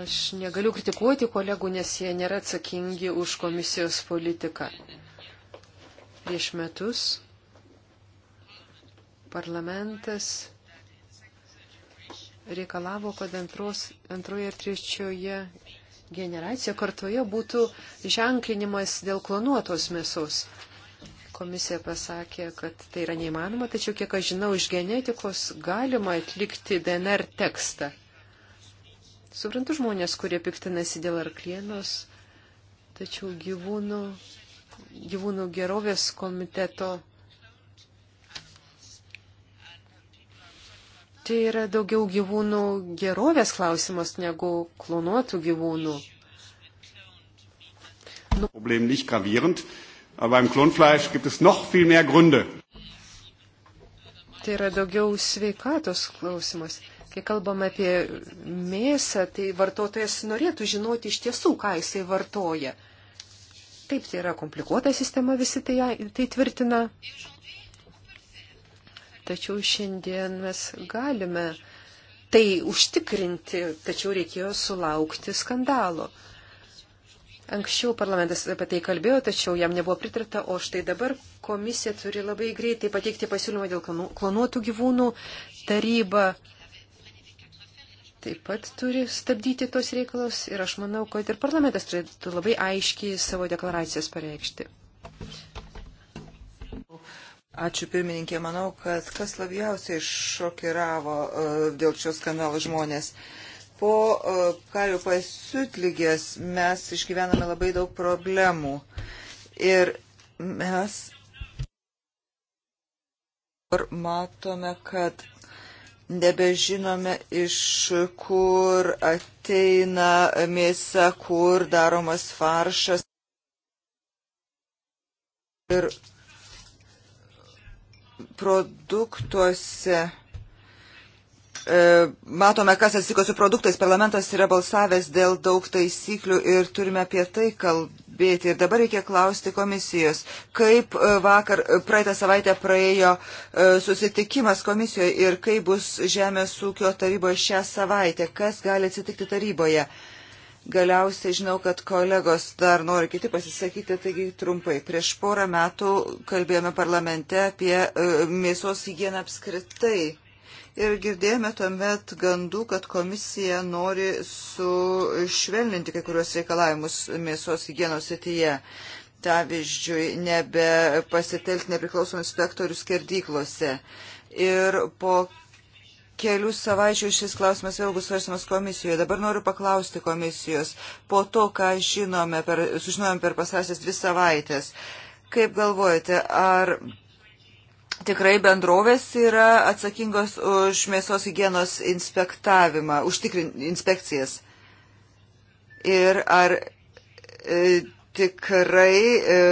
Aš negaliu kritikuoti kolegų, nes jie nėra atsakingi už komisijos politiką. Prieš metus parlamentas reikalavo, kad antros, antroje ir trečioje generacijoje kartoje būtų ženklinimas dėl klonuotos mėsos. Komisija pasakė, kad tai yra neįmanoma, tačiau, kiek aš žinau, iš genetikos galima atlikti DNR tekstą. Suprantu žmonės, kurie piktinasi dėl arklienos, tačiau gyvūnų, gyvūnų gerovės komiteto Tai yra daugiau gyvūnų gerovės klausimas negu klonuotų gyvūnų. Nu- Problem nicht gravierend, aber beim Klonfleisch gibt es noch viel mehr Gründe. Tai yra daugiau sveikatos klausimas. Kai kalbame apie mėsą, tai vartotojas norėtų žinoti iš tiesų, ką jisai vartoja. Taip, tai yra komplikuota sistema, visi tai, tai tvirtina. Tačiau šiandien mes galime tai užtikrinti, tačiau reikėjo sulaukti skandalo. Anksčiau parlamentas apie tai kalbėjo, tačiau jam nebuvo pritarta, o štai dabar komisija turi labai greitai pateikti pasiūlymą dėl klonuotų gyvūnų, taryba taip pat turi stabdyti tos reikalus ir aš manau, kad ir parlamentas turėtų labai aiškiai savo deklaracijas pareikšti. Ačiū pirmininkė, manau, kad kas labiausiai šokiravo e, dėl šios kanalo žmonės. Po e, karių pasiutlygės mes išgyvename labai daug problemų ir mes matome, kad nebežinome iš kur ateina mėsa, kur daromas faršas. Ir produktuose. E, matome, kas atsitiko su produktais. Parlamentas yra balsavęs dėl daug taisyklių ir turime apie tai kalbėti. Ir dabar reikia klausti komisijos, kaip e, vakar, e, praeitą savaitę praėjo susitikimas komisijoje ir kaip bus Žemės ūkio taryboje šią savaitę, kas gali atsitikti taryboje. Uh, Galiausiai žinau, kad kolegos dar nori kiti pasisakyti, taigi trumpai. Prieš porą metų kalbėjome parlamente apie e, mėsos hygieną apskritai. Ir girdėjome tuomet gandų, kad komisija nori sušvelninti kai kurios reikalavimus mėsos hygienos srityje. Pavyzdžiui, nebe pasitelkti nepriklausomų inspektorių skerdyklose. Ir po kelių savaičių šis klausimas vėl bus svarstamas komisijoje. Dabar noriu paklausti komisijos, po to, ką žinome per, sužinojom per pasasias dvi savaitės, kaip galvojate, ar tikrai bendrovės yra atsakingos už mėsos hygienos inspektavimą, užtikrin inspekcijas? Ir ar e, tikrai. E,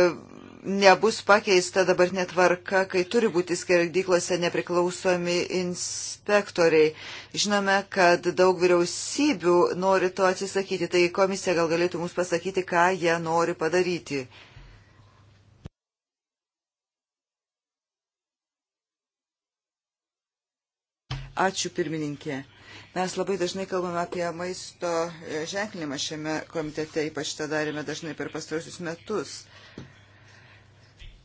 nebus pakeista dabartinė tvarka, kai turi būti skerdyklose nepriklausomi inspektoriai. Žinome, kad daug vyriausybių nori to atsisakyti, tai komisija gal galėtų mums pasakyti, ką jie nori padaryti. Ačiū pirmininkė. Mes labai dažnai kalbame apie maisto ženklinimą šiame komitete, ypač tą darėme dažnai per pastarusius metus.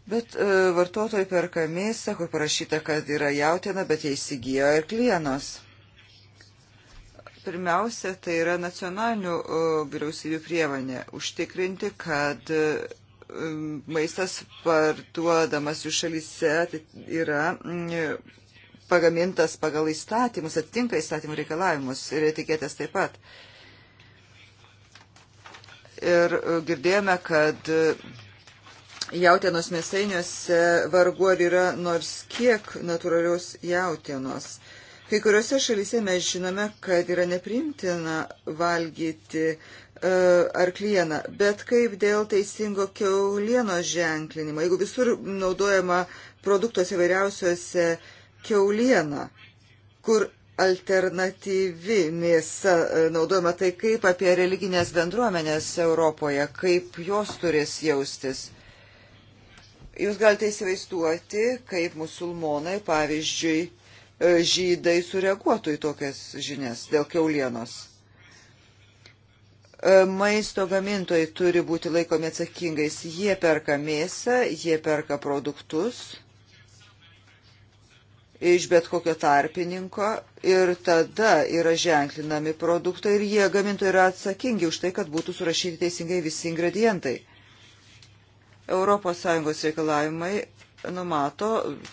Bet e, vartotojai perka mėsą, kur parašyta, kad yra jautina, bet jie įsigijo ir klienos. Pirmiausia, tai yra nacionalinių e, vyriausybių priemonė užtikrinti, kad e, maistas parduodamas jų šalyse tai yra e, pagamintas pagal įstatymus, atitinka įstatymų reikalavimus ir etiketės taip pat. Ir e, girdėjome, kad e, jautienos mėsainiuose vargu ar yra nors kiek natūralios jautienos. Kai kuriuose šalyse mes žinome, kad yra neprimtina valgyti e, arklieną, bet kaip dėl teisingo keulienos ženklinimo, jeigu visur naudojama produktuose vairiausiuose keuliena, kur alternatyvi mėsa e, naudojama, tai kaip apie religinės bendruomenės Europoje, kaip jos turės jaustis. Jūs galite įsivaizduoti, kaip musulmonai, pavyzdžiui, e, žydai sureaguotų į tokias žinias dėl keulienos. E, maisto gamintojai turi būti laikomi atsakingais. Jie perka mėsą, jie perka produktus iš bet kokio tarpininko ir tada yra ženklinami produktai ir jie gamintojai yra atsakingi už tai, kad būtų surašyti teisingai visi ingredientai. ES reikalavimai numato,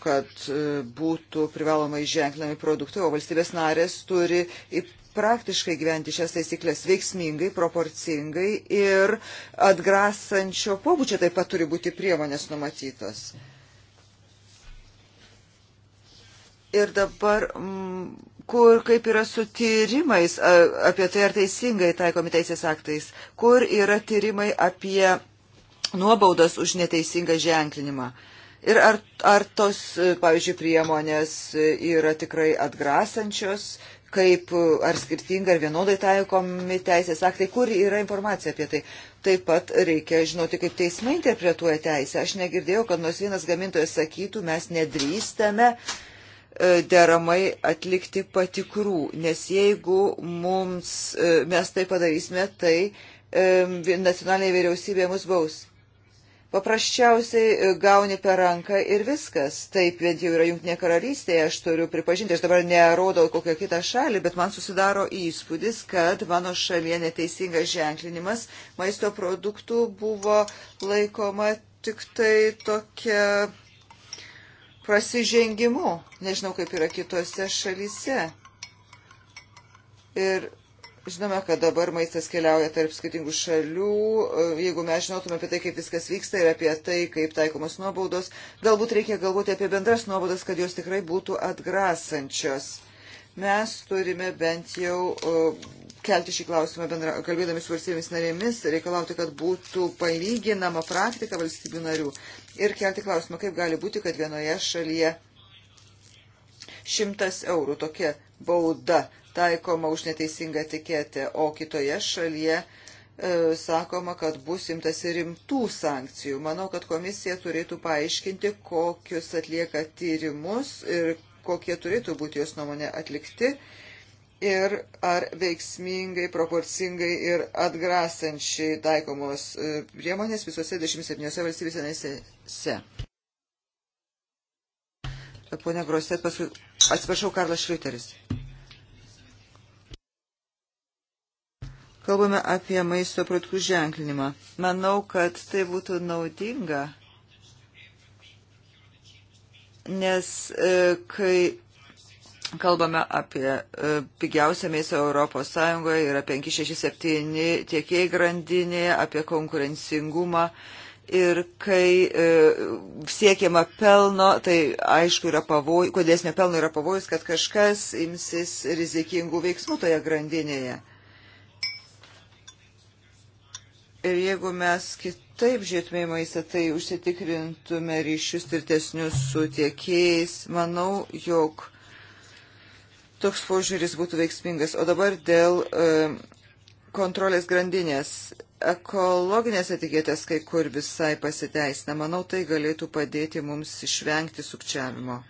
kad e, būtų privalomai ženklinami produktai, o valstybės narės turi praktiškai gyventi šias taisyklės veiksmingai, proporcingai ir atgrasančio pobūdžio taip pat turi būti priemonės numatytos. Ir dabar, mm, kur kaip yra su tyrimais, apie tai ar teisingai taikomi teisės aktais, kur yra tyrimai apie nuobaudas už neteisingą ženklinimą. Ir ar, ar tos, e, pavyzdžiui, priemonės e, yra tikrai atgrasančios, kaip e, ar skirtingai ar vienodai taikomi teisės aktai, kur yra informacija apie tai. Taip pat reikia žinoti, kaip teismai interpretuoja teisę. Aš negirdėjau, kad nors vienas gamintojas sakytų, mes nedrįstame deramai atlikti patikrų, nes jeigu mums, mes tai padarysime, tai nacionalinė vyriausybė mus baus. Paprasčiausiai e, gauni per ranką ir viskas. Taip bent jau yra Junktinė karalystė, aš turiu pripažinti, aš dabar nerodau kokią kitą šalį, bet man susidaro įspūdis, kad mano šalyje neteisingas ženklinimas maisto produktų buvo laikoma tik tai tokia prasižengimu. Nežinau, kaip yra kitose šalyse. Ir Žinome, kad dabar maistas keliauja tarp skirtingų šalių. Jeigu mes žinotume apie tai, kaip viskas vyksta ir apie tai, kaip taikomos nuobaudos, galbūt reikia galvoti apie bendras nuobaudas, kad jos tikrai būtų atgrasančios. Mes turime bent jau e, kelti šį klausimą bendra, kalbėdami su valstybėmis narėmis, reikalauti, kad būtų palyginama praktika valstybių narių ir kelti klausimą, kaip gali būti, kad vienoje šalyje šimtas eurų tokia bauda taikoma už neteisingą etiketę, o kitoje šalyje e, sakoma, kad bus imtasi rimtų sankcijų. Manau, kad komisija turėtų paaiškinti, kokius atlieka tyrimus ir kokie turėtų būti jos nuomonė atlikti ir ar veiksmingai, proporcingai ir atgrasančiai taikomos e, priemonės visose 27 valstybėse nesėse. Pone Grostet, paskui atsiprašau, Karlas Šriteris. Kalbame apie maisto produktų ženklinimą. Manau, kad tai būtų naudinga, nes e, kai kalbame apie e, pigiausią mėsą Europos Sąjungoje, yra 5, 6, 7 tiekiai grandinėje, apie konkurencingumą. Ir kai e, siekiama pelno, tai aišku, yra pavojus, kodėsnio pelno yra pavojus, kad kažkas imsis rizikingų veiksmų toje grandinėje. Ir jeigu mes kitaip žiūrėtume į maistą, tai užsitikrintume ryšius tvirtesnius su tiekėjais. Manau, jog toks požiūris būtų veiksmingas. O dabar dėl e, kontrolės grandinės. Ekologinės etiketės kai kur visai pasiteisina. Manau, tai galėtų padėti mums išvengti sukčiavimo.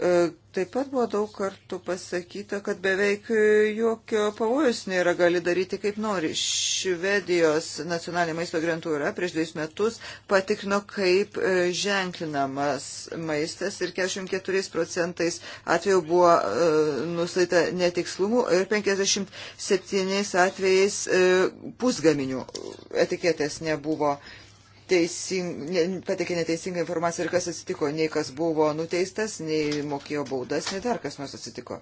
E, taip pat buvo daug kartų pasakyta, kad beveik jokio pavojus nėra, gali daryti kaip nori. Švedijos nacionalinė maisto agentūra prieš dviejus metus patikrino, kaip e, ženklinamas maistas ir 44 procentais atveju buvo e, nustaita netikslumų ir 57 atvejais pusgaminių etiketės nebuvo uh, teising, patekė neteisingą informaciją ir kas atsitiko, nei kas buvo nuteistas, nei mokėjo baudas, nei dar kas nors atsitiko.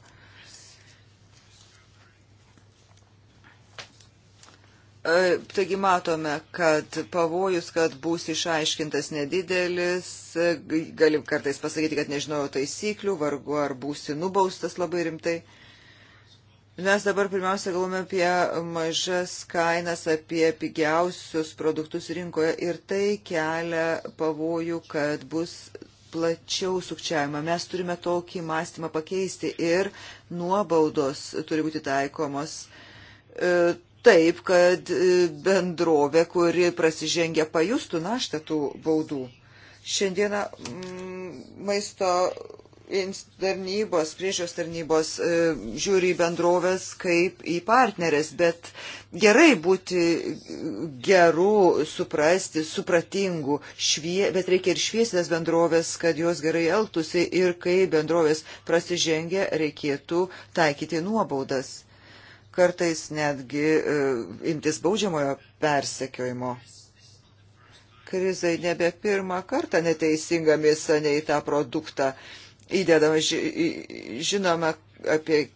E, taigi matome, kad pavojus, kad bus išaiškintas nedidelis, e, galim kartais pasakyti, kad nežinojau taisyklių, vargu ar būsi nubaustas labai rimtai. E, Mes dabar pirmiausia galvome apie mažas kainas, apie pigiausius produktus rinkoje ir tai kelia pavojų, kad bus plačiau sukčiavimą. Mes turime tokį mąstymą pakeisti ir nuobaudos turi būti taikomos e, taip, kad e, bendrovė, kuri prasižengia, pajustų naštą tų baudų. Šiandieną mm, maisto tarnybos, priežios tarnybos e, žiūri į bendrovės kaip į partnerės, bet gerai būti gerų, suprasti, supratingų, švie, bet reikia ir šviesės bendrovės, kad jos gerai elgtųsi ir kai bendrovės prasižengia, reikėtų taikyti nuobaudas kartais netgi e, imtis baudžiamojo persekiojimo. Krizai nebe pirmą kartą neteisingą mėsą nei tą produktą įdedama. Žinoma apie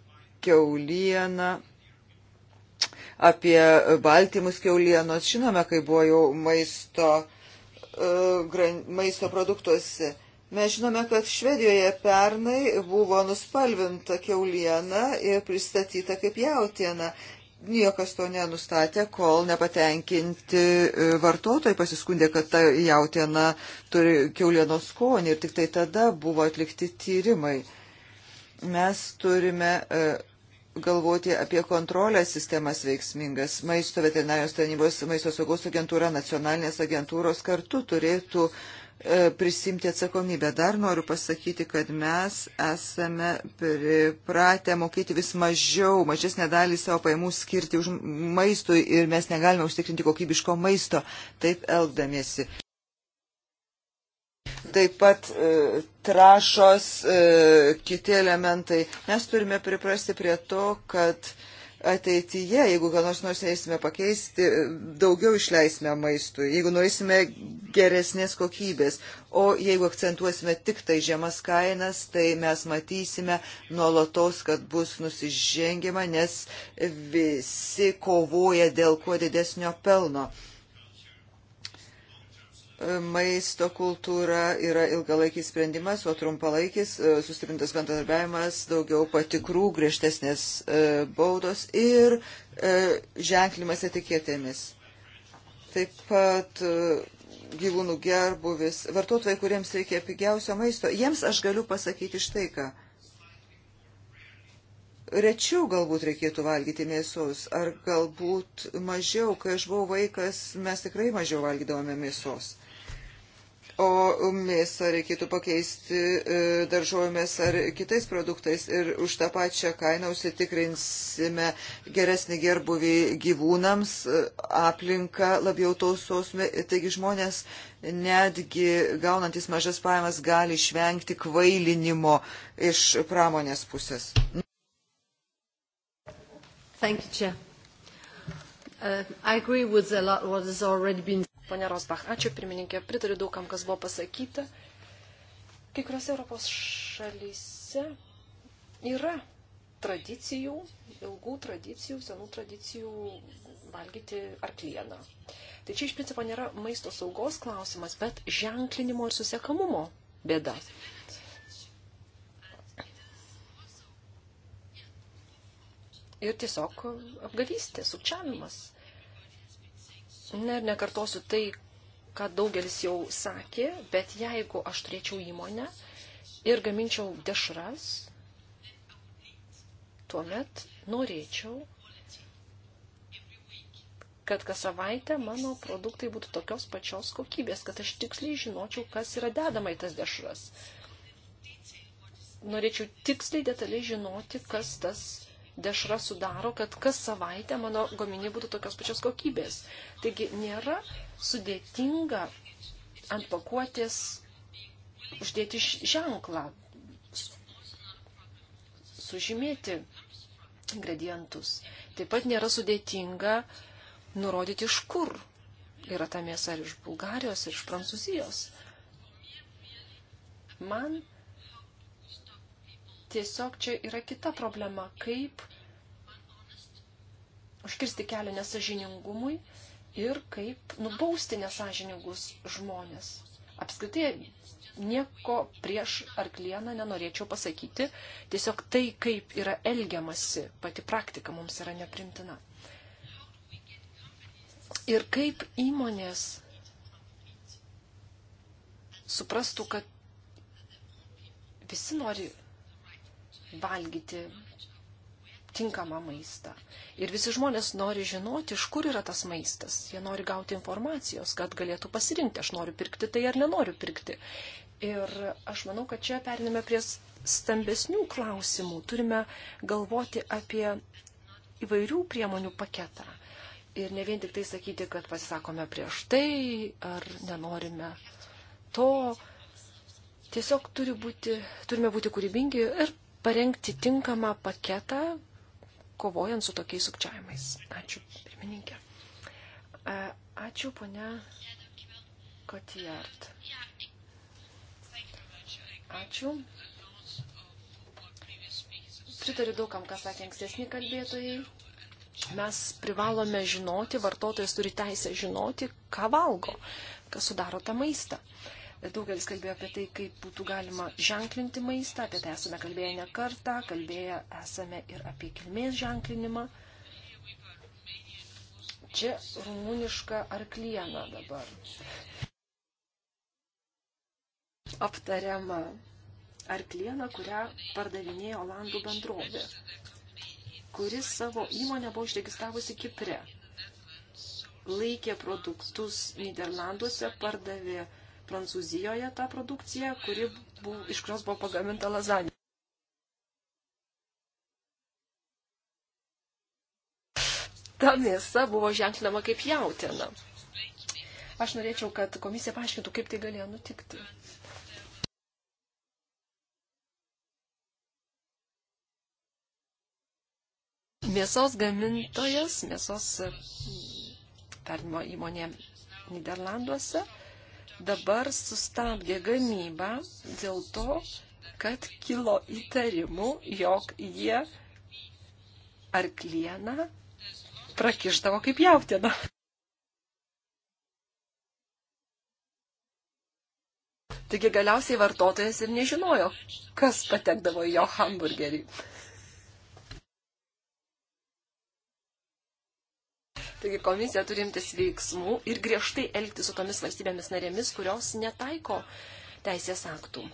keulieną apie baltymus keulienos, žinome, kai buvo jau maisto, e, maisto produktuose. Mes žinome, kad Švedijoje pernai buvo nuspalvinta keuliena ir pristatyta kaip jautiena niekas to nenustatė, kol nepatenkinti e, vartotojai pasiskundė, kad ta jautiena turi keulienos skonį ir tik tai tada buvo atlikti tyrimai. Mes turime e, galvoti apie kontrolės sistemas veiksmingas. Maisto veterinarijos tarnybos, maisto saugos agentūra, nacionalinės agentūros kartu turėtų uh, E, prisimti atsakomybę. Dar noriu pasakyti, kad mes esame pripratę mokėti vis mažiau, mažesnę dalį savo pajamų skirti už maistui ir mes negalime užtikrinti kokybiško maisto taip elgdamiesi. Taip pat e, trašos, e, kiti elementai. Mes turime priprasti prie to, kad e, ateityje, jeigu ką nors nors eisime pakeisti, daugiau išleisime maistui, jeigu norėsime geresnės kokybės. O jeigu akcentuosime tik tai žemas kainas, tai mes matysime nuolatos, kad bus nusižengiama, nes visi kovoja dėl kuo didesnio pelno maisto kultūra yra ilgalaikis sprendimas, o trumpalaikis e, sustiprintas bendradarbiavimas, daugiau patikrų, griežtesnės e, baudos ir e, ženklimas etiketėmis. Taip pat gyvūnų gerbuvis, vartotojai, kuriems reikia pigiausio maisto, jiems aš galiu pasakyti štai ką. Rečiau galbūt reikėtų valgyti mėsos, ar galbūt mažiau, kai aš buvau vaikas, mes tikrai mažiau valgydavome mėsos o mėsą reikėtų pakeisti e, daržovėmis ar kitais produktais ir už tą pačią kainą užsitikrinsime geresnį gerbuvį gyvūnams, e, aplinką labiau tausosime. Taigi žmonės netgi gaunantis mažas pajamas gali išvengti kvailinimo iš pramonės pusės. Thank you, Chair. Uh, I agree with a lot what has already been Pane Rosbach, ačiū pirmininkė, pritariu daugam, kas buvo pasakyta. Kai kuriuose Europos šalyse yra tradicijų, ilgų tradicijų, senų tradicijų valgyti arklieną. Tai čia iš principo nėra maisto saugos klausimas, bet ženklinimo ir susiekamumo bėda. Ir tiesiog apgavystė, sukčiavimas. Na ir nekartosiu tai, ką daugelis jau sakė, bet jeigu aš turėčiau įmonę ir gaminčiau dešras, tuomet norėčiau, kad kas savaitę mano produktai būtų tokios pačios kokybės, kad aš tiksliai žinočiau, kas yra dedama į tas dešras. Norėčiau tiksliai detaliai žinoti, kas tas dešra sudaro, kad kas savaitę mano gaminiai būtų tokios pačios kokybės. Taigi nėra sudėtinga ant pakuotės uždėti ženklą, sužymėti ingredientus. Taip pat nėra sudėtinga nurodyti, iš kur yra ta mėsa, ar iš Bulgarijos, ar iš Prancūzijos. Man Tiesiog čia yra kita problema, kaip užkirsti kelią nesažiningumui ir kaip nubausti nesažiningus žmonės. Apskritai nieko prieš arklieną nenorėčiau pasakyti, tiesiog tai, kaip yra elgiamasi, pati praktika mums yra neprimtina. Ir kaip įmonės suprastų, kad visi nori valgyti tinkamą maistą. Ir visi žmonės nori žinoti, iš kur yra tas maistas. Jie nori gauti informacijos, kad galėtų pasirinkti, aš noriu pirkti tai ar nenoriu pirkti. Ir aš manau, kad čia periname prie stambesnių klausimų. Turime galvoti apie įvairių priemonių paketą. Ir ne vien tik tai sakyti, kad pasisakome prieš tai ar nenorime to. Tiesiog turi būti, turime būti kūrybingi ir parengti tinkamą paketą, kovojant su tokiais sukčiavimais. Ačiū, pirmininkė. Ačiū, ponia Kotijart. Ačiū. Pritariu daugam, ką sakė ankstesni kalbėtojai. Mes privalome žinoti, vartotojas turi teisę žinoti, ką valgo, kas sudaro tą maistą. Uh, Daugelis kalbėjo apie tai, kaip būtų galima ženklinti maistą, apie tai esame kalbėję ne kartą, kalbėję esame ir apie kilmės ženklinimą. Čia rumuniška arkliena dabar. Aptariama arkliena, kurią pardavinėjo Olandų bendrovė, kuris savo įmonę buvo išregistravusi Kipre laikė produktus Niderlanduose, pardavė Prancūzijoje tą produkciją, kuri buvo, iš kurios buvo pagaminta lazanė. Ta mėsa buvo ženklinama kaip jautiena. Aš norėčiau, kad komisija paaiškintų, kaip tai galėjo nutikti. Mėsos gamintojas, mėsos mm, perdimo įmonė Niderlanduose dabar sustabdė gamybą dėl to, kad kilo įtarimų, jog jie arklieną prakiždavo kaip jautieną. Taigi galiausiai vartotojas ir nežinojo, kas patekdavo į jo hamburgerį. Taigi komisija turi imtis veiksmų ir griežtai elgti su tomis valstybėmis narėmis, kurios netaiko teisės aktų.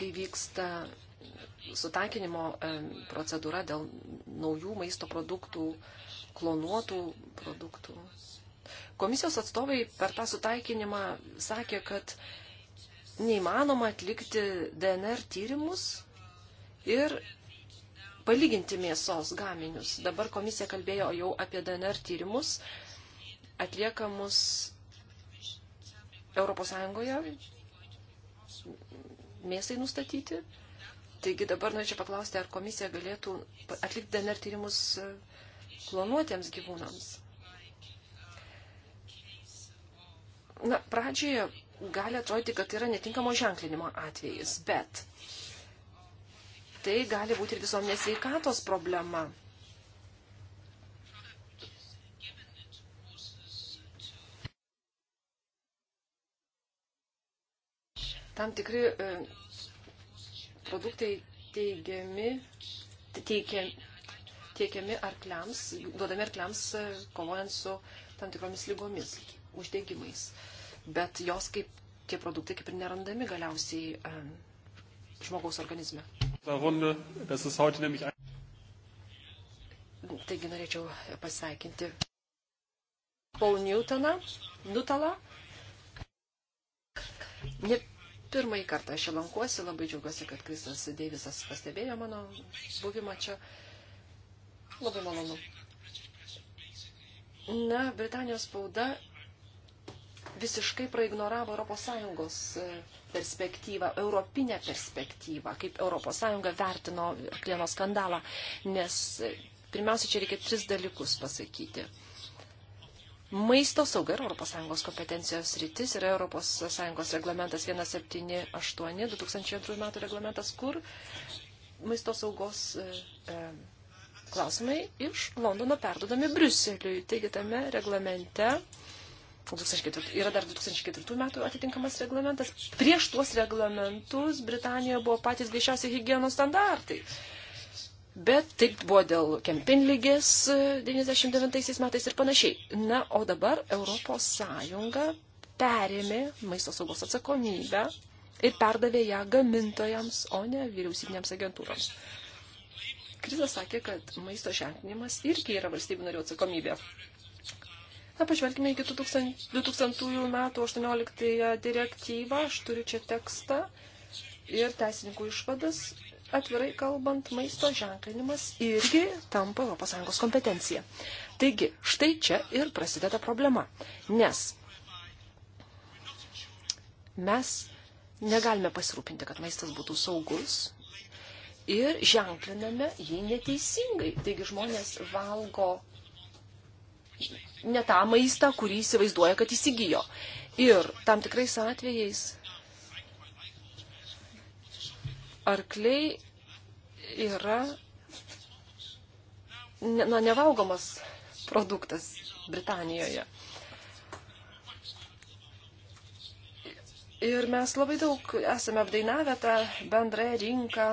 Kai vyksta sutaikinimo e, procedūra dėl naujų maisto produktų, klonuotų produktų. Komisijos atstovai per tą sutaikinimą sakė, kad neįmanoma atlikti DNR tyrimus ir palyginti mėsos gaminius. Dabar komisija kalbėjo jau apie DNR tyrimus atliekamus ES mėsai nustatyti. Taigi dabar norėčiau paklausti, ar komisija galėtų atlikti DNR tyrimus klonuotiems gyvūnams. Na, pradžioje gali atrodyti, kad tai yra netinkamo ženklinimo atvejis, bet tai gali būti ir visuomenės veikatos problema. Tam tikri e, produktai teigiami, teikiami, tiekiami arkliams, duodami arkliams e, kovojant su tam tikromis lygomis, uždegimais. Bet jos kaip tie produktai kaip ir nerandami galiausiai e, žmogaus organizme. Taigi norėčiau pasveikinti Paul Newtoną, Nutalą. Ne pirmąjį kartą aš lankuosi, labai džiaugiuosi, kad Kristas Deivisas pastebėjo mano buvimą čia. Labai malonu. Na, Britanijos spauda visiškai praignoravo ES e, perspektyvą, europinę perspektyvą, kaip ES vertino Irklėno skandalą. Nes e, pirmiausia, čia reikia tris dalykus pasakyti. Maisto sauga yra ES kompetencijos rytis, yra ES reglamentas 178 2002 metų reglamentas, kur maisto saugos e, e klausimai iš Londono perdodami Briuseliui. Taigi tame reglamente 2004, yra dar 2004 metų atitinkamas reglamentas. Prieš tuos reglamentus Britanijoje buvo patys griežčiausi hygienos standartai. Bet taip buvo dėl kempinlygės 99 metais ir panašiai. Na, o dabar Europos Sąjunga perėmė maisto saugos atsakomybę ir perdavė ją gamintojams, o ne vyriausybinėms agentūroms. Krizas sakė, kad maisto ženklinimas irgi yra valstybių narių atsakomybė. Na, pažvelgime į 2000 metų 18 direktyvą, aš turiu čia tekstą ir teisininkų išvadas. Atvirai kalbant, maisto ženklinimas irgi tampa ES kompetencija. Taigi, štai čia ir prasideda problema, nes mes negalime pasirūpinti, kad maistas būtų saugus ir ženkliname jį neteisingai. Taigi žmonės valgo ne tą maistą, kurį įsivaizduoja, kad įsigijo. Ir tam tikrais atvejais arkliai yra na, nevalgomas produktas Britanijoje. Ir mes labai daug esame apdainavę tą bendrąją rinką.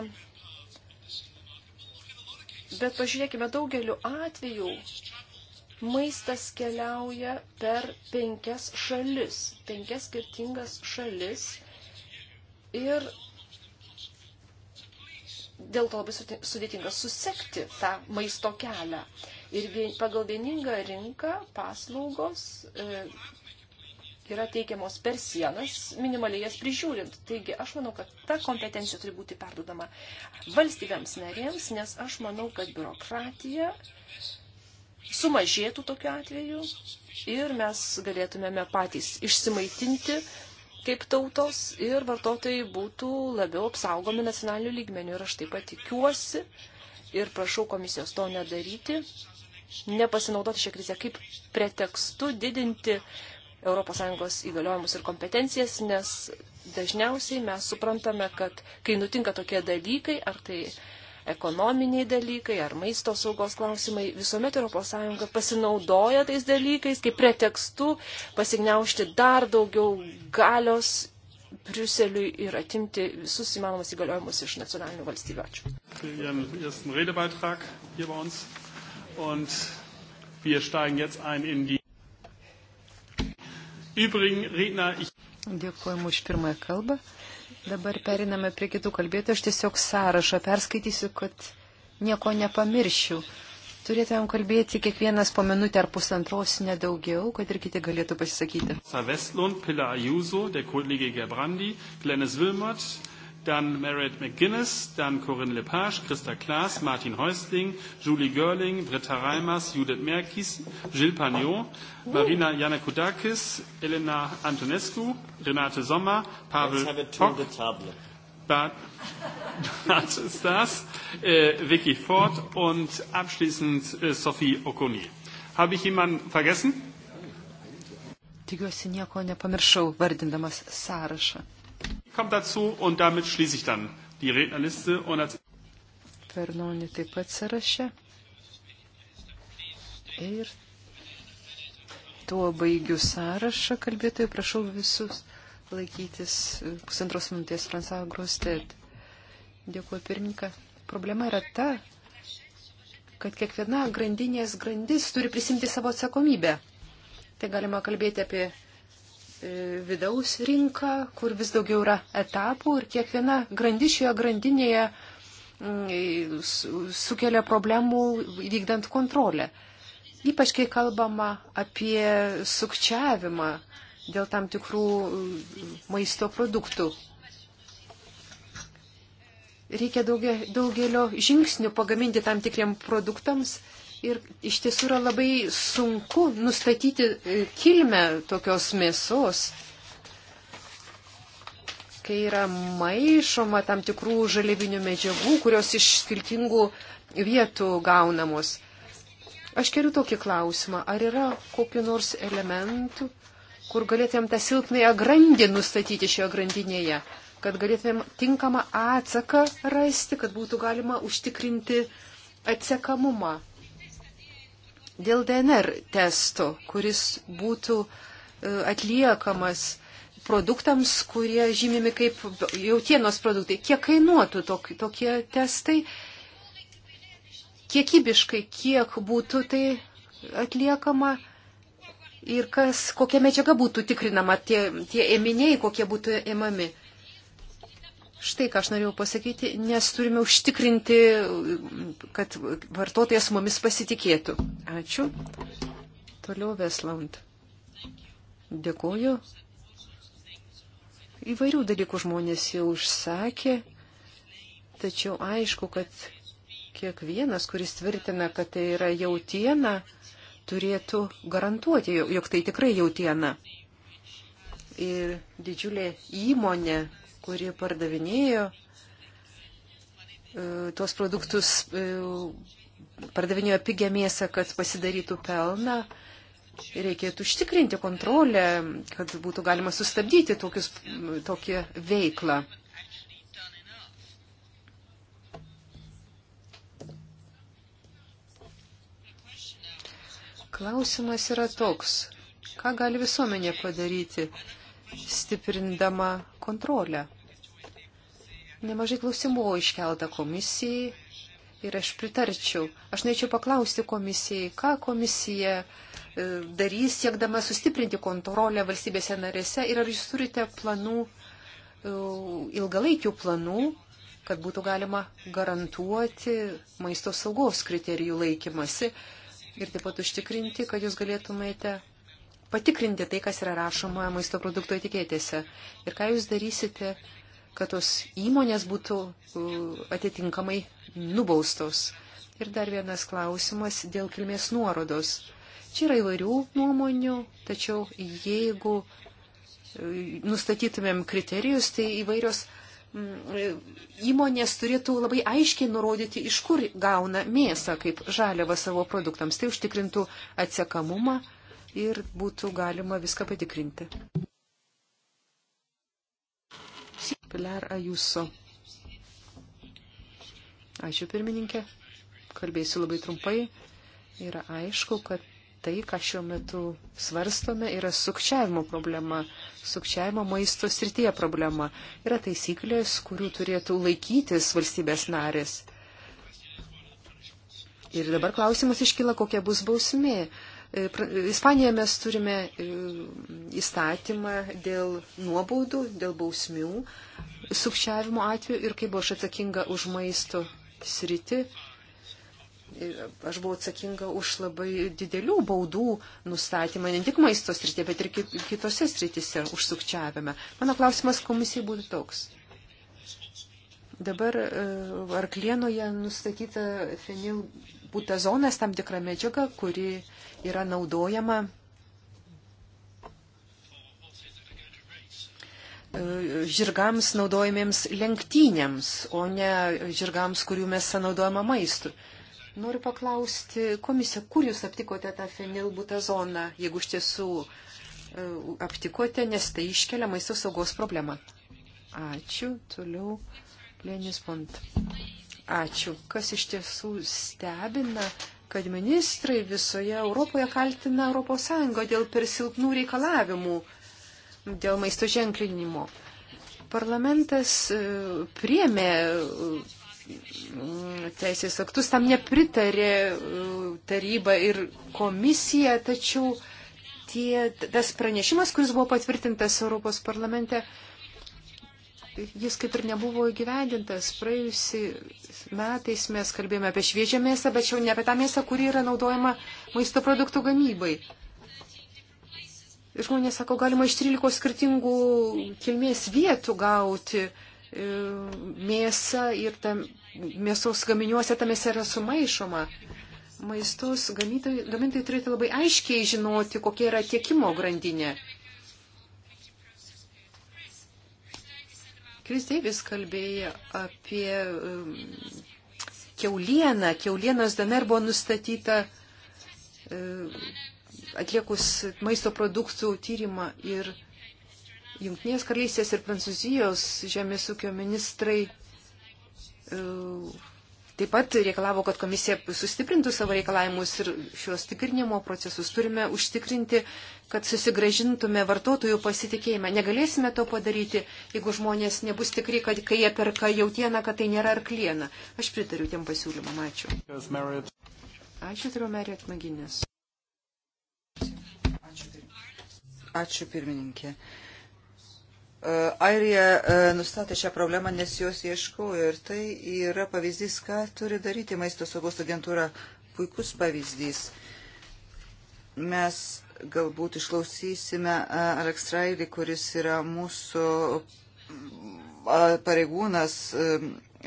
Bet pažiūrėkime, daugeliu atveju maistas keliauja per penkias šalis, penkias skirtingas šalis ir dėl to labai sudėtinga susekti tą maisto kelią. Ir vien, pagal vieningą rinką paslaugos e, yra teikiamos per sienas, minimaliai jas prižiūrint. Taigi aš manau, kad ta kompetencija turi būti perdudama valstybėms narėms, nes aš manau, kad biurokratija sumažėtų tokiu atveju ir mes galėtumėme patys išsimaitinti kaip tautos ir vartotojai būtų labiau apsaugomi nacionaliniu lygmeniu. Ir aš taip pat tikiuosi ir prašau komisijos to nedaryti, nepasinaudoti šią krizę kaip pretekstu didinti ES įgaliojimus ir kompetencijas, nes dažniausiai mes suprantame, kad kai nutinka tokie dalykai, ar tai ekonominiai dalykai ar maisto saugos klausimai, visuomet ES pasinaudoja tais dalykais kaip pretekstu pasigniaušti dar daugiau galios Briuseliui ir atimti visus įmanomus įgaliojimus iš nacionalinių valstybių. Ačiū. Dėkuoju už pirmąją kalbą. Dabar periname prie kitų kalbėtų. Aš tiesiog sąrašą perskaitysiu, kad nieko nepamiršiu. Turėtumėm kalbėti kiekvienas po minutę ar pusantros nedaugiau, kad ir kiti galėtų pasisakyti. Vestlund, Pilla Ajuso, der Kollege Gerbrandi, Glenis Wilmot, dann Meredith McGuinness, dann Corinne Lepage, Christa Klaas, Martin Häusling, Julie Görling, Britta Reimers, Judith Merkis, Gilles Pagnot, Marina Janakudakis, Elena Antonescu, Renate Sommer, Pavel Pock, Bart, Bart Stas, äh, Vicky Ford und abschließend äh, Sophie Okoni. Habe ich jemanden vergessen? Tikiuosi nieko nepamiršau, vardindamas sąrašą kommt dazu und damit schließe ich dann die Rednerliste. Und als Fernoni taip pat sąraše. Ir tuo baigiu sąrašą kalbėtojų, prašau visus laikytis pusantros minutės Fransa Grostet. Dėkuoju pirmininką. Problema yra ta, kad kiekviena grandinės grandis turi prisimti savo atsakomybę. Tai galima kalbėti apie E, vidaus rinką, kur vis daugiau yra etapų ir kiekviena grandišioje grandinėje mm, e, sukelia problemų vykdant kontrolę. Ypač kai kalbama apie sukčiavimą dėl tam tikrų mm, maisto produktų. Reikia daugelio žingsnių pagaminti tam tikriem produktams Ir iš tiesų yra labai sunku nustatyti e, kilmę tokios mėsos, kai yra maišoma tam tikrų žalybinių medžiagų, kurios iš skirtingų vietų gaunamos. Aš keliu tokį klausimą, ar yra kokiu nors elementų, kur galėtumėm tą silpnąją grandį nustatyti šioje grandinėje, kad galėtumėm tinkamą atsaką rasti, kad būtų galima užtikrinti atsekamumą dėl DNR testo, kuris būtų e, atliekamas produktams, kurie žymimi kaip jautienos produktai. Kiek kainuotų tokie, tokie testai? Kiekybiškai, kiek būtų tai atliekama? Ir kas, kokia medžiaga būtų tikrinama, tie, tie ėminiai, kokie būtų ėmami. Štai ką aš norėjau pasakyti, nes turime užtikrinti, kad vartotojas mumis pasitikėtų. Ačiū. Toliau Vesland. Dėkuoju. Įvairių dalykų žmonės jau užsakė, tačiau aišku, kad kiekvienas, kuris tvirtina, kad tai yra jautiena, turėtų garantuoti, jog tai tikrai jautiena. Ir didžiulė įmonė kuri pardavinėjo e, tuos produktus, e, pardavinėjo pigę mėsą, kad pasidarytų pelną. Reikėtų užtikrinti kontrolę, kad būtų galima sustabdyti tokius, tokią veiklą. Klausimas yra toks, ką gali visuomenė padaryti, stiprindama kontrolę. Nemažai klausimų iškelta komisijai ir aš pritarčiau. Aš norėčiau paklausti komisijai, ką komisija e, darys, siekdama sustiprinti kontrolę valstybėse narėse ir ar jūs turite planų, e, ilgalaikių planų, kad būtų galima garantuoti maisto saugos kriterijų laikymasi ir taip pat užtikrinti, kad jūs galėtumėte patikrinti tai, kas yra rašoma maisto produkto etiketėse. Ir ką jūs darysite, kad tos įmonės būtų uh, atitinkamai nubaustos. Ir dar vienas klausimas dėl kilmės nuorodos. Čia yra įvairių nuomonių, tačiau jeigu uh, nustatytumėm kriterijus, tai įvairios mm, įmonės turėtų labai aiškiai nurodyti, iš kur gauna mėsą kaip žaliavą savo produktams. Tai užtikrintų atsekamumą ir būtų galima viską patikrinti. Pilar Ajuso. Ačiū pirmininkė. Kalbėsiu labai trumpai. Yra aišku, kad tai, ką šiuo metu svarstome, yra sukčiavimo problema, sukčiavimo maisto srityje problema. Yra taisyklės, kurių turėtų laikytis valstybės narės. Ir dabar klausimas iškyla, kokia bus bausmė. E, Ispanijoje mes turime e, įstatymą dėl nuobaudų, dėl bausmių, sukčiavimo atveju ir kai buvau aš atsakinga už maisto sritį, e, aš buvau atsakinga už labai didelių baudų nustatymą, ne tik maisto srityje, bet ir kitose srityse už sukčiavimą. Mano klausimas komisijai būtų toks. Dabar arklienoje nustatyta fenil butazonas tam tikra medžiaga, kuri yra naudojama e, žirgams naudojamiems lenktynėms, o ne žirgams, kurių mes naudojame maistų. Noriu paklausti komisiją, kur jūs aptikote tą fenilbutazoną, jeigu iš tiesų e, aptikote, nes tai iškelia maisto saugos problemą. Ačiū. Toliau Lenis Pont. Ačiū. Kas iš tiesų stebina, kad ministrai visoje Europoje kaltina ES dėl persilpnų reikalavimų, dėl maisto ženklinimo. Parlamentas e, priemė e, teisės aktus, tam nepritarė e, taryba ir komisija, tačiau tie, tas pranešimas, kuris buvo patvirtintas Europos parlamente, jis kaip ir nebuvo įgyvendintas. Praėjusi metais mes kalbėjome apie šviežią mėsą, bet jau ne apie tą mėsą, kuri yra naudojama maisto produktų gamybai. Žmonės sako, galima iš 13 skirtingų kilmės vietų gauti e, mėsą ir ta mėsos gaminiuose ta mėsa yra sumaišoma. Maistos gamintojai, gamintojai turėtų labai aiškiai žinoti, kokia yra tiekimo grandinė. Kristeivis kalbėjo apie um, keulieną. Keulienos DNR buvo nustatyta uh, atliekus maisto produktų tyrimą ir Junktinės karalystės ir Prancūzijos žemės ūkio ministrai uh, Taip pat reikalavo, kad komisija sustiprintų savo reikalavimus ir šios tikrinimo procesus turime užtikrinti, kad susigražintume vartotojų pasitikėjimą. Negalėsime to padaryti, jeigu žmonės nebus tikri, kad kai jie perka jautieną, kad tai nėra arklieną. Aš pritariu tiem pasiūlymam. Ačiū. Ačiū, turiu Merit Maginės. Ačiū, pirmininkė. E, Airija e, nustatė šią problemą, nes jos ieškojo ir tai yra pavyzdys, ką turi daryti maisto saugos agentūra. Puikus pavyzdys. Mes galbūt išklausysime e, Alekstrailį, kuris yra mūsų pareigūnas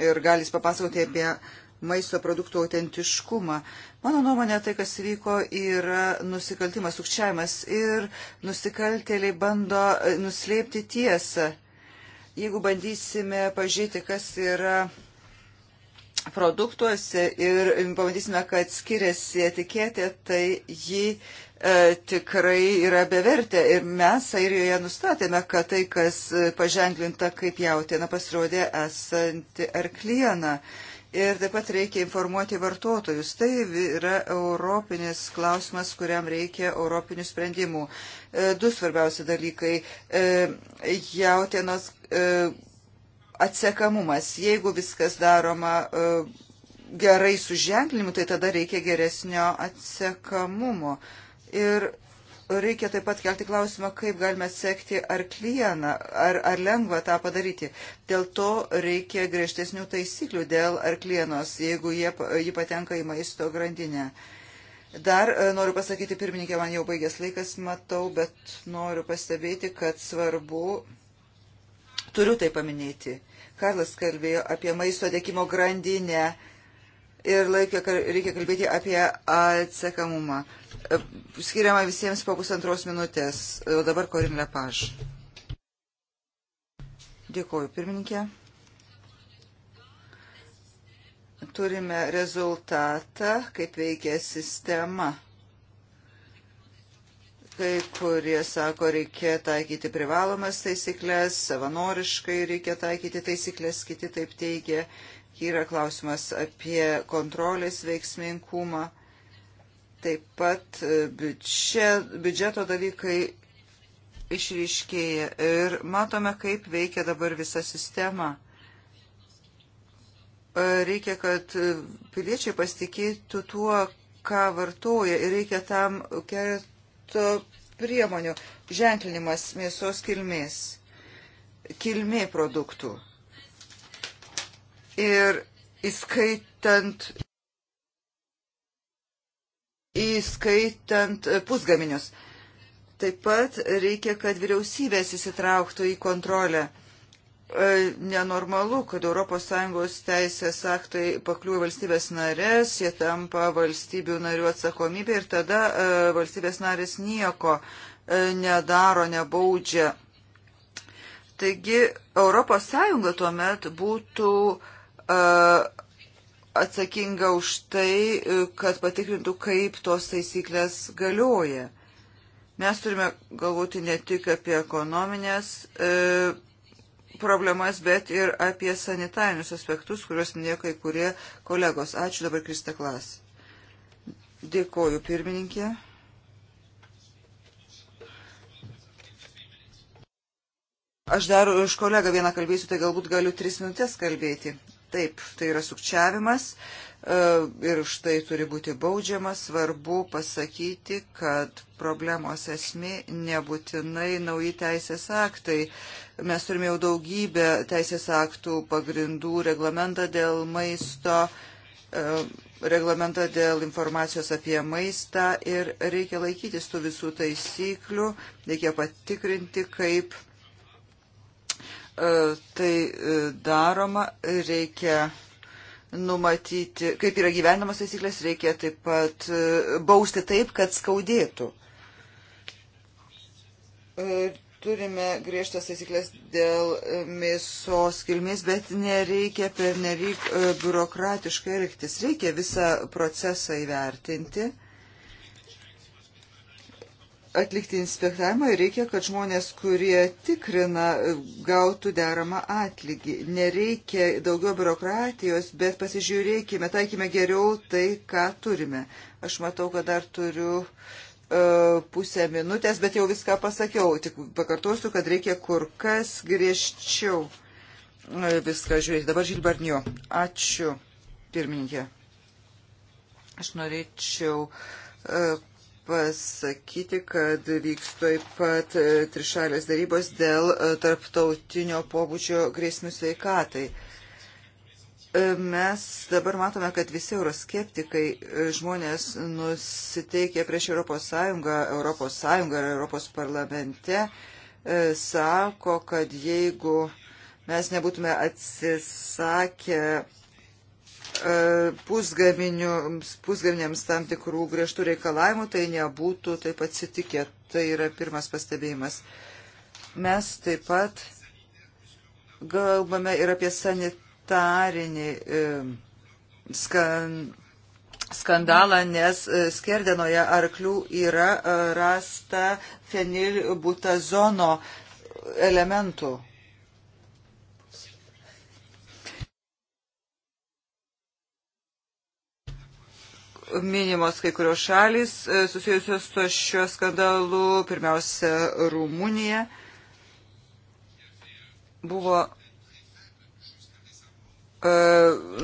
ir galis papasakoti apie maisto produktų autentiškumą. Mano nuomonė, tai, kas vyko, yra nusikaltimas, sukčiavimas ir nusikaltėliai bando e, nuslėpti tiesą. Jeigu bandysime pažiūrėti, kas yra produktuose ir pamatysime, kad skiriasi etiketė, tai ji e, tikrai yra bevertė. Ir mes Airijoje nustatėme, kad tai, kas paženklinta kaip jautiena, pasirodė esanti arklieną. E, Ir taip pat reikia informuoti vartotojus. Tai yra europinis klausimas, kuriam reikia europinių sprendimų. E, du svarbiausi dalykai. E, jautienos e, atsekamumas. Jeigu viskas daroma gerai su ženklinimu, tai tada reikia geresnio atsekamumo. Ir reikia taip pat kelti klausimą, kaip galime atsekti arklieną, ar, ar lengva tą padaryti. Dėl to reikia griežtesnių taisyklių dėl arklienos, jeigu jie, jį patenka į maisto grandinę. Dar e, noriu pasakyti, pirmininkė, man jau baigęs laikas, matau, bet noriu pastebėti, kad svarbu, turiu tai paminėti. Karlas kalbėjo apie maisto dėkimo grandinę ir laikė, reikia kalbėti apie atsekamumą skiriama visiems po pusantros minutės. O dabar Korin Lepaž. Dėkuoju, pirmininkė. Turime rezultatą, kaip veikia sistema. Kai kurie sako, reikia taikyti privalomas taisyklės, savanoriškai reikia taikyti taisyklės, kiti taip teigia. Yra klausimas apie kontrolės veiksmingumą taip pat e, biudžet, biudžeto dalykai išryškėja ir matome, kaip veikia dabar visa sistema. E, reikia, kad piliečiai pasitikėtų tuo, ką vartoja ir reikia tam keleto priemonių. Ženklinimas mėsos kilmės, kilmė produktų. Ir įskaitant įskaitant e, pusgaminius. Taip pat reikia, kad vyriausybės įsitrauktų į kontrolę. E, nenormalu, kad ES teisės aktai pakliūva valstybės narės, jie tampa valstybių narių atsakomybė ir tada e, valstybės narės nieko nedaro, nebaudžia. Taigi ES tuomet būtų uh, atsakinga už tai, e, kad patikrintų, kaip tos taisyklės galioja. Mes turime galvoti ne tik apie ekonominės e, problemas, bet ir apie sanitarinius aspektus, kuriuos minėjo kai kurie kolegos. Ačiū dabar Krista Klas. Dėkoju pirmininkė. Aš dar už kolegą vieną kalbėsiu, tai galbūt galiu tris minutės kalbėti. Taip, tai yra sukčiavimas e, ir štai turi būti baudžiamas. Svarbu pasakyti, kad problemos esmė nebūtinai nauji teisės aktai. Mes turime jau daugybę teisės aktų pagrindų, reglamentą dėl maisto, e, reglamentą dėl informacijos apie maistą ir reikia laikytis tų visų taisyklių, reikia patikrinti, kaip E, tai e, daroma, reikia numatyti, kaip yra gyvenamas taisyklės, reikia taip pat e, bausti taip, kad skaudėtų. Turime griežtas taisyklės dėl mėsos kilmės, bet nereikia pernelyg biurokratiškai elgtis. Reikia visą procesą įvertinti atlikti inspektavimą ir reikia, kad žmonės, kurie tikrina, gautų deramą atlygį. Nereikia daugiau biurokratijos, bet pasižiūrėkime, taikime geriau tai, ką turime. Aš matau, kad dar turiu uh, pusę minutės, bet jau viską pasakiau. Tik pakartosiu, kad reikia kur kas griežčiau e, viską žiūrėti. Dabar Žilbarnio. Ačiū, pirmininkė. Aš norėčiau uh, pasakyti, kad vyks taip pat e, trišalės darybos dėl e, tarptautinio pobūdžio grėsmių sveikatai. E, mes dabar matome, kad visi euroskeptikai žmonės nusiteikia prieš ES, ES ar ES parlamente, sako, kad jeigu mes nebūtume atsisakę E, pusgaminiams tam tikrų griežtų reikalavimų, tai nebūtų taip atsitikę. Tai yra pirmas pastebėjimas. Mes taip pat galbame ir apie sanitarinį e, skan, skandalą, nes e, Skerdenoje arklių yra rasta fenilbutazono elementų. minimos kai kurios šalis e, susijusios su šiuo skandalu, pirmiausia, Rumunija. Buvo e,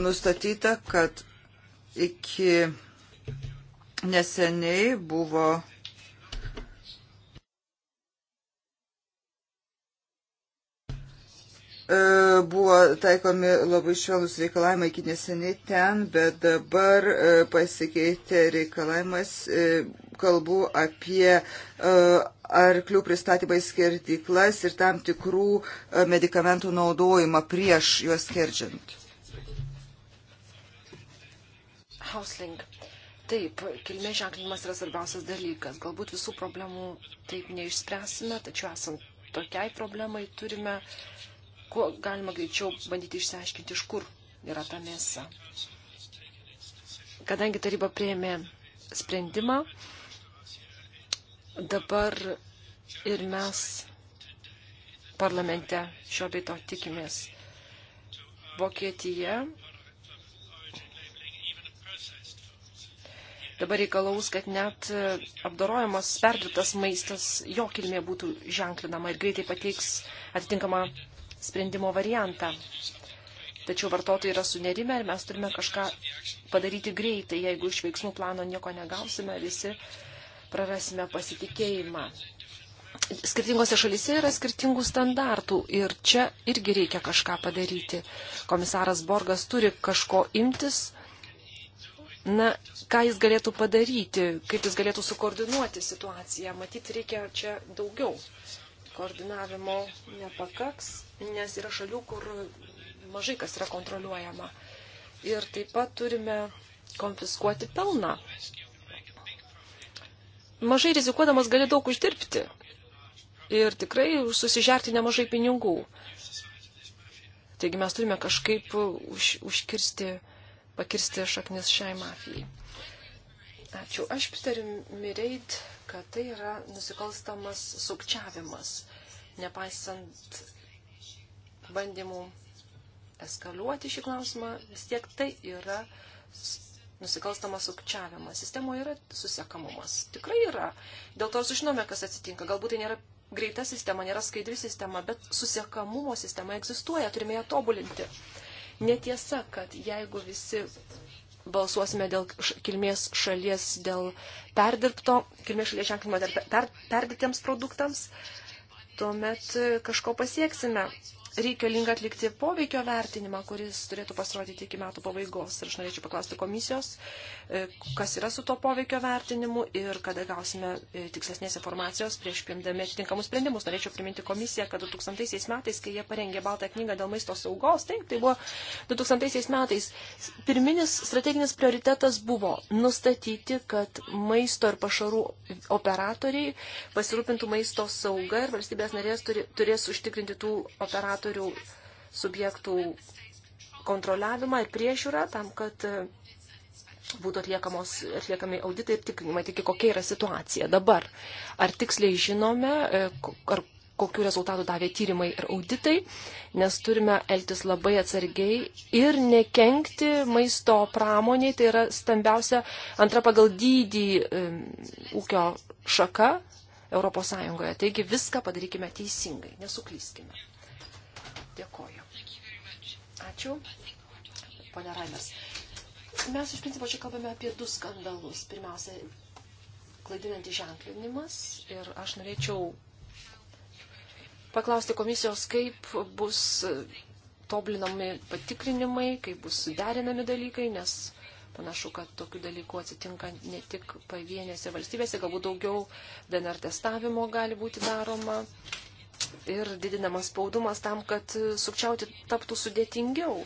nustatyta, kad iki neseniai buvo E, buvo taikomi labai švelnus reikalavimai iki neseniai ten, bet dabar e, pasikeitė reikalavimas e, kalbų apie arklių pristatymą į skerdyklas ir tam tikrų medikamentų naudojimą prieš juos skerdžiant. Hausling. Taip, kilmės ženklinimas yra svarbiausias dalykas. Galbūt visų problemų taip neišspręsime, tačiau esant tokiai problemai turime uh, kuo galima greičiau bandyti išsiaiškinti, iš kur yra ta mėsa. Kadangi taryba prieėmė sprendimą, dabar ir mes parlamente šio bei to tikimės. Vokietija dabar reikalaus, kad net apdorojamas perdirbtas maistas, jo kilmė būtų ženklinama ir greitai pateiks atitinkamą sprendimo variantą. Tačiau vartotojai yra sunerime ir mes turime kažką padaryti greitai. Jeigu iš veiksmų plano nieko negausime, visi prarasime pasitikėjimą. Skirtingose šalise yra skirtingų standartų ir čia irgi reikia kažką padaryti. Komisaras Borgas turi kažko imtis. Na, ką jis galėtų padaryti, kaip jis galėtų sukoordinuoti situaciją. Matyt, reikia čia daugiau. Koordinavimo nepakaks nes yra šalių, kur mažai kas yra kontroliuojama. Ir taip pat turime konfiskuoti pelną. Mažai rizikuodamas gali daug uždirbti ir tikrai susižerti nemažai pinigų. Taigi mes turime kažkaip už, užkirsti, pakirsti šaknis šiai mafijai. Ačiū. Aš pritariu Mireit, kad tai yra nusikalstamas sukčiavimas, nepaisant bandymų eskaluoti šį klausimą, vis tiek tai yra nusikalstamas sukčiavimas. Sistemoje yra susiekamumas. Tikrai yra. Dėl to sužinome, kas atsitinka. Galbūt tai nėra greita sistema, nėra skaidri sistema, bet susiekamumo sistema egzistuoja, turime ją tobulinti. Netiesa, kad jeigu visi balsuosime dėl kilmės šalies, dėl perdirbto, kilmės šalies ženklimo per, per, perdirbtiems produktams, tuomet e, kažko pasieksime reikalinga atlikti poveikio vertinimą, kuris turėtų pasirodyti iki metų pabaigos. Ir aš norėčiau paklausti komisijos, e, kas yra su to poveikio vertinimu ir kada gausime e, tikslesnės informacijos prieš priimdami atitinkamus sprendimus. Norėčiau priminti komisiją, kad 2000 metais, kai jie parengė baltą knygą dėl maisto saugos, taip, tai buvo 2000 metais. Pirminis strateginis prioritetas buvo nustatyti, kad maisto ir pašarų operatoriai pasirūpintų maisto saugą ir valstybės narės turės užtikrinti tų operatorių sektorių subjektų kontroliavimą ir priežiūrą tam, kad e, būtų atliekami auditai ir tikrinimai, tik kokia yra situacija dabar. Ar tiksliai žinome, e, ar kokiu rezultatu davė tyrimai ir auditai, nes turime elgtis labai atsargiai ir nekenkti maisto pramoniai, tai yra stambiausia antra pagal dydį um, ūkio šaka ES. Taigi viską padarykime teisingai, nesuklyskime. Dėkoju. Ačiū. Pone Raimers. Mes iš principo čia kalbame apie du skandalus. Pirmiausia, klaidinantis ženklinimas ir aš norėčiau paklausti komisijos, kaip bus tobulinami patikrinimai, kaip bus derinami dalykai, nes panašu, kad tokių dalykų atsitinka ne tik pavienėse valstybėse, galbūt daugiau DNR testavimo gali būti daroma, ir didinamas spaudimas tam, kad sukčiauti taptų sudėtingiau.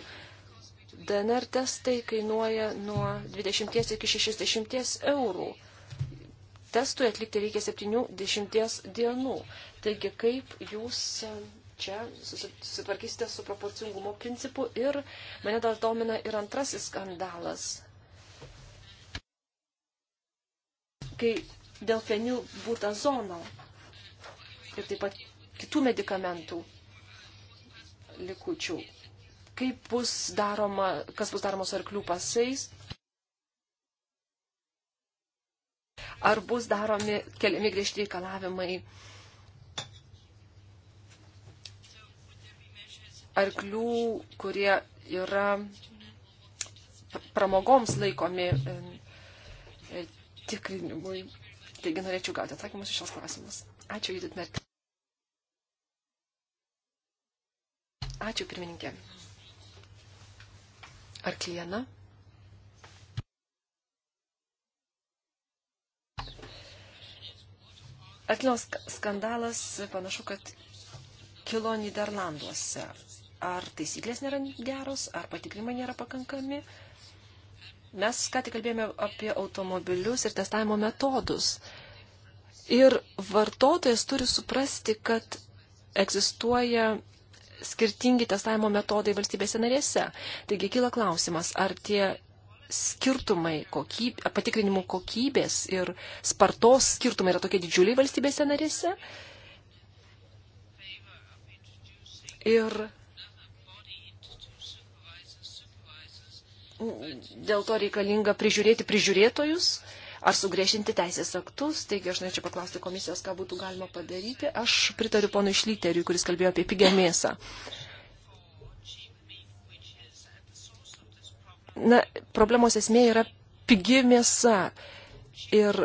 DNR testai kainuoja nuo 20 iki 60 eurų. Testui atlikti reikia 70 dienų. Taigi kaip jūs čia susitvarkysite su proporcingumo principu ir mane dar domina ir antrasis skandalas. Kai dėl fenilbutazono ir taip pat kitų medikamentų likučių. Kaip bus daroma, kas bus daroma su arklių pasais? Ar bus daromi keliami griežti reikalavimai arklių, kurie yra pramogoms laikomi e, e, tikrinimui. Taigi norėčiau gauti atsakymus iš šios klausimus. Ačiū, Judit Merkel. Ačiū, pirmininkė. Ar kliena? Atlinos skandalas panašu, kad kilo Niderlanduose. Ar taisyklės nėra geros, ar patikrimai nėra pakankami. Mes ką tik kalbėjome apie automobilius ir testavimo metodus. Ir vartotojas turi suprasti, kad egzistuoja skirtingi testavimo metodai valstybėse narėse. Taigi kyla klausimas, ar tie skirtumai kokyb, patikrinimų kokybės ir spartos skirtumai yra tokie didžiuliai valstybėse narėse. Ir dėl to reikalinga prižiūrėti prižiūrėtojus, ar sugriešinti teisės aktus. Taigi aš norėčiau paklausti komisijos, ką būtų galima padaryti. Aš pritariu ponui Šlyteriui, kuris kalbėjo apie pigę mėsą. Na, problemos esmė yra pigi mėsa. Ir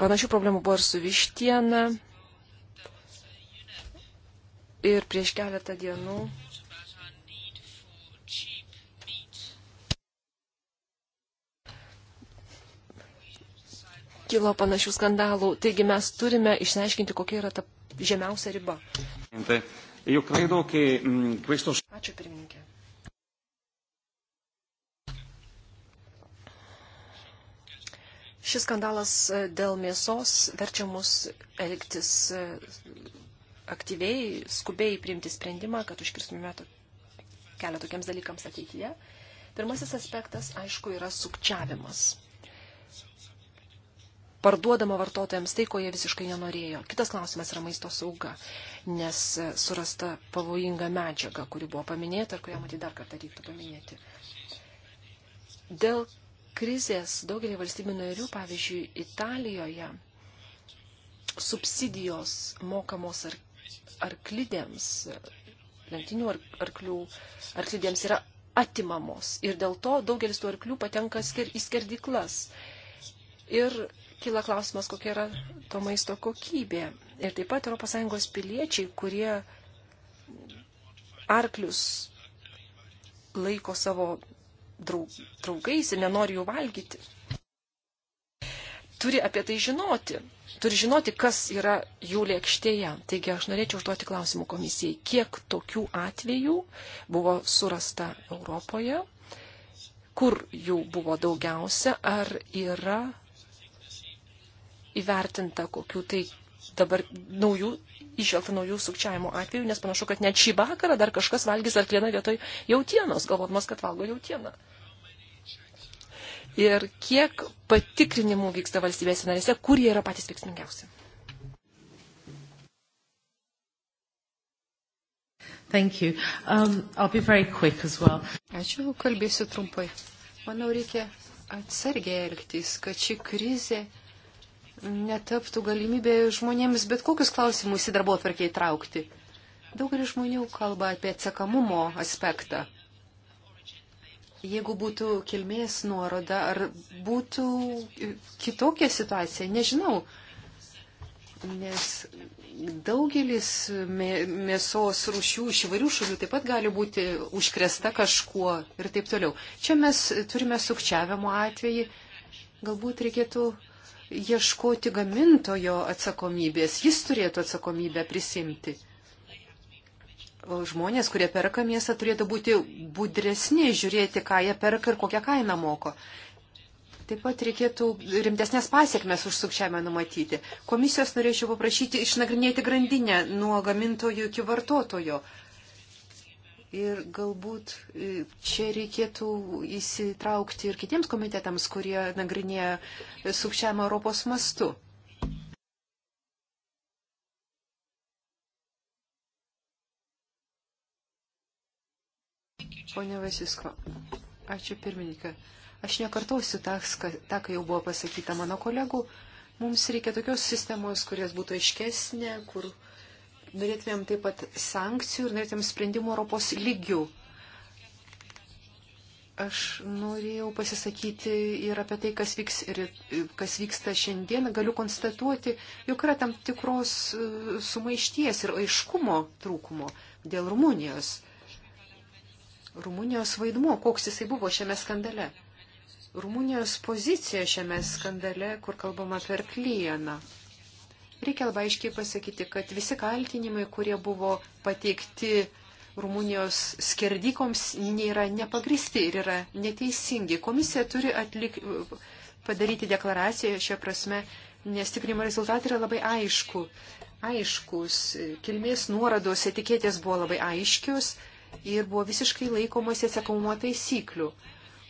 panašių problemų buvo ir su vištiena. Ir prieš keletą dienų kilo panašių skandalų. Taigi mes turime išsiaiškinti, kokia yra ta žemiausia riba. Mm, Ačiū pirmininkė. Šis skandalas e, dėl mėsos verčia mus elgtis e, aktyviai, skubiai priimti sprendimą, kad užkirstumėme to, kelią tokiems dalykams ateityje. Pirmasis aspektas, aišku, yra sukčiavimas parduodama vartotojams tai, ko jie visiškai nenorėjo. Kitas klausimas yra maisto sauga, nes e, surasta pavojinga medžiaga, kuri buvo paminėta ir kurią matyt dar kartą reiktų paminėti. Dėl krizės daugelį valstybių narių, pavyzdžiui, Italijoje, subsidijos mokamos ar, arklidėms, lentinių ar, arklių, arklidėms yra atimamos ir dėl to daugelis tų arklių patenka sker, į skerdiklas. Ir kyla klausimas, kokia yra to maisto kokybė. Ir taip pat ES piliečiai, kurie arklius laiko savo draugais ir nenori jų valgyti, turi apie tai žinoti. Turi žinoti, kas yra jų lėkštėje. Taigi aš norėčiau užduoti klausimų komisijai, kiek tokių atvejų buvo surasta Europoje, kur jų buvo daugiausia, ar yra įvertinta kokių tai dabar naujų, išvelgta naujų sukčiavimo atvejų, nes panašu, kad net šį vakarą dar kažkas valgys arklieną vietoj jautienos, galvodamas, kad valgo jautieną. Ir kiek patikrinimų vyksta valstybėse narėse, kurie yra patys veiksmingiausi. Thank you. Um, I'll be very quick as well. Ačiū, kalbėsiu trumpai. Manau, reikia atsargiai elgtis, kad ši krizė netaptų galimybė žmonėms bet kokius klausimus į darbo atvarkį įtraukti. Daugelis žmonių kalba apie atsekamumo aspektą. Jeigu būtų kilmės nuoroda, ar būtų kitokia situacija, nežinau. Nes daugelis mėsos rūšių iš įvairių šalių taip pat gali būti užkresta kažkuo ir taip toliau. Čia mes turime sukčiavimo atvejį. Galbūt reikėtų ieškoti gamintojo atsakomybės, jis turėtų atsakomybę prisimti. O žmonės, kurie perka mėsą, turėtų būti budresni, žiūrėti, ką jie perka ir kokią kainą moko. Taip pat reikėtų rimtesnės pasiekmes už sukčiavimą numatyti. Komisijos norėčiau paprašyti išnagrinėti grandinę nuo gamintojų iki vartotojo. Ir galbūt e, čia reikėtų įsitraukti ir kitiems komitetams, kurie nagrinėja sukčiavimą Europos mastu. Pone Vasisko, ačiū pirmininką. Aš nekartosiu tą, ką jau buvo pasakyta mano kolegų. Mums reikia tokios sistemos, kurios būtų aiškesnė, kur uh, norėtumėm taip pat sankcijų ir norėtumėm sprendimų Europos lygių. Aš norėjau pasisakyti ir apie tai, kas, vyks, kas vyksta šiandien. Galiu konstatuoti, jog yra tam tikros e, sumaišties ir aiškumo trūkumo dėl Rumunijos. Rumunijos vaidmuo, koks jisai buvo šiame skandale. Rumunijos pozicija šiame skandale, kur kalbama per klieną. Reikia labai aiškiai pasakyti, kad visi kaltinimai, kurie buvo pateikti Rumunijos skerdykoms, nėra nepagristi ir yra neteisingi. Komisija turi atlik, padaryti deklaraciją šią prasme, nes tikrimo rezultatai yra labai aišku. aiškus. Kilmės nuorados etiketės buvo labai aiškios ir buvo visiškai laikomasi atsakomumo taisyklių.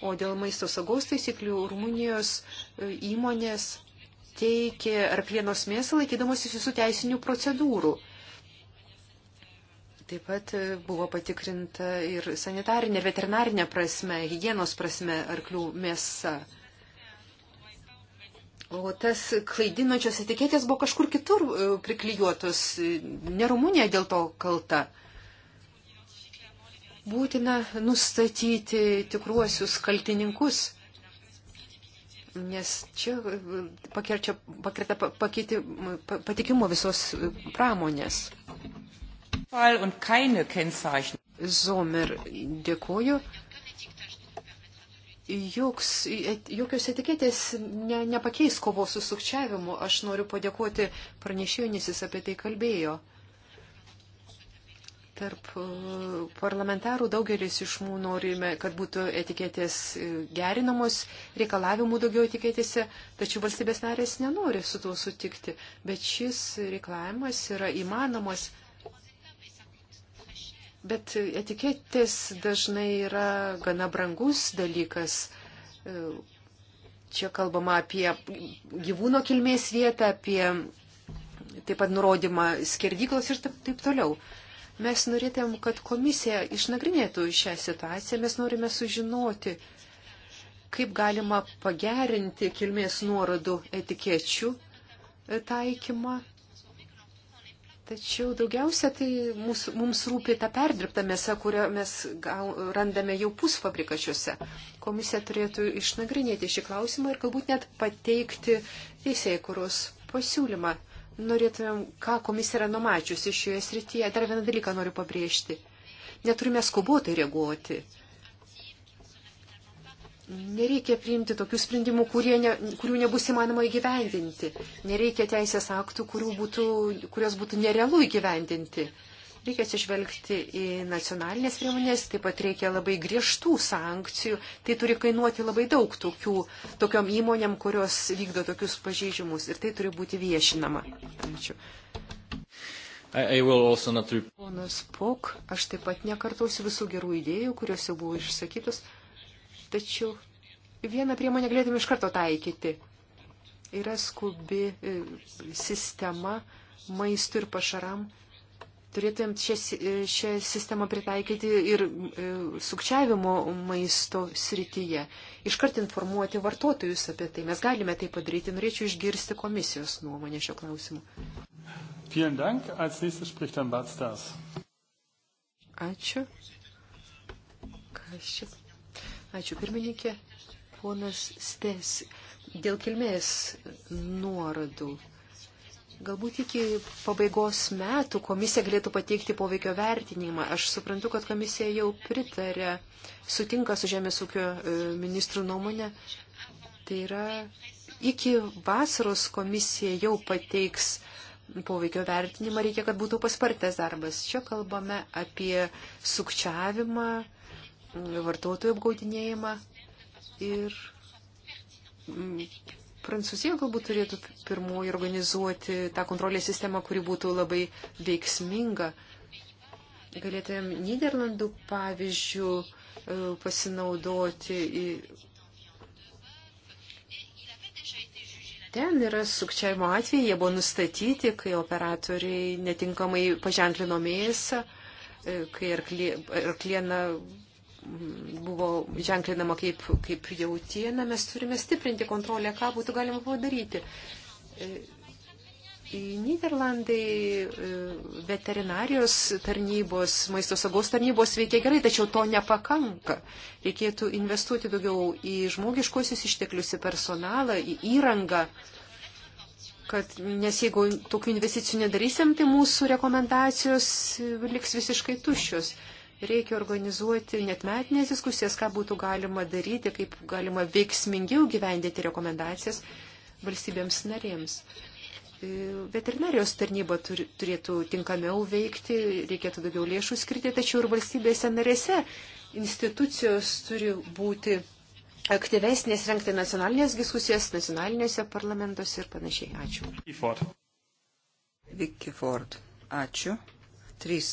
O dėl maisto saugos taisyklių Rumunijos e, įmonės teikė arklienos mėsą laikydamosi visų teisinių procedūrų. Taip pat e, buvo patikrinta ir sanitarinė, veterinarinė prasme, hygienos prasme arklių mėsa. O tas klaidinančios etiketės buvo kažkur kitur e, priklyjuotos. Ne Rumunija dėl to kalta. Būtina nustatyti tikruosius kaltininkus. Nes čia e, pakerčia, pakerta, pakeiti patikimo visos pramonės. Zomer, dėkoju. Joks, e, jokios etiketės ne, nepakeis kovos su sukčiavimu. Aš noriu padėkoti pranešėjui, nes jis apie tai kalbėjo. Tarp e, parlamentarų daugelis iš mūsų norime, kad būtų etiketės e, gerinamos, reikalavimų daugiau etiketėse, tačiau valstybės narės nenori su tuo sutikti. Bet šis reikalavimas yra įmanomas. Bet etiketės dažnai yra gana brangus dalykas. E, čia kalbama apie gyvūno kilmės vietą, apie taip pat nurodymą skerdyklos ir taip, taip toliau. Mes norėtėm, kad komisija išnagrinėtų šią situaciją, mes norime sužinoti, kaip galima pagerinti kilmės nuorodų etikečių taikymą. Tačiau daugiausia tai mums, mums rūpi ta perdirbta mėsa, kurią mes gal, randame jau pusfabrikačiuose. Komisija turėtų išnagrinėti šį klausimą ir galbūt net pateikti teisėjai kuros pasiūlymą norėtumėm, ką komisija yra numačiusi šioje srityje. Dar vieną dalyką noriu pabrėžti. Neturime skubotai reaguoti. Nereikia priimti tokių sprendimų, ne, kurių nebus įmanoma įgyvendinti. Nereikia teisės aktų, būtų, kurios būtų nerealu įgyvendinti. Reikia atsižvelgti į nacionalinės priemonės, taip pat reikia labai griežtų sankcijų. Tai turi kainuoti labai daug tokių, tokiom įmonėm, kurios vykdo tokius pažeidimus. Ir tai turi būti viešinama. Ačiū. I, I not... Ponas Pok, aš taip pat nekartosiu visų gerų idėjų, kurios jau buvo išsakytos, tačiau vieną priemonę galėtume iš karto taikyti. Yra skubi e, sistema maistui ir pašaram turėtumėm šią, šią sistemą pritaikyti ir e, sukčiavimo maisto srityje. Iškart informuoti vartotojus apie tai. Mes galime tai padaryti. Norėčiau išgirsti komisijos nuomonę šio klausimu. Ačiū. Kas čia? Ačiū pirmininkė. Ponas Stes. Dėl kilmės nuorodų. Galbūt iki pabaigos metų komisija galėtų pateikti poveikio vertinimą. Aš suprantu, kad komisija jau pritarė, sutinka su Žemės ūkio e, ministrų nuomonė. Tai yra, iki vasaros komisija jau pateiks poveikio vertinimą, reikia, kad būtų paspartęs darbas. Čia kalbame apie sukčiavimą, vartotojų apgaudinėjimą ir Prancūzija galbūt turėtų pirmoji organizuoti tą kontrolės sistemą, kuri būtų labai veiksminga. Galėtumėm Niderlandų pavyzdžių e, pasinaudoti. Ten yra sukčiavimo atvejai, jie buvo nustatyti, kai operatoriai netinkamai paženklino mėsą, e, kai arklieną buvo ženklinama kaip, kaip jautiena, mes turime stiprinti kontrolę, ką būtų galima padaryti. E, Niderlandai e, veterinarijos tarnybos, maisto saugos tarnybos veikia gerai, tačiau to nepakanka. Reikėtų investuoti daugiau į žmogiškosius išteklius, į personalą, į įrangą kad nes jeigu tokių investicijų nedarysim, tai mūsų rekomendacijos liks visiškai tuščios reikia organizuoti net metinės diskusijas, ką būtų galima daryti, kaip galima veiksmingiau gyvendyti rekomendacijas valstybėms narėms. E, Veterinarijos tarnyba turi, turėtų tinkamiau veikti, reikėtų daugiau lėšų skirti, tačiau ir valstybėse narėse institucijos turi būti aktyvesnės, renkti nacionalinės diskusijas nacionalinėse parlamentuose ir panašiai. Ačiū. Vicky Ford. Ačiū. Trys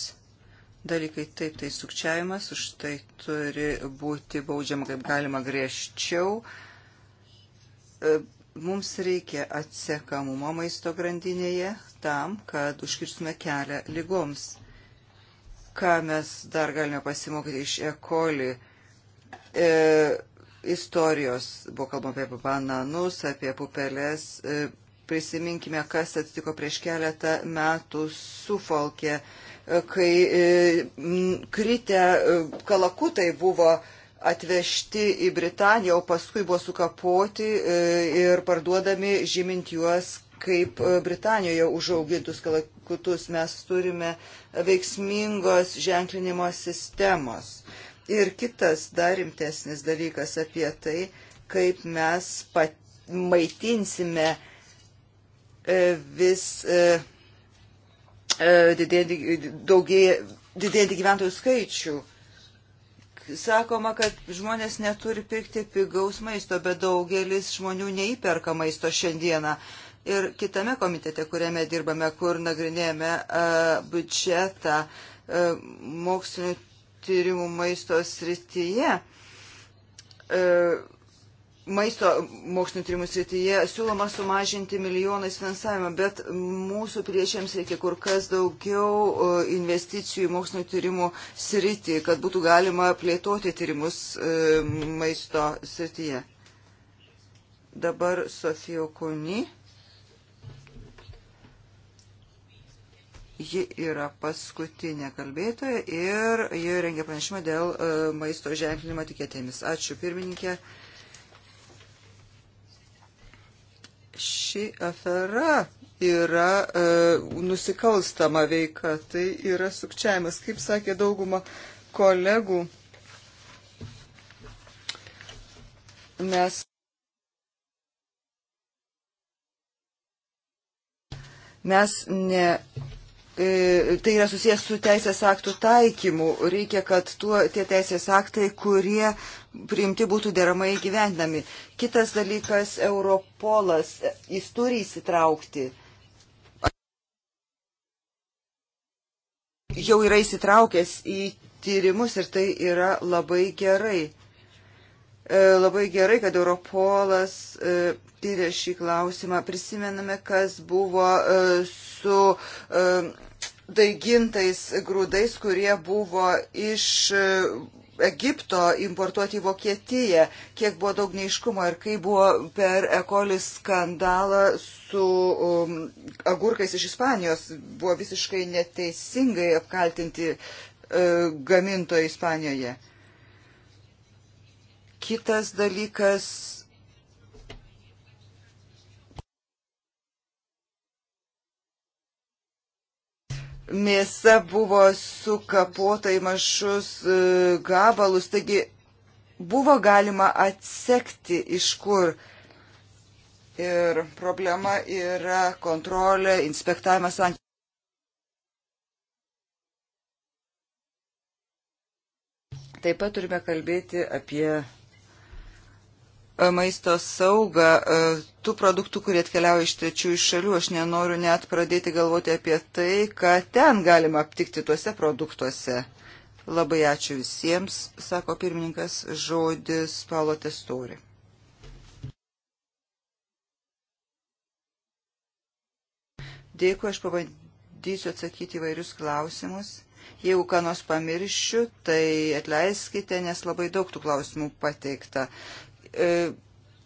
dalykai. Taip, tai sukčiavimas, už tai turi būti baudžiama kaip galima griežčiau. E, mums reikia atsekamumo maisto grandinėje tam, kad užkirstume kelią lygoms. Ką mes dar galime pasimokyti iš ekoli? E, istorijos, buvo kalbama apie bananus, apie pupelės. E, prisiminkime, kas atsitiko prieš keletą metų Sufalkė. E, kai e, kritę e, kalakutai buvo atvežti į Britaniją, o paskui buvo sukapoti e, ir parduodami žymint juos kaip Britanijoje užaugintus kalakutus. Mes turime veiksmingos ženklinimo sistemos. Ir kitas dar rimtesnis dalykas apie tai, kaip mes pat, maitinsime vis E, didėjantį gyventojų skaičių. Sakoma, kad žmonės neturi pirkti pigaus maisto, bet daugelis žmonių neįperka maisto šiandieną. Ir kitame komitete, kuriame dirbame, kur nagrinėjame e, biudžetą e, mokslinių tyrimų maisto srityje, maisto mokslinio tyrimų srityje siūloma sumažinti milijonais finansavimą, bet mūsų piliečiams reikia kur kas daugiau e, investicijų į mokslinio tyrimų sritį, kad būtų galima plėtoti tyrimus e, maisto srityje. Dabar Sofija Kuni. Ji yra paskutinė kalbėtoja ir ji rengia pranešimą dėl e, maisto ženklinimo tikėtėmis. Ačiū pirmininkė. Uh, Ši afera yra e, nusikalstama veika, tai yra sukčiavimas. Kaip sakė dauguma kolegų, mes. Mes ne E, tai yra susijęs su teisės aktų taikymu. Reikia, kad tuo, tie teisės aktai, kurie priimti būtų deramai gyvendami. Kitas dalykas - Europolas. E, jis turi įsitraukti. Jau yra įsitraukęs į tyrimus ir tai yra labai gerai. E, labai gerai, kad Europolas tyria šį klausimą. Prisimename, kas buvo su daigintais grūdais, kurie buvo iš e, Egipto importuoti į Vokietiją, kiek buvo daug neiškumo ir kai buvo per ekolis skandalą su um, agurkais iš Ispanijos, buvo visiškai neteisingai apkaltinti uh, gamintojai Ispanijoje. Kitas dalykas mėsa buvo sukapota į mažus e, gabalus, taigi buvo galima atsekti iš kur. Ir problema yra kontrolė, inspektavimas ant. Taip pat turime kalbėti apie maisto saugą e, tų produktų, kurie atkeliauja iš trečiųjų šalių. Aš nenoriu net pradėti galvoti apie tai, ką ten galima aptikti tuose produktuose. Labai ačiū visiems, sako pirmininkas žodis Paulo Testori. Dėkui, aš pabandysiu atsakyti įvairius klausimus. Jeigu ką nors pamiršiu, tai atleiskite, nes labai daug tų klausimų pateikta. E,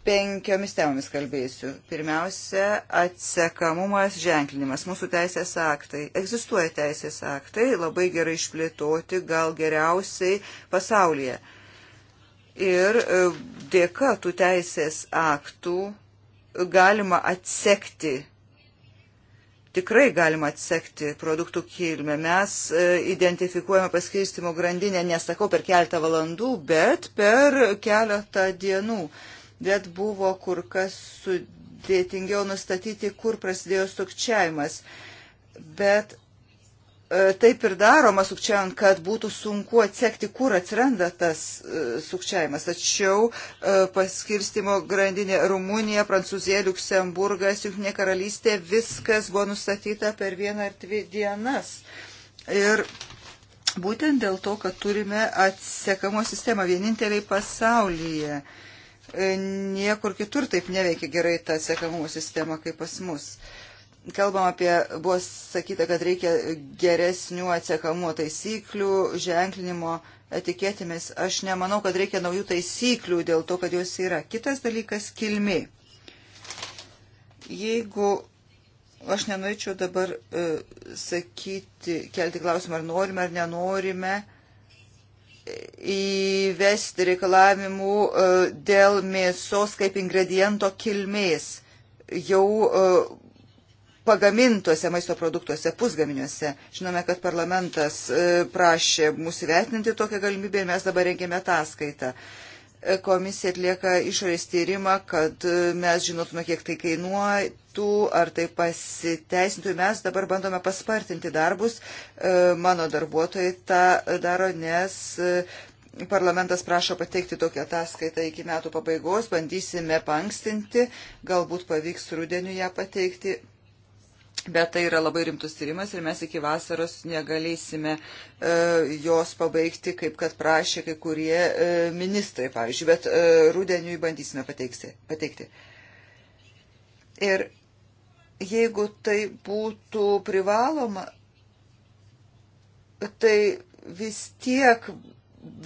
penkiomis temomis kalbėsiu. Pirmiausia, atsekamumas ženklinimas. Mūsų teisės aktai. Egzistuoja teisės aktai, labai gerai išplėtoti, gal geriausiai pasaulyje. Ir e, dėka tų teisės aktų galima atsekti tikrai galima atsekti produktų kilmę. Mes e, identifikuojame paskirstimo grandinę, nesakau per keletą valandų, bet per keletą dienų. Bet buvo kur kas sudėtingiau nustatyti, kur prasidėjo sukčiavimas. Bet E, taip ir daroma sukčiaujant, kad būtų sunku atsekti, kur atsiranda tas e, sukčiavimas. Tačiau e, paskirstimo grandinė Rumunija, Prancūzija, Luksemburgas, Junknė karalystė, viskas buvo nustatyta per vieną ar dvi dienas. Ir būtent dėl to, kad turime atsekamo sistemą vieninteliai pasaulyje. Niekur kitur taip neveikia gerai ta atsekamumo sistema kaip pas mus. Uh, kalbam apie, buvo sakyta, kad reikia geresnių atsekamų taisyklių, ženklinimo etiketėmis. Aš nemanau, kad reikia naujų taisyklių dėl to, kad jos yra. Kitas dalykas - kilmi. Jeigu aš nenorėčiau dabar e, sakyti, kelti klausimą, ar norime ar nenorime e, įvesti reikalavimų e, dėl mėsos kaip ingrediento kilmės. Jau e, pagamintose maisto produktuose, pusgaminiuose. Žinome, kad parlamentas e, prašė mūsų vertinti tokią galimybę ir mes dabar rengėme ataskaitą. E, komisija atlieka išorės tyrimą, kad e, mes žinotume, kiek tai kainuotų, ar tai pasiteisintų. Mes dabar bandome paspartinti darbus. Mano darbuotojai tą daro, nes parlamentas prašo pateikti tokią ataskaitą iki metų pabaigos, bandysime pankstinti, galbūt pavyks rudeniu ją pateikti. Bet tai yra labai rimtus tyrimas ir mes iki vasaros negalėsime e, jos pabaigti, kaip kad prašė kai kurie e, ministrai, pavyzdžiui, bet e, rūdieniui bandysime pateikti, pateikti. Ir jeigu tai būtų privaloma, tai vis tiek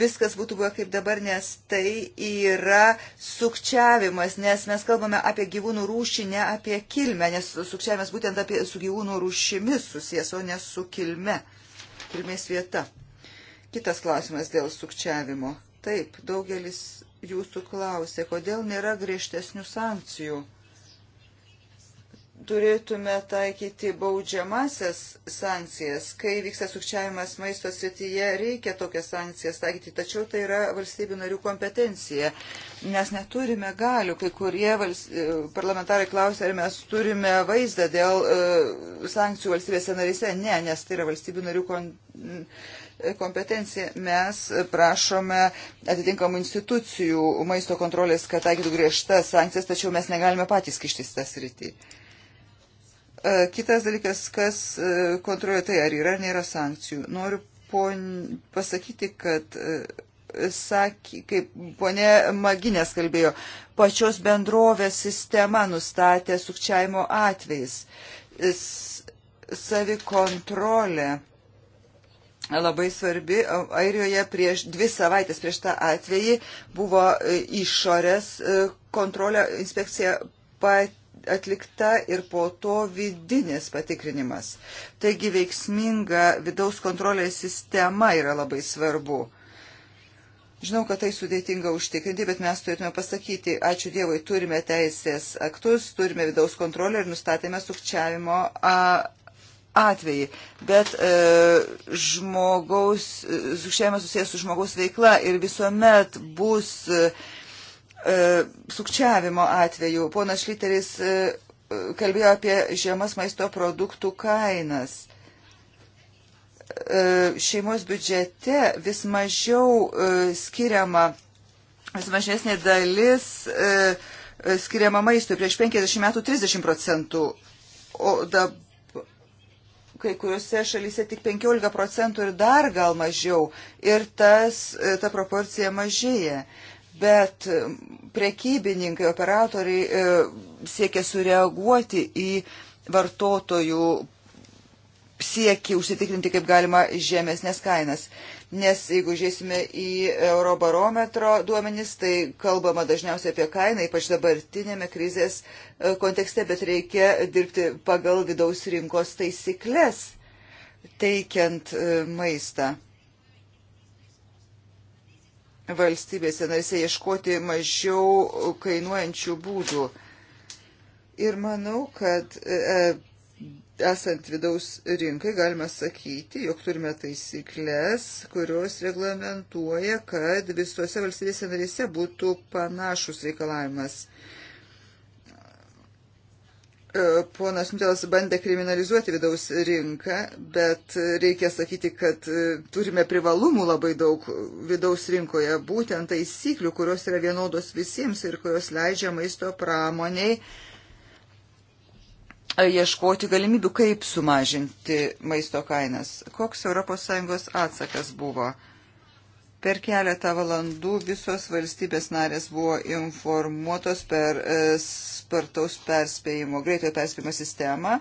viskas būtų buvę kaip dabar, nes tai yra sukčiavimas, nes mes kalbame apie gyvūnų rūšį, ne apie kilmę, nes sukčiavimas būtent apie, su gyvūnų rūšimis susijęs, o ne su kilme, kilmės vieta. Kitas klausimas dėl sukčiavimo. Taip, daugelis jūsų klausė, kodėl nėra griežtesnių sankcijų turėtume taikyti baudžiamasias sankcijas. Kai vyksta sukčiavimas maisto srityje, reikia tokias sankcijas taikyti, tačiau tai yra valstybių narių kompetencija. Mes neturime galių, kai kurie vals... E, parlamentarai klausia, ar mes turime vaizdą dėl uh, sankcijų valstybėse narise. Ne, nes tai yra valstybių narių kon... E, kompetencija. Mes prašome atitinkamų institucijų maisto kontrolės, kad taikytų griežtas sankcijas, tačiau mes negalime patys kištis tą sritį. Uh, Kitas dalykas, kas kontroliuoja tai, ar yra ar nėra sankcijų. Noriu pon... pasakyti, kad sakė, kaip ponė Maginės kalbėjo, pačios bendrovės sistema nustatė sukčiavimo atvejais. Savikontrolė labai svarbi. Airijoje prieš dvi savaitės prieš tą atvejį buvo išorės kontrolė, inspekcija pat atlikta ir po to vidinis patikrinimas. Taigi veiksminga vidaus kontrolės sistema yra labai svarbu. Žinau, kad tai sudėtinga užtikrinti, bet mes turėtume pasakyti, ačiū Dievui, turime teisės aktus, turime vidaus kontrolę ir nustatėme sukčiavimo atvejį. Bet e, žmogaus, e, sukčiavimas susijęs su žmogaus veikla ir visuomet bus. E, E, sukčiavimo atveju. Ponas Šliteris e, e, kalbėjo apie žemas maisto produktų kainas. Šeimos biudžete vis mažiau skiriama, vis mažesnė dalis skiriama maistui. Prieš 50 metų 30 procentų, o dabar kai kuriuose šalyse tik 15 procentų ir dar gal mažiau. Ir tas, ta proporcija mažėja bet e, prekybininkai, operatoriai e, siekia sureaguoti į vartotojų siekį užsitikrinti kaip galima žemesnės kainas. Nes jeigu žiūrėsime į Eurobarometro duomenys, tai kalbama dažniausiai apie kainą, ypač dabartinėme krizės e, kontekste, bet reikia dirbti pagal vidaus rinkos taisyklės teikiant maistą valstybėse narėse ieškoti mažiau kainuojančių būdų. Ir manau, kad e, e, esant vidaus rinkai galima sakyti, jog turime taisyklės, kurios reglamentuoja, kad visose valstybėse narėse būtų panašus reikalavimas ponas Mitelas bandė kriminalizuoti vidaus rinką, bet reikia sakyti, kad e, turime privalumų labai daug vidaus rinkoje, būtent taisyklių, kurios yra vienodos visiems ir kurios leidžia maisto pramoniai e, ieškoti galimybių, kaip sumažinti maisto kainas. Koks ES atsakas buvo? Per keletą valandų visos valstybės narės buvo informuotos per e, spartaus perspėjimo, greitojo perspėjimo sistemą.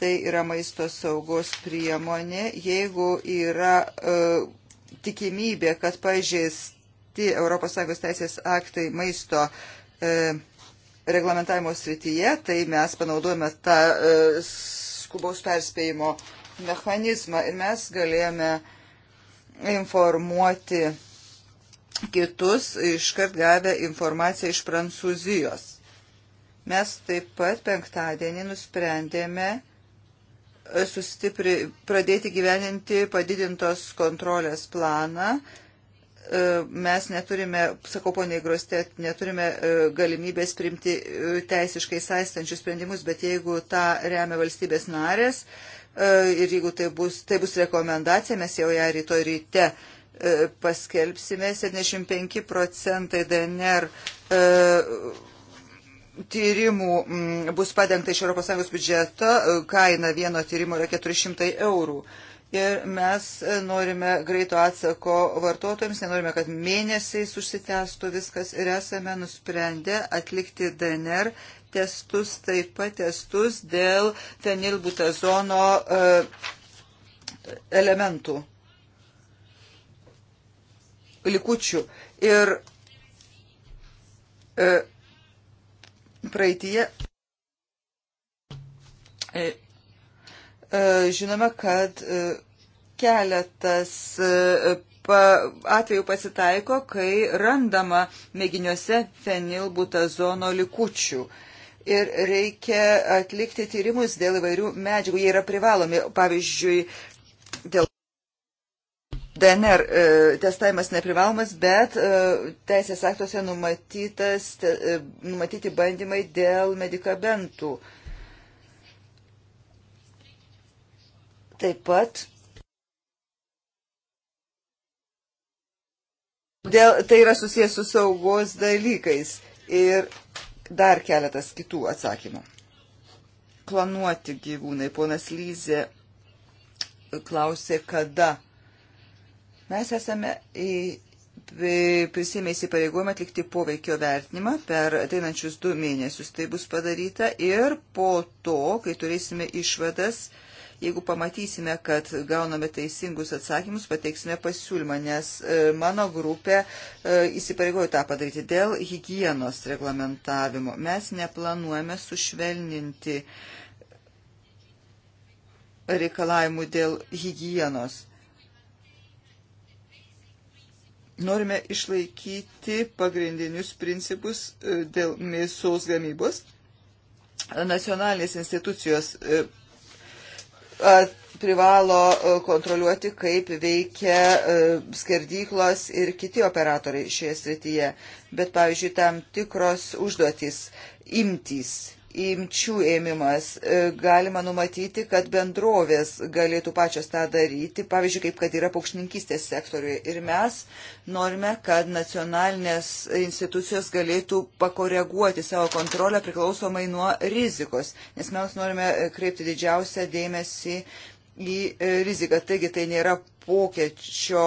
Tai yra maisto saugos priemonė. Jeigu yra uh, tikimybė, kad pažeisti ES teisės aktai maisto uh, reglamentavimo srityje, tai mes panaudojame tą uh, skubaus perspėjimo mechanizmą ir mes galėjome uh, informuoti kitus, iškart gavę informaciją iš Prancūzijos. Mes taip pat penktadienį nusprendėme e, sustipri, pradėti gyveninti padidintos kontrolės planą. E, mes neturime, sakau poniai Grostet, neturime e, galimybės primti teisiškai saistančius sprendimus, bet jeigu tą remia valstybės narės, E, ir jeigu tai bus, tai bus rekomendacija, mes jau ją rytoj ryte e, paskelbsime, 75 procentai DNR e, tyrimų bus padengta iš ES biudžeto, kaina vieno tyrimo yra 400 eurų. Ir mes norime greito atsako vartotojams, nenorime, kad mėnesiais užsitęstų viskas ir esame nusprendę atlikti DNR testus, taip pat testus dėl fenilbutazono e, elementų, likučių. Ir e, praeitie e, žinome, kad keletas atvejų pasitaiko, kai randama mėginiuose fenilbutazono likučių ir reikia atlikti tyrimus dėl įvairių medžiagų. Jie yra privalomi, pavyzdžiui, dėl. DNR e, testavimas neprivalomas, bet e, teisės aktuose numatytas, te, e, numatyti bandymai dėl medikamentų. Taip pat dėl, tai yra susijęs su saugos dalykais. Ir dar keletas kitų atsakymų. Klonuoti gyvūnai. Ponas Lyzė klausė, kada. Mes esame į prisėmė įsipareigojimą atlikti poveikio vertinimą per ateinančius du mėnesius. Tai bus padaryta ir po to, kai turėsime išvadas, Jeigu pamatysime, kad gauname teisingus atsakymus, pateiksime pasiūlymą, nes e, mano grupė e, įsipareigojo tą padaryti dėl hygienos reglamentavimo. Mes neplanuojame sušvelninti reikalavimų dėl hygienos norime išlaikyti pagrindinius principus e, dėl mėsos gamybos. Nacionalinės institucijos privalo kontroliuoti, kaip veikia skerdyklos ir kiti operatoriai šioje srityje. Bet, pavyzdžiui, tam tikros užduotys, imtys imčių ėmimas. E, galima numatyti, kad bendrovės galėtų pačios tą daryti, pavyzdžiui, kaip kad yra paukšninkystės sektoriuje. Ir mes norime, kad nacionalinės institucijos galėtų pakoreguoti savo kontrolę priklausomai nuo rizikos, nes mes norime kreipti didžiausią dėmesį į e, riziką. Taigi tai nėra pokėčio,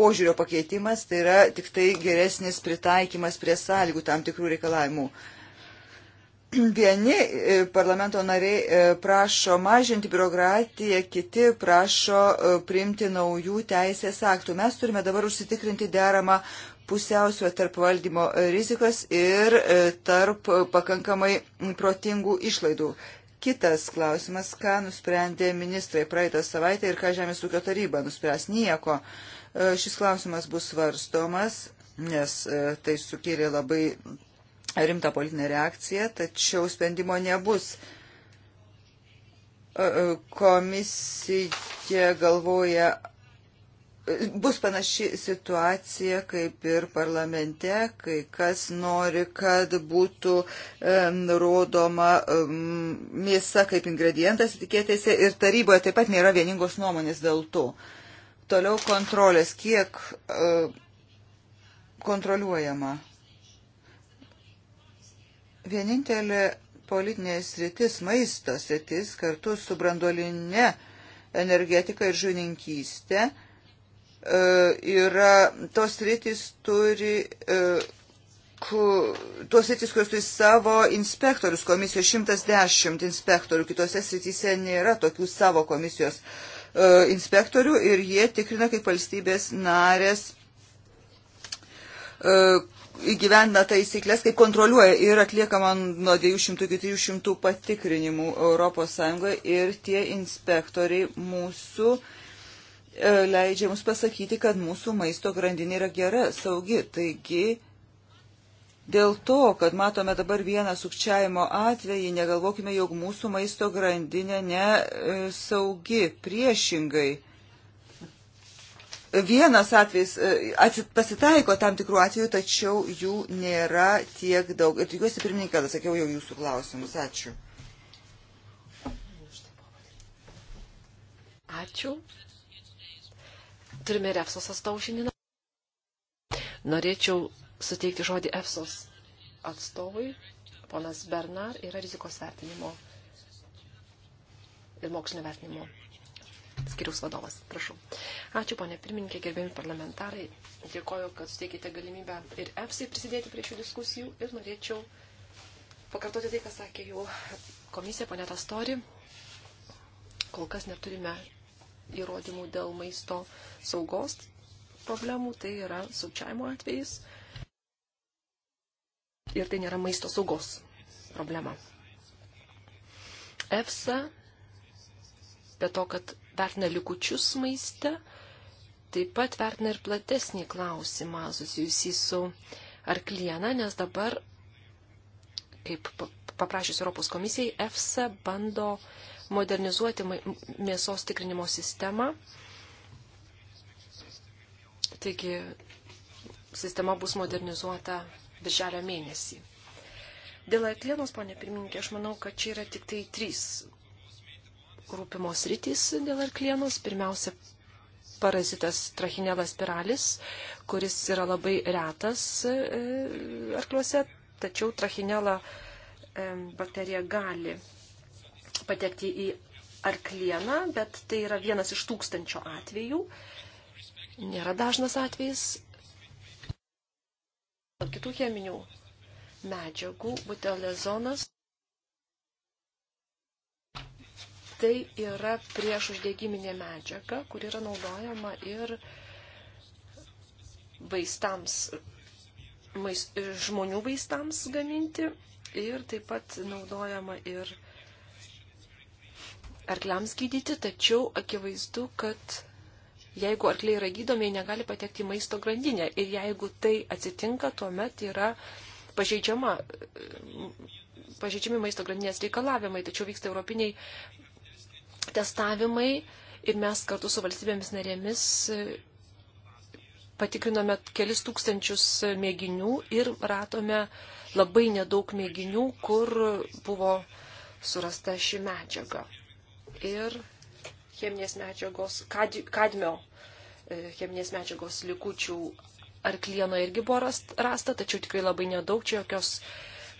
požiūrio pakeitimas, tai yra tik tai geresnis pritaikymas prie sąlygų tam tikrų reikalavimų vieni e, parlamento nariai e, prašo mažinti biurokratiją, kiti prašo e, priimti naujų teisės aktų. Mes turime dabar užsitikrinti deramą pusiausvę tarp valdymo rizikas ir tarp pakankamai protingų išlaidų. Kitas klausimas, ką nusprendė ministrai praeitą savaitę ir ką Žemės ūkio taryba nuspręs nieko. Šis klausimas bus svarstomas, nes tai sukėlė labai rimtą politinę reakciją, tačiau sprendimo nebus. E, e, komisija galvoja, e, bus panaši situacija kaip ir parlamente, kai kas nori, kad būtų nurodoma mėsa kaip ingredientas etiketėse ir taryboje taip pat nėra vieningos nuomonės dėl to. Toliau kontrolės, kiek kontroliuojama Vienintelė politinė sritis, maisto sritis, kartu su brandolinė energetika ir žuvininkystė, e, yra tos sritis turi. E, Tuos sritis, kurios turi savo inspektorius, komisijos 110 inspektorių, kitose srityse nėra tokių savo komisijos e, inspektorių ir jie tikrina, kaip valstybės narės įgyvendina taisyklės, kaip kontroliuoja ir atliekama nuo 200 iki 300 patikrinimų ES ir tie inspektoriai mūsų e, leidžia mums pasakyti, kad mūsų maisto grandinė yra gera, saugi. Taigi, dėl to, kad matome dabar vieną sukčiavimo atvejį, negalvokime, jog mūsų maisto grandinė nesaugi, e, priešingai Vienas atvejs e, pasitaiko tam tikrų atvejų, tačiau jų nėra tiek daug. Ir tikiuosi, pirmininkas, atsakiau jau jūsų klausimus. Ačiū. Ačiū. Turime ir EFSOS atstovų šiandieną. Norėčiau suteikti žodį EFSOS atstovui. Ponas Bernar yra rizikos vertinimo ir mokslinio vertinimo skiriaus vadovas. Prašau. Ačiū, ponė pirmininkė, gerbėmi parlamentarai. Dėkoju, kad suteikite galimybę ir EPSI prisidėti prie šių diskusijų ir norėčiau pakartoti tai, ką sakė jų komisija, ponė Tastori. Kol kas neturime įrodymų dėl maisto saugos problemų, tai yra sukčiavimo atvejais. Ir tai nėra maisto saugos problema. EFSA, be to, kad vertina likučius maiste, taip pat vertina ir platesnį klausimą susijusį su arklieną, nes dabar, kaip paprašys Europos komisijai, EFSA bando modernizuoti mėsos tikrinimo sistemą. Taigi sistema bus modernizuota birželio mėnesį. Dėl atlienos, ponė pirmininkė, aš manau, kad čia yra tik tai trys rūpimos rytys dėl arklienos. Pirmiausia, parazitas trachinelas spiralis, kuris yra labai retas e, arkliuose, tačiau trachinelą e, bakterija gali patekti į arklieną, bet tai yra vienas iš tūkstančio atvejų. Nėra dažnas atvejis. Kitų cheminių medžiagų butelezonas. tai yra prieš uždegiminė medžiaga, kur yra naudojama ir vaistams, mais, žmonių vaistams gaminti ir taip pat naudojama ir arkliams gydyti, tačiau akivaizdu, kad jeigu arkliai yra gydomi, jie negali patekti į maisto grandinę ir jeigu tai atsitinka, tuomet yra pažeidžiama pažeidžiami maisto grandinės reikalavimai, tačiau vyksta europiniai testavimai ir mes kartu su valstybėmis narėmis e, patikrinome kelis tūkstančius mėginių ir ratome labai nedaug mėginių, kur buvo surasta ši medžiaga. Ir cheminės medžiagos, kad, kadmio e, cheminės medžiagos likučių arklieno irgi buvo rasta, tačiau tikrai labai nedaug, čia jokios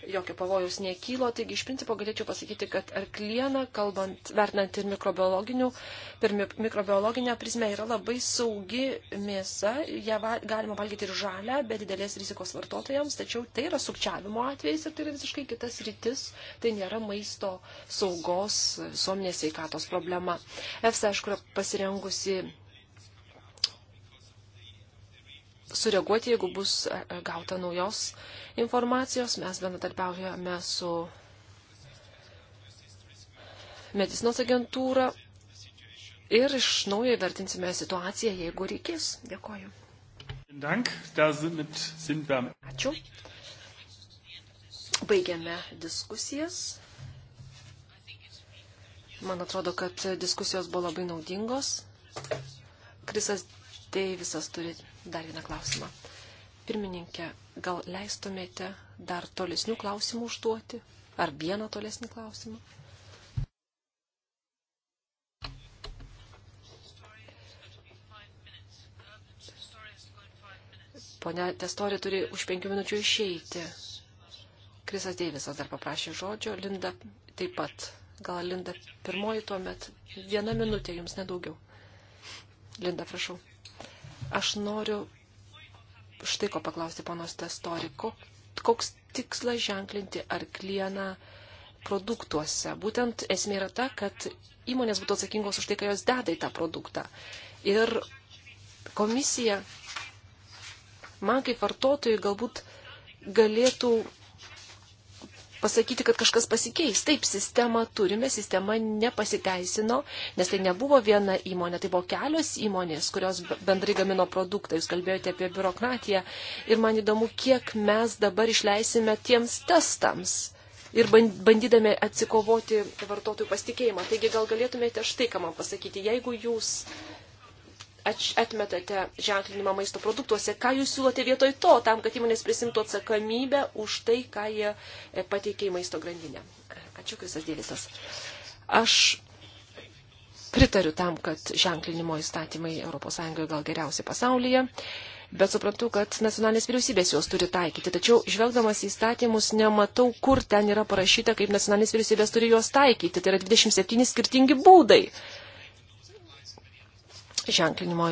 jokio pavojaus nekylo, taigi iš principo galėčiau pasakyti, kad arklieną, kalbant, vertinant ir mikrobiologinių, per mikrobiologinę prizmę yra labai saugi mėsa, ją va, galima valgyti ir žalę, be didelės rizikos vartotojams, tačiau tai yra sukčiavimo atvejais ir tai yra visiškai kitas rytis, tai nėra maisto saugos visuomenės veikatos problema. EFSA, aišku, yra pasirengusi sureaguoti, jeigu bus e, e, gauta naujos informacijos. Mes bendradarbiaujame su medicinos agentūra ir iš naujo vertinsime situaciją, jeigu reikės. Dėkoju. Ačiū. Baigiame diskusijas. Man atrodo, kad diskusijos buvo labai naudingos. Krisas Deivisas turi dar vieną klausimą. Pirmininkė, gal leistumėte dar tolesnių klausimų užduoti? Ar vieną tolesnį klausimą? Pone Testori turi už penkių minučių išeiti. Krisas Deivisas dar paprašė žodžio, Linda taip pat. Gal Linda pirmoji tuomet? Viena minutė jums nedaugiau. Linda, prašau. Aš noriu štai ko paklausti panos Testori, koks tikslas ženklinti arklieną produktuose. Būtent esmė yra ta, kad įmonės būtų atsakingos už tai, ką jos deda į tą produktą. Ir komisija man kaip vartotojai galbūt galėtų pasakyti, kad kažkas pasikeis. Taip, sistemą turime, sistema nepasiteisino, nes tai nebuvo viena įmonė, tai buvo kelios įmonės, kurios bendrai gamino produktą. Jūs kalbėjote apie biurokratiją ir man įdomu, kiek mes dabar išleisime tiems testams. Ir bandydami atsikovoti vartotojų pasitikėjimą. Taigi gal galėtumėte štai ką man pasakyti. Jeigu jūs atmetate ženklinimą maisto produktuose, ką jūs siūlote vietoj to, tam, kad įmonės prisimtų atsakomybę už tai, ką jie e, pateikė į maisto grandinę. Ačiū, Krisas Dėvisas. Aš pritariu tam, kad ženklinimo įstatymai ES gal geriausi pasaulyje, bet suprantu, kad nacionalinės vyriausybės juos turi taikyti. Tačiau žvelgdamas į įstatymus nematau, kur ten yra parašyta, kaip nacionalinės vyriausybės turi juos taikyti. Tai yra 27 skirtingi būdai ženklinimo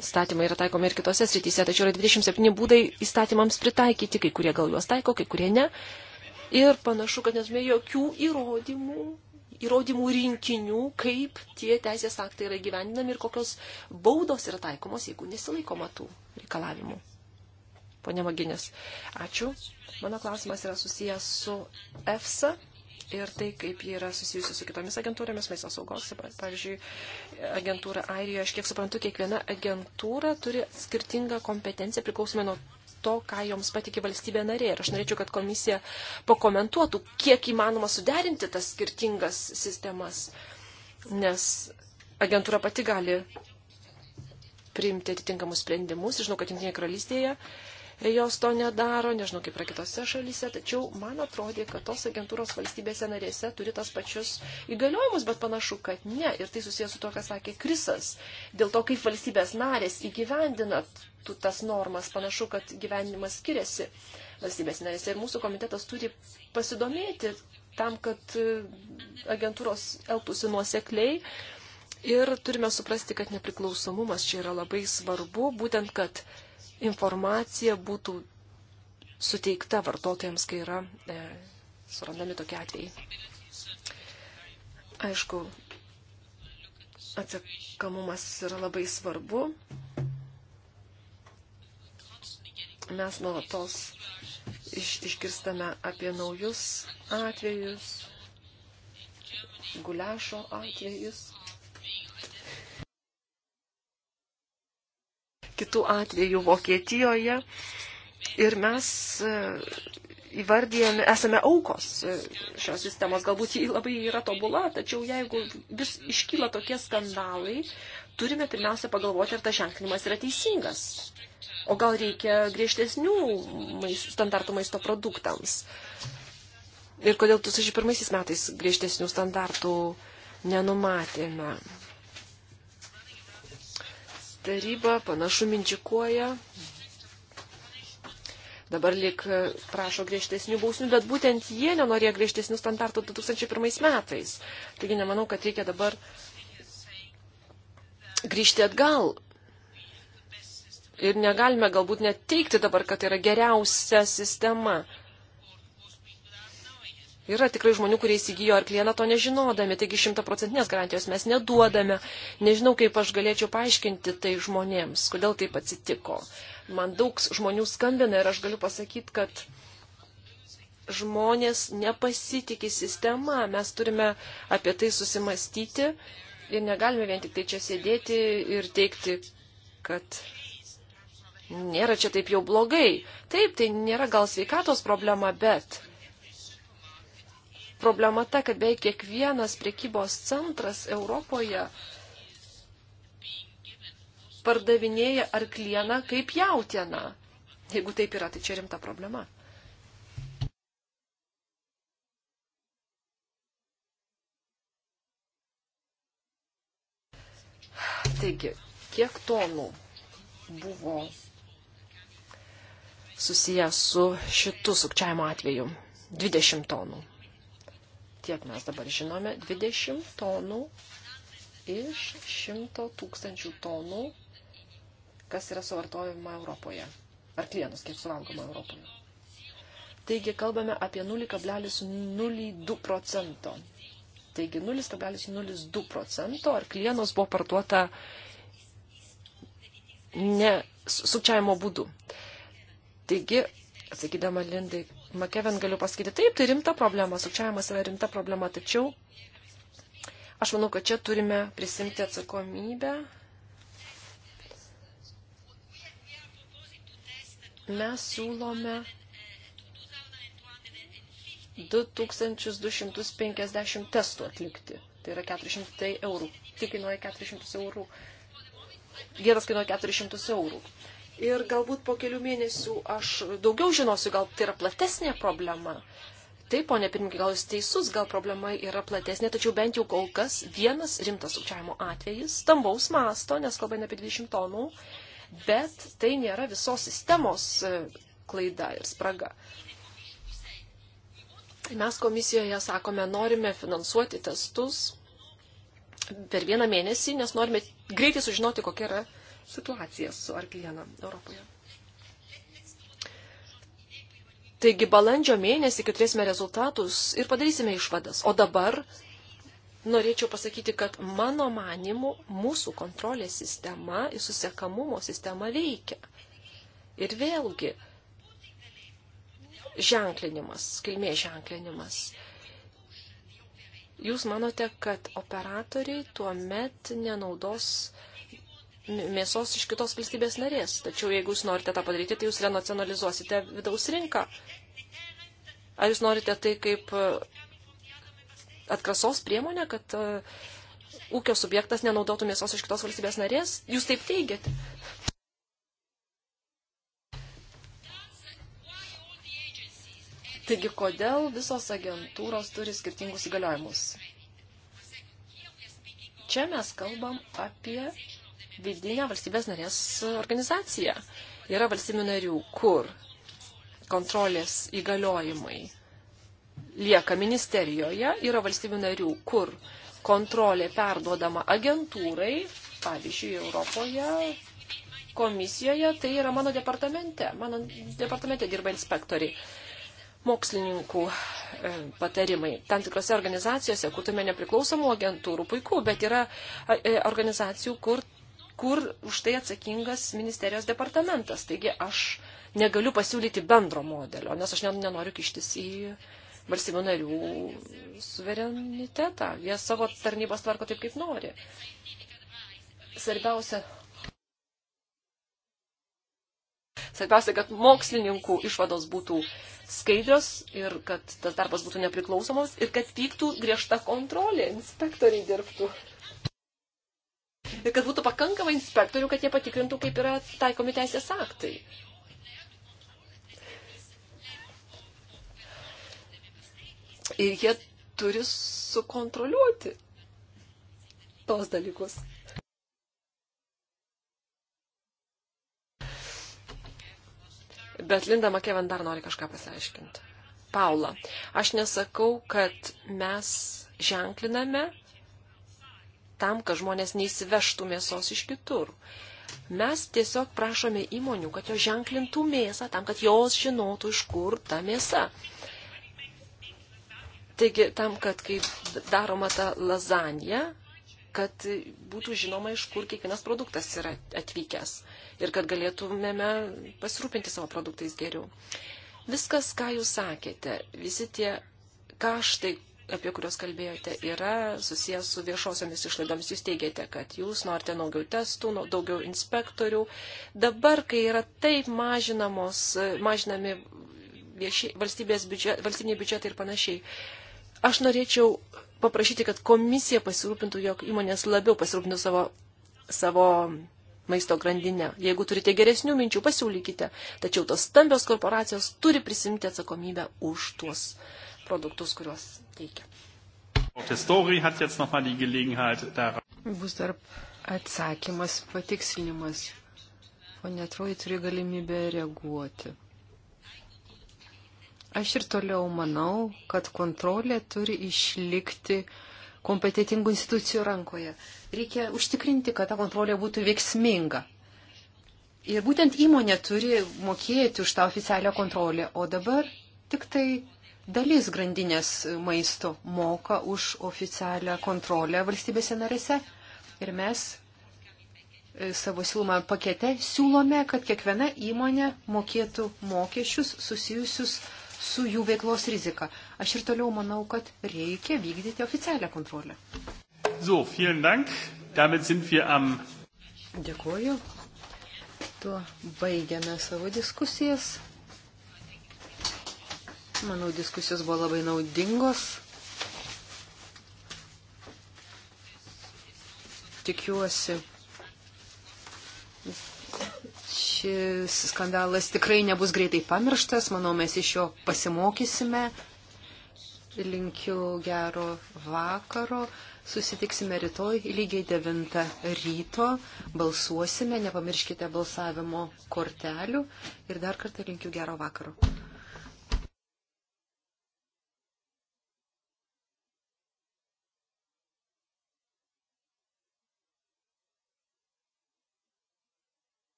įstatymai yra taikomi ir kitose srityse, tačiau yra 27 būdai įstatymams pritaikyti, kai kurie gal juos taiko, kai kurie ne. Ir panašu, kad neturime jokių įrodymų, įrodymų rinkinių, kaip tie teisės aktai yra gyvendinami ir kokios baudos yra taikomos, jeigu nesilaikoma tų reikalavimų. Pone Maginės, ačiū. Mano klausimas yra susijęs su EFSA ir tai, kaip ji yra susijusi su kitomis agentūromis, maisto saugos, pavyzdžiui, agentūra Airijoje. Aš kiek suprantu, kiekviena agentūra turi skirtingą kompetenciją priklausomai nuo to, ką joms patikė valstybė narė. Ir aš norėčiau, kad komisija pakomentuotų, kiek įmanoma suderinti tas skirtingas sistemas, nes agentūra pati gali priimti atitinkamus sprendimus. Žinau, kad Junktinėje karalystėje jos to nedaro, nežinau kaip yra kitose šalyse, tačiau man atrodė, kad tos agentūros valstybėse narėse turi tas pačius įgaliojimus, bet panašu, kad ne. Ir tai susijęs su to, ką sakė Krisas. Dėl to, kaip valstybės narės įgyvendina tas normas, panašu, kad gyvenimas skiriasi valstybės narėse. Ir mūsų komitetas turi pasidomėti tam, kad e, agentūros elgtųsi nuosekliai. Ir turime suprasti, kad nepriklausomumas čia yra labai svarbu, būtent, kad informacija būtų suteikta vartotojams, kai yra e, surandami tokie atvejai. Aišku, atsakamumas yra labai svarbu. Mes nuolatos iš, iškirstame apie naujus atvejus, guliašo atvejus. kitų atvejų Vokietijoje. Ir mes e, įvardyjame, esame aukos e, šios sistemos. Galbūt ji labai yra tobula, tačiau jeigu vis iškyla tokie skandalai, turime pirmiausia pagalvoti, ar tas ženklinimas yra teisingas. O gal reikia griežtesnių mais, standartų maisto produktams. Ir kodėl 2001 metais griežtesnių standartų nenumatėme taryba panašu mindžikuoja. Dabar lik prašo griežtesnių bausmių, bet būtent jie nenorėjo griežtesnių standartų 2001 metais. Taigi nemanau, kad reikia dabar grįžti atgal. Ir negalime galbūt net teikti dabar, kad tai yra geriausia sistema. Yra tikrai žmonių, kurie įsigijo arklieną to nežinodami, taigi šimtaprocentinės garantijos mes neduodame. Nežinau, kaip aš galėčiau paaiškinti tai žmonėms, kodėl taip atsitiko. Man daug žmonių skambina ir aš galiu pasakyti, kad žmonės nepasitikė sistema. Mes turime apie tai susimastyti ir negalime vien tik tai čia sėdėti ir teikti, kad nėra čia taip jau blogai. Taip, tai nėra gal sveikatos problema, bet problema ta, kad beveik kiekvienas priekybos centras Europoje pardavinėja arklieną kaip jautieną. Jeigu taip yra, tai čia rimta problema. Taigi, kiek tonų buvo susijęs su šitu sukčiavimo atveju? 20 tonų kiek mes dabar žinome, 20 tonų iš 100 tūkstančių tonų, kas yra suvartojama Europoje. Ar klienus, kiek suvalgoma Europoje. Taigi kalbame apie 0,02 procento. Taigi 0,02 procento arklienos buvo parduota ne sukčiavimo būdu. Taigi, atsakydama Lindai Makeven galiu pasakyti, taip, tai rimta problema, sukčiavimas yra rimta problema, tačiau aš manau, kad čia turime prisimti atsakomybę. Mes siūlome 2250 testų atlikti. Tai yra 400 eurų. Tik kainuoja 400 eurų. Vienas kainuoja 400 eurų ir galbūt po kelių mėnesių aš daugiau žinosiu, gal tai yra platesnė problema. Taip, ponė pirmininkė, gal jūs teisus, gal problema yra platesnė, tačiau bent jau kol kas vienas rimtas sukčiavimo atvejis, stambaus masto, nes kalbame apie 20 tonų, bet tai nėra visos sistemos e, klaida ir spraga. Mes komisijoje sakome, norime finansuoti testus per vieną mėnesį, nes norime greitai sužinoti, kokia yra situaciją su arklieną Europoje. Taigi balandžio mėnesį, kai turėsime rezultatus ir padarysime išvadas. O dabar norėčiau pasakyti, kad mano manimu mūsų kontrolės sistema ir susiekamumo sistema veikia. Ir vėlgi ženklinimas, kilmė ženklinimas. Jūs manote, kad operatoriai tuo met nenaudos uh, mėsos iš kitos valstybės narės. Tačiau jeigu jūs norite tą padaryti, tai jūs renacionalizuosite vidaus rinką. Ar jūs norite tai kaip e, atgrasos priemonę, kad e, ūkio subjektas nenaudotų mėsos iš kitos valstybės narės? Jūs taip teigiate. Taigi, kodėl visos agentūros turi skirtingus įgaliojimus? Čia mes kalbam apie vidinėje valstybės narės organizacija. Yra valstybių narių, kur kontrolės įgaliojimai lieka ministerijoje, yra valstybių narių, kur kontrolė perduodama agentūrai, pavyzdžiui, Europoje, komisijoje, tai yra mano departamente. Mano departamente dirba inspektoriai, mokslininkų e, patarimai. Tam tikrose organizacijose, kur turime nepriklausomų agentūrų, puiku, bet yra e, organizacijų, kur kur už tai atsakingas ministerijos departamentas. Taigi aš negaliu pasiūlyti bendro modelio, nes aš nenoriu kištis į valstybių narių suverenitetą. Jie savo tarnybos tvarko taip, kaip nori. Svarbiausia, Svarbiausia, kad mokslininkų išvados būtų skaidrios ir kad tas darbas būtų nepriklausomas ir kad vyktų griežta kontrolė, inspektoriai dirbtų ir kad būtų pakankamai inspektorių, kad jie patikrintų, kaip yra taikomi teisės aktai. Ir jie turi sukontroliuoti tos dalykus. Bet Linda Makeven dar nori kažką pasiaiškinti. Paula, aš nesakau, kad mes ženkliname tam, kad žmonės neįsivežtų mėsos iš kitur. Mes tiesiog prašome įmonių, kad jos ženklintų mėsą tam, kad jos žinotų, iš kur ta mėsa. Taigi, tam, kad kaip daroma ta lazanija, kad būtų žinoma, iš kur kiekvienas produktas yra atvykęs ir kad galėtumėme pasirūpinti savo produktais geriau. Viskas, ką jūs sakėte, visi tie kaštai, apie kuriuos kalbėjote, yra susijęs su viešosiomis išlaidomis. Jūs teigiate, kad jūs norite daugiau testų, daugiau inspektorių. Dabar, kai yra taip mažinamos, mažinami vieši, valstybės biudžet, valstybiniai biudžetai ir panašiai, aš norėčiau paprašyti, kad komisija pasirūpintų, jog įmonės labiau pasirūpintų savo, savo maisto grandinę. Jeigu turite geresnių minčių, pasiūlykite. Tačiau tos stambios korporacijos turi prisimti atsakomybę už tuos produktus, kuriuos teikia. Bus dar atsakymas, patikslinimas. Pone Troji turi galimybę reaguoti. Aš ir toliau manau, kad kontrolė turi išlikti kompetitingų institucijų rankoje. Reikia užtikrinti, kad ta kontrolė būtų veiksminga. Ir būtent įmonė turi mokėti už tą oficialią kontrolę, o dabar tik tai dalis grandinės maisto moka už oficialią kontrolę valstybėse narėse. Ir mes e, savo siūlomą pakete siūlome, kad kiekviena įmonė mokėtų mokesčius susijusius su jų veiklos rizika. Aš ir toliau manau, kad reikia vykdyti oficialią kontrolę. So, vielen Dank. Damit sind wir am. Dėkuoju. Tuo baigiame savo diskusijas. Manau, diskusijos buvo labai naudingos. Tikiuosi, šis skandalas tikrai nebus greitai pamirštas. Manau, mes iš jo pasimokysime. Linkiu gero vakaro. Susitiksime rytoj lygiai 9 ryto. Balsuosime, nepamirškite balsavimo kortelių. Ir dar kartą linkiu gero vakaro.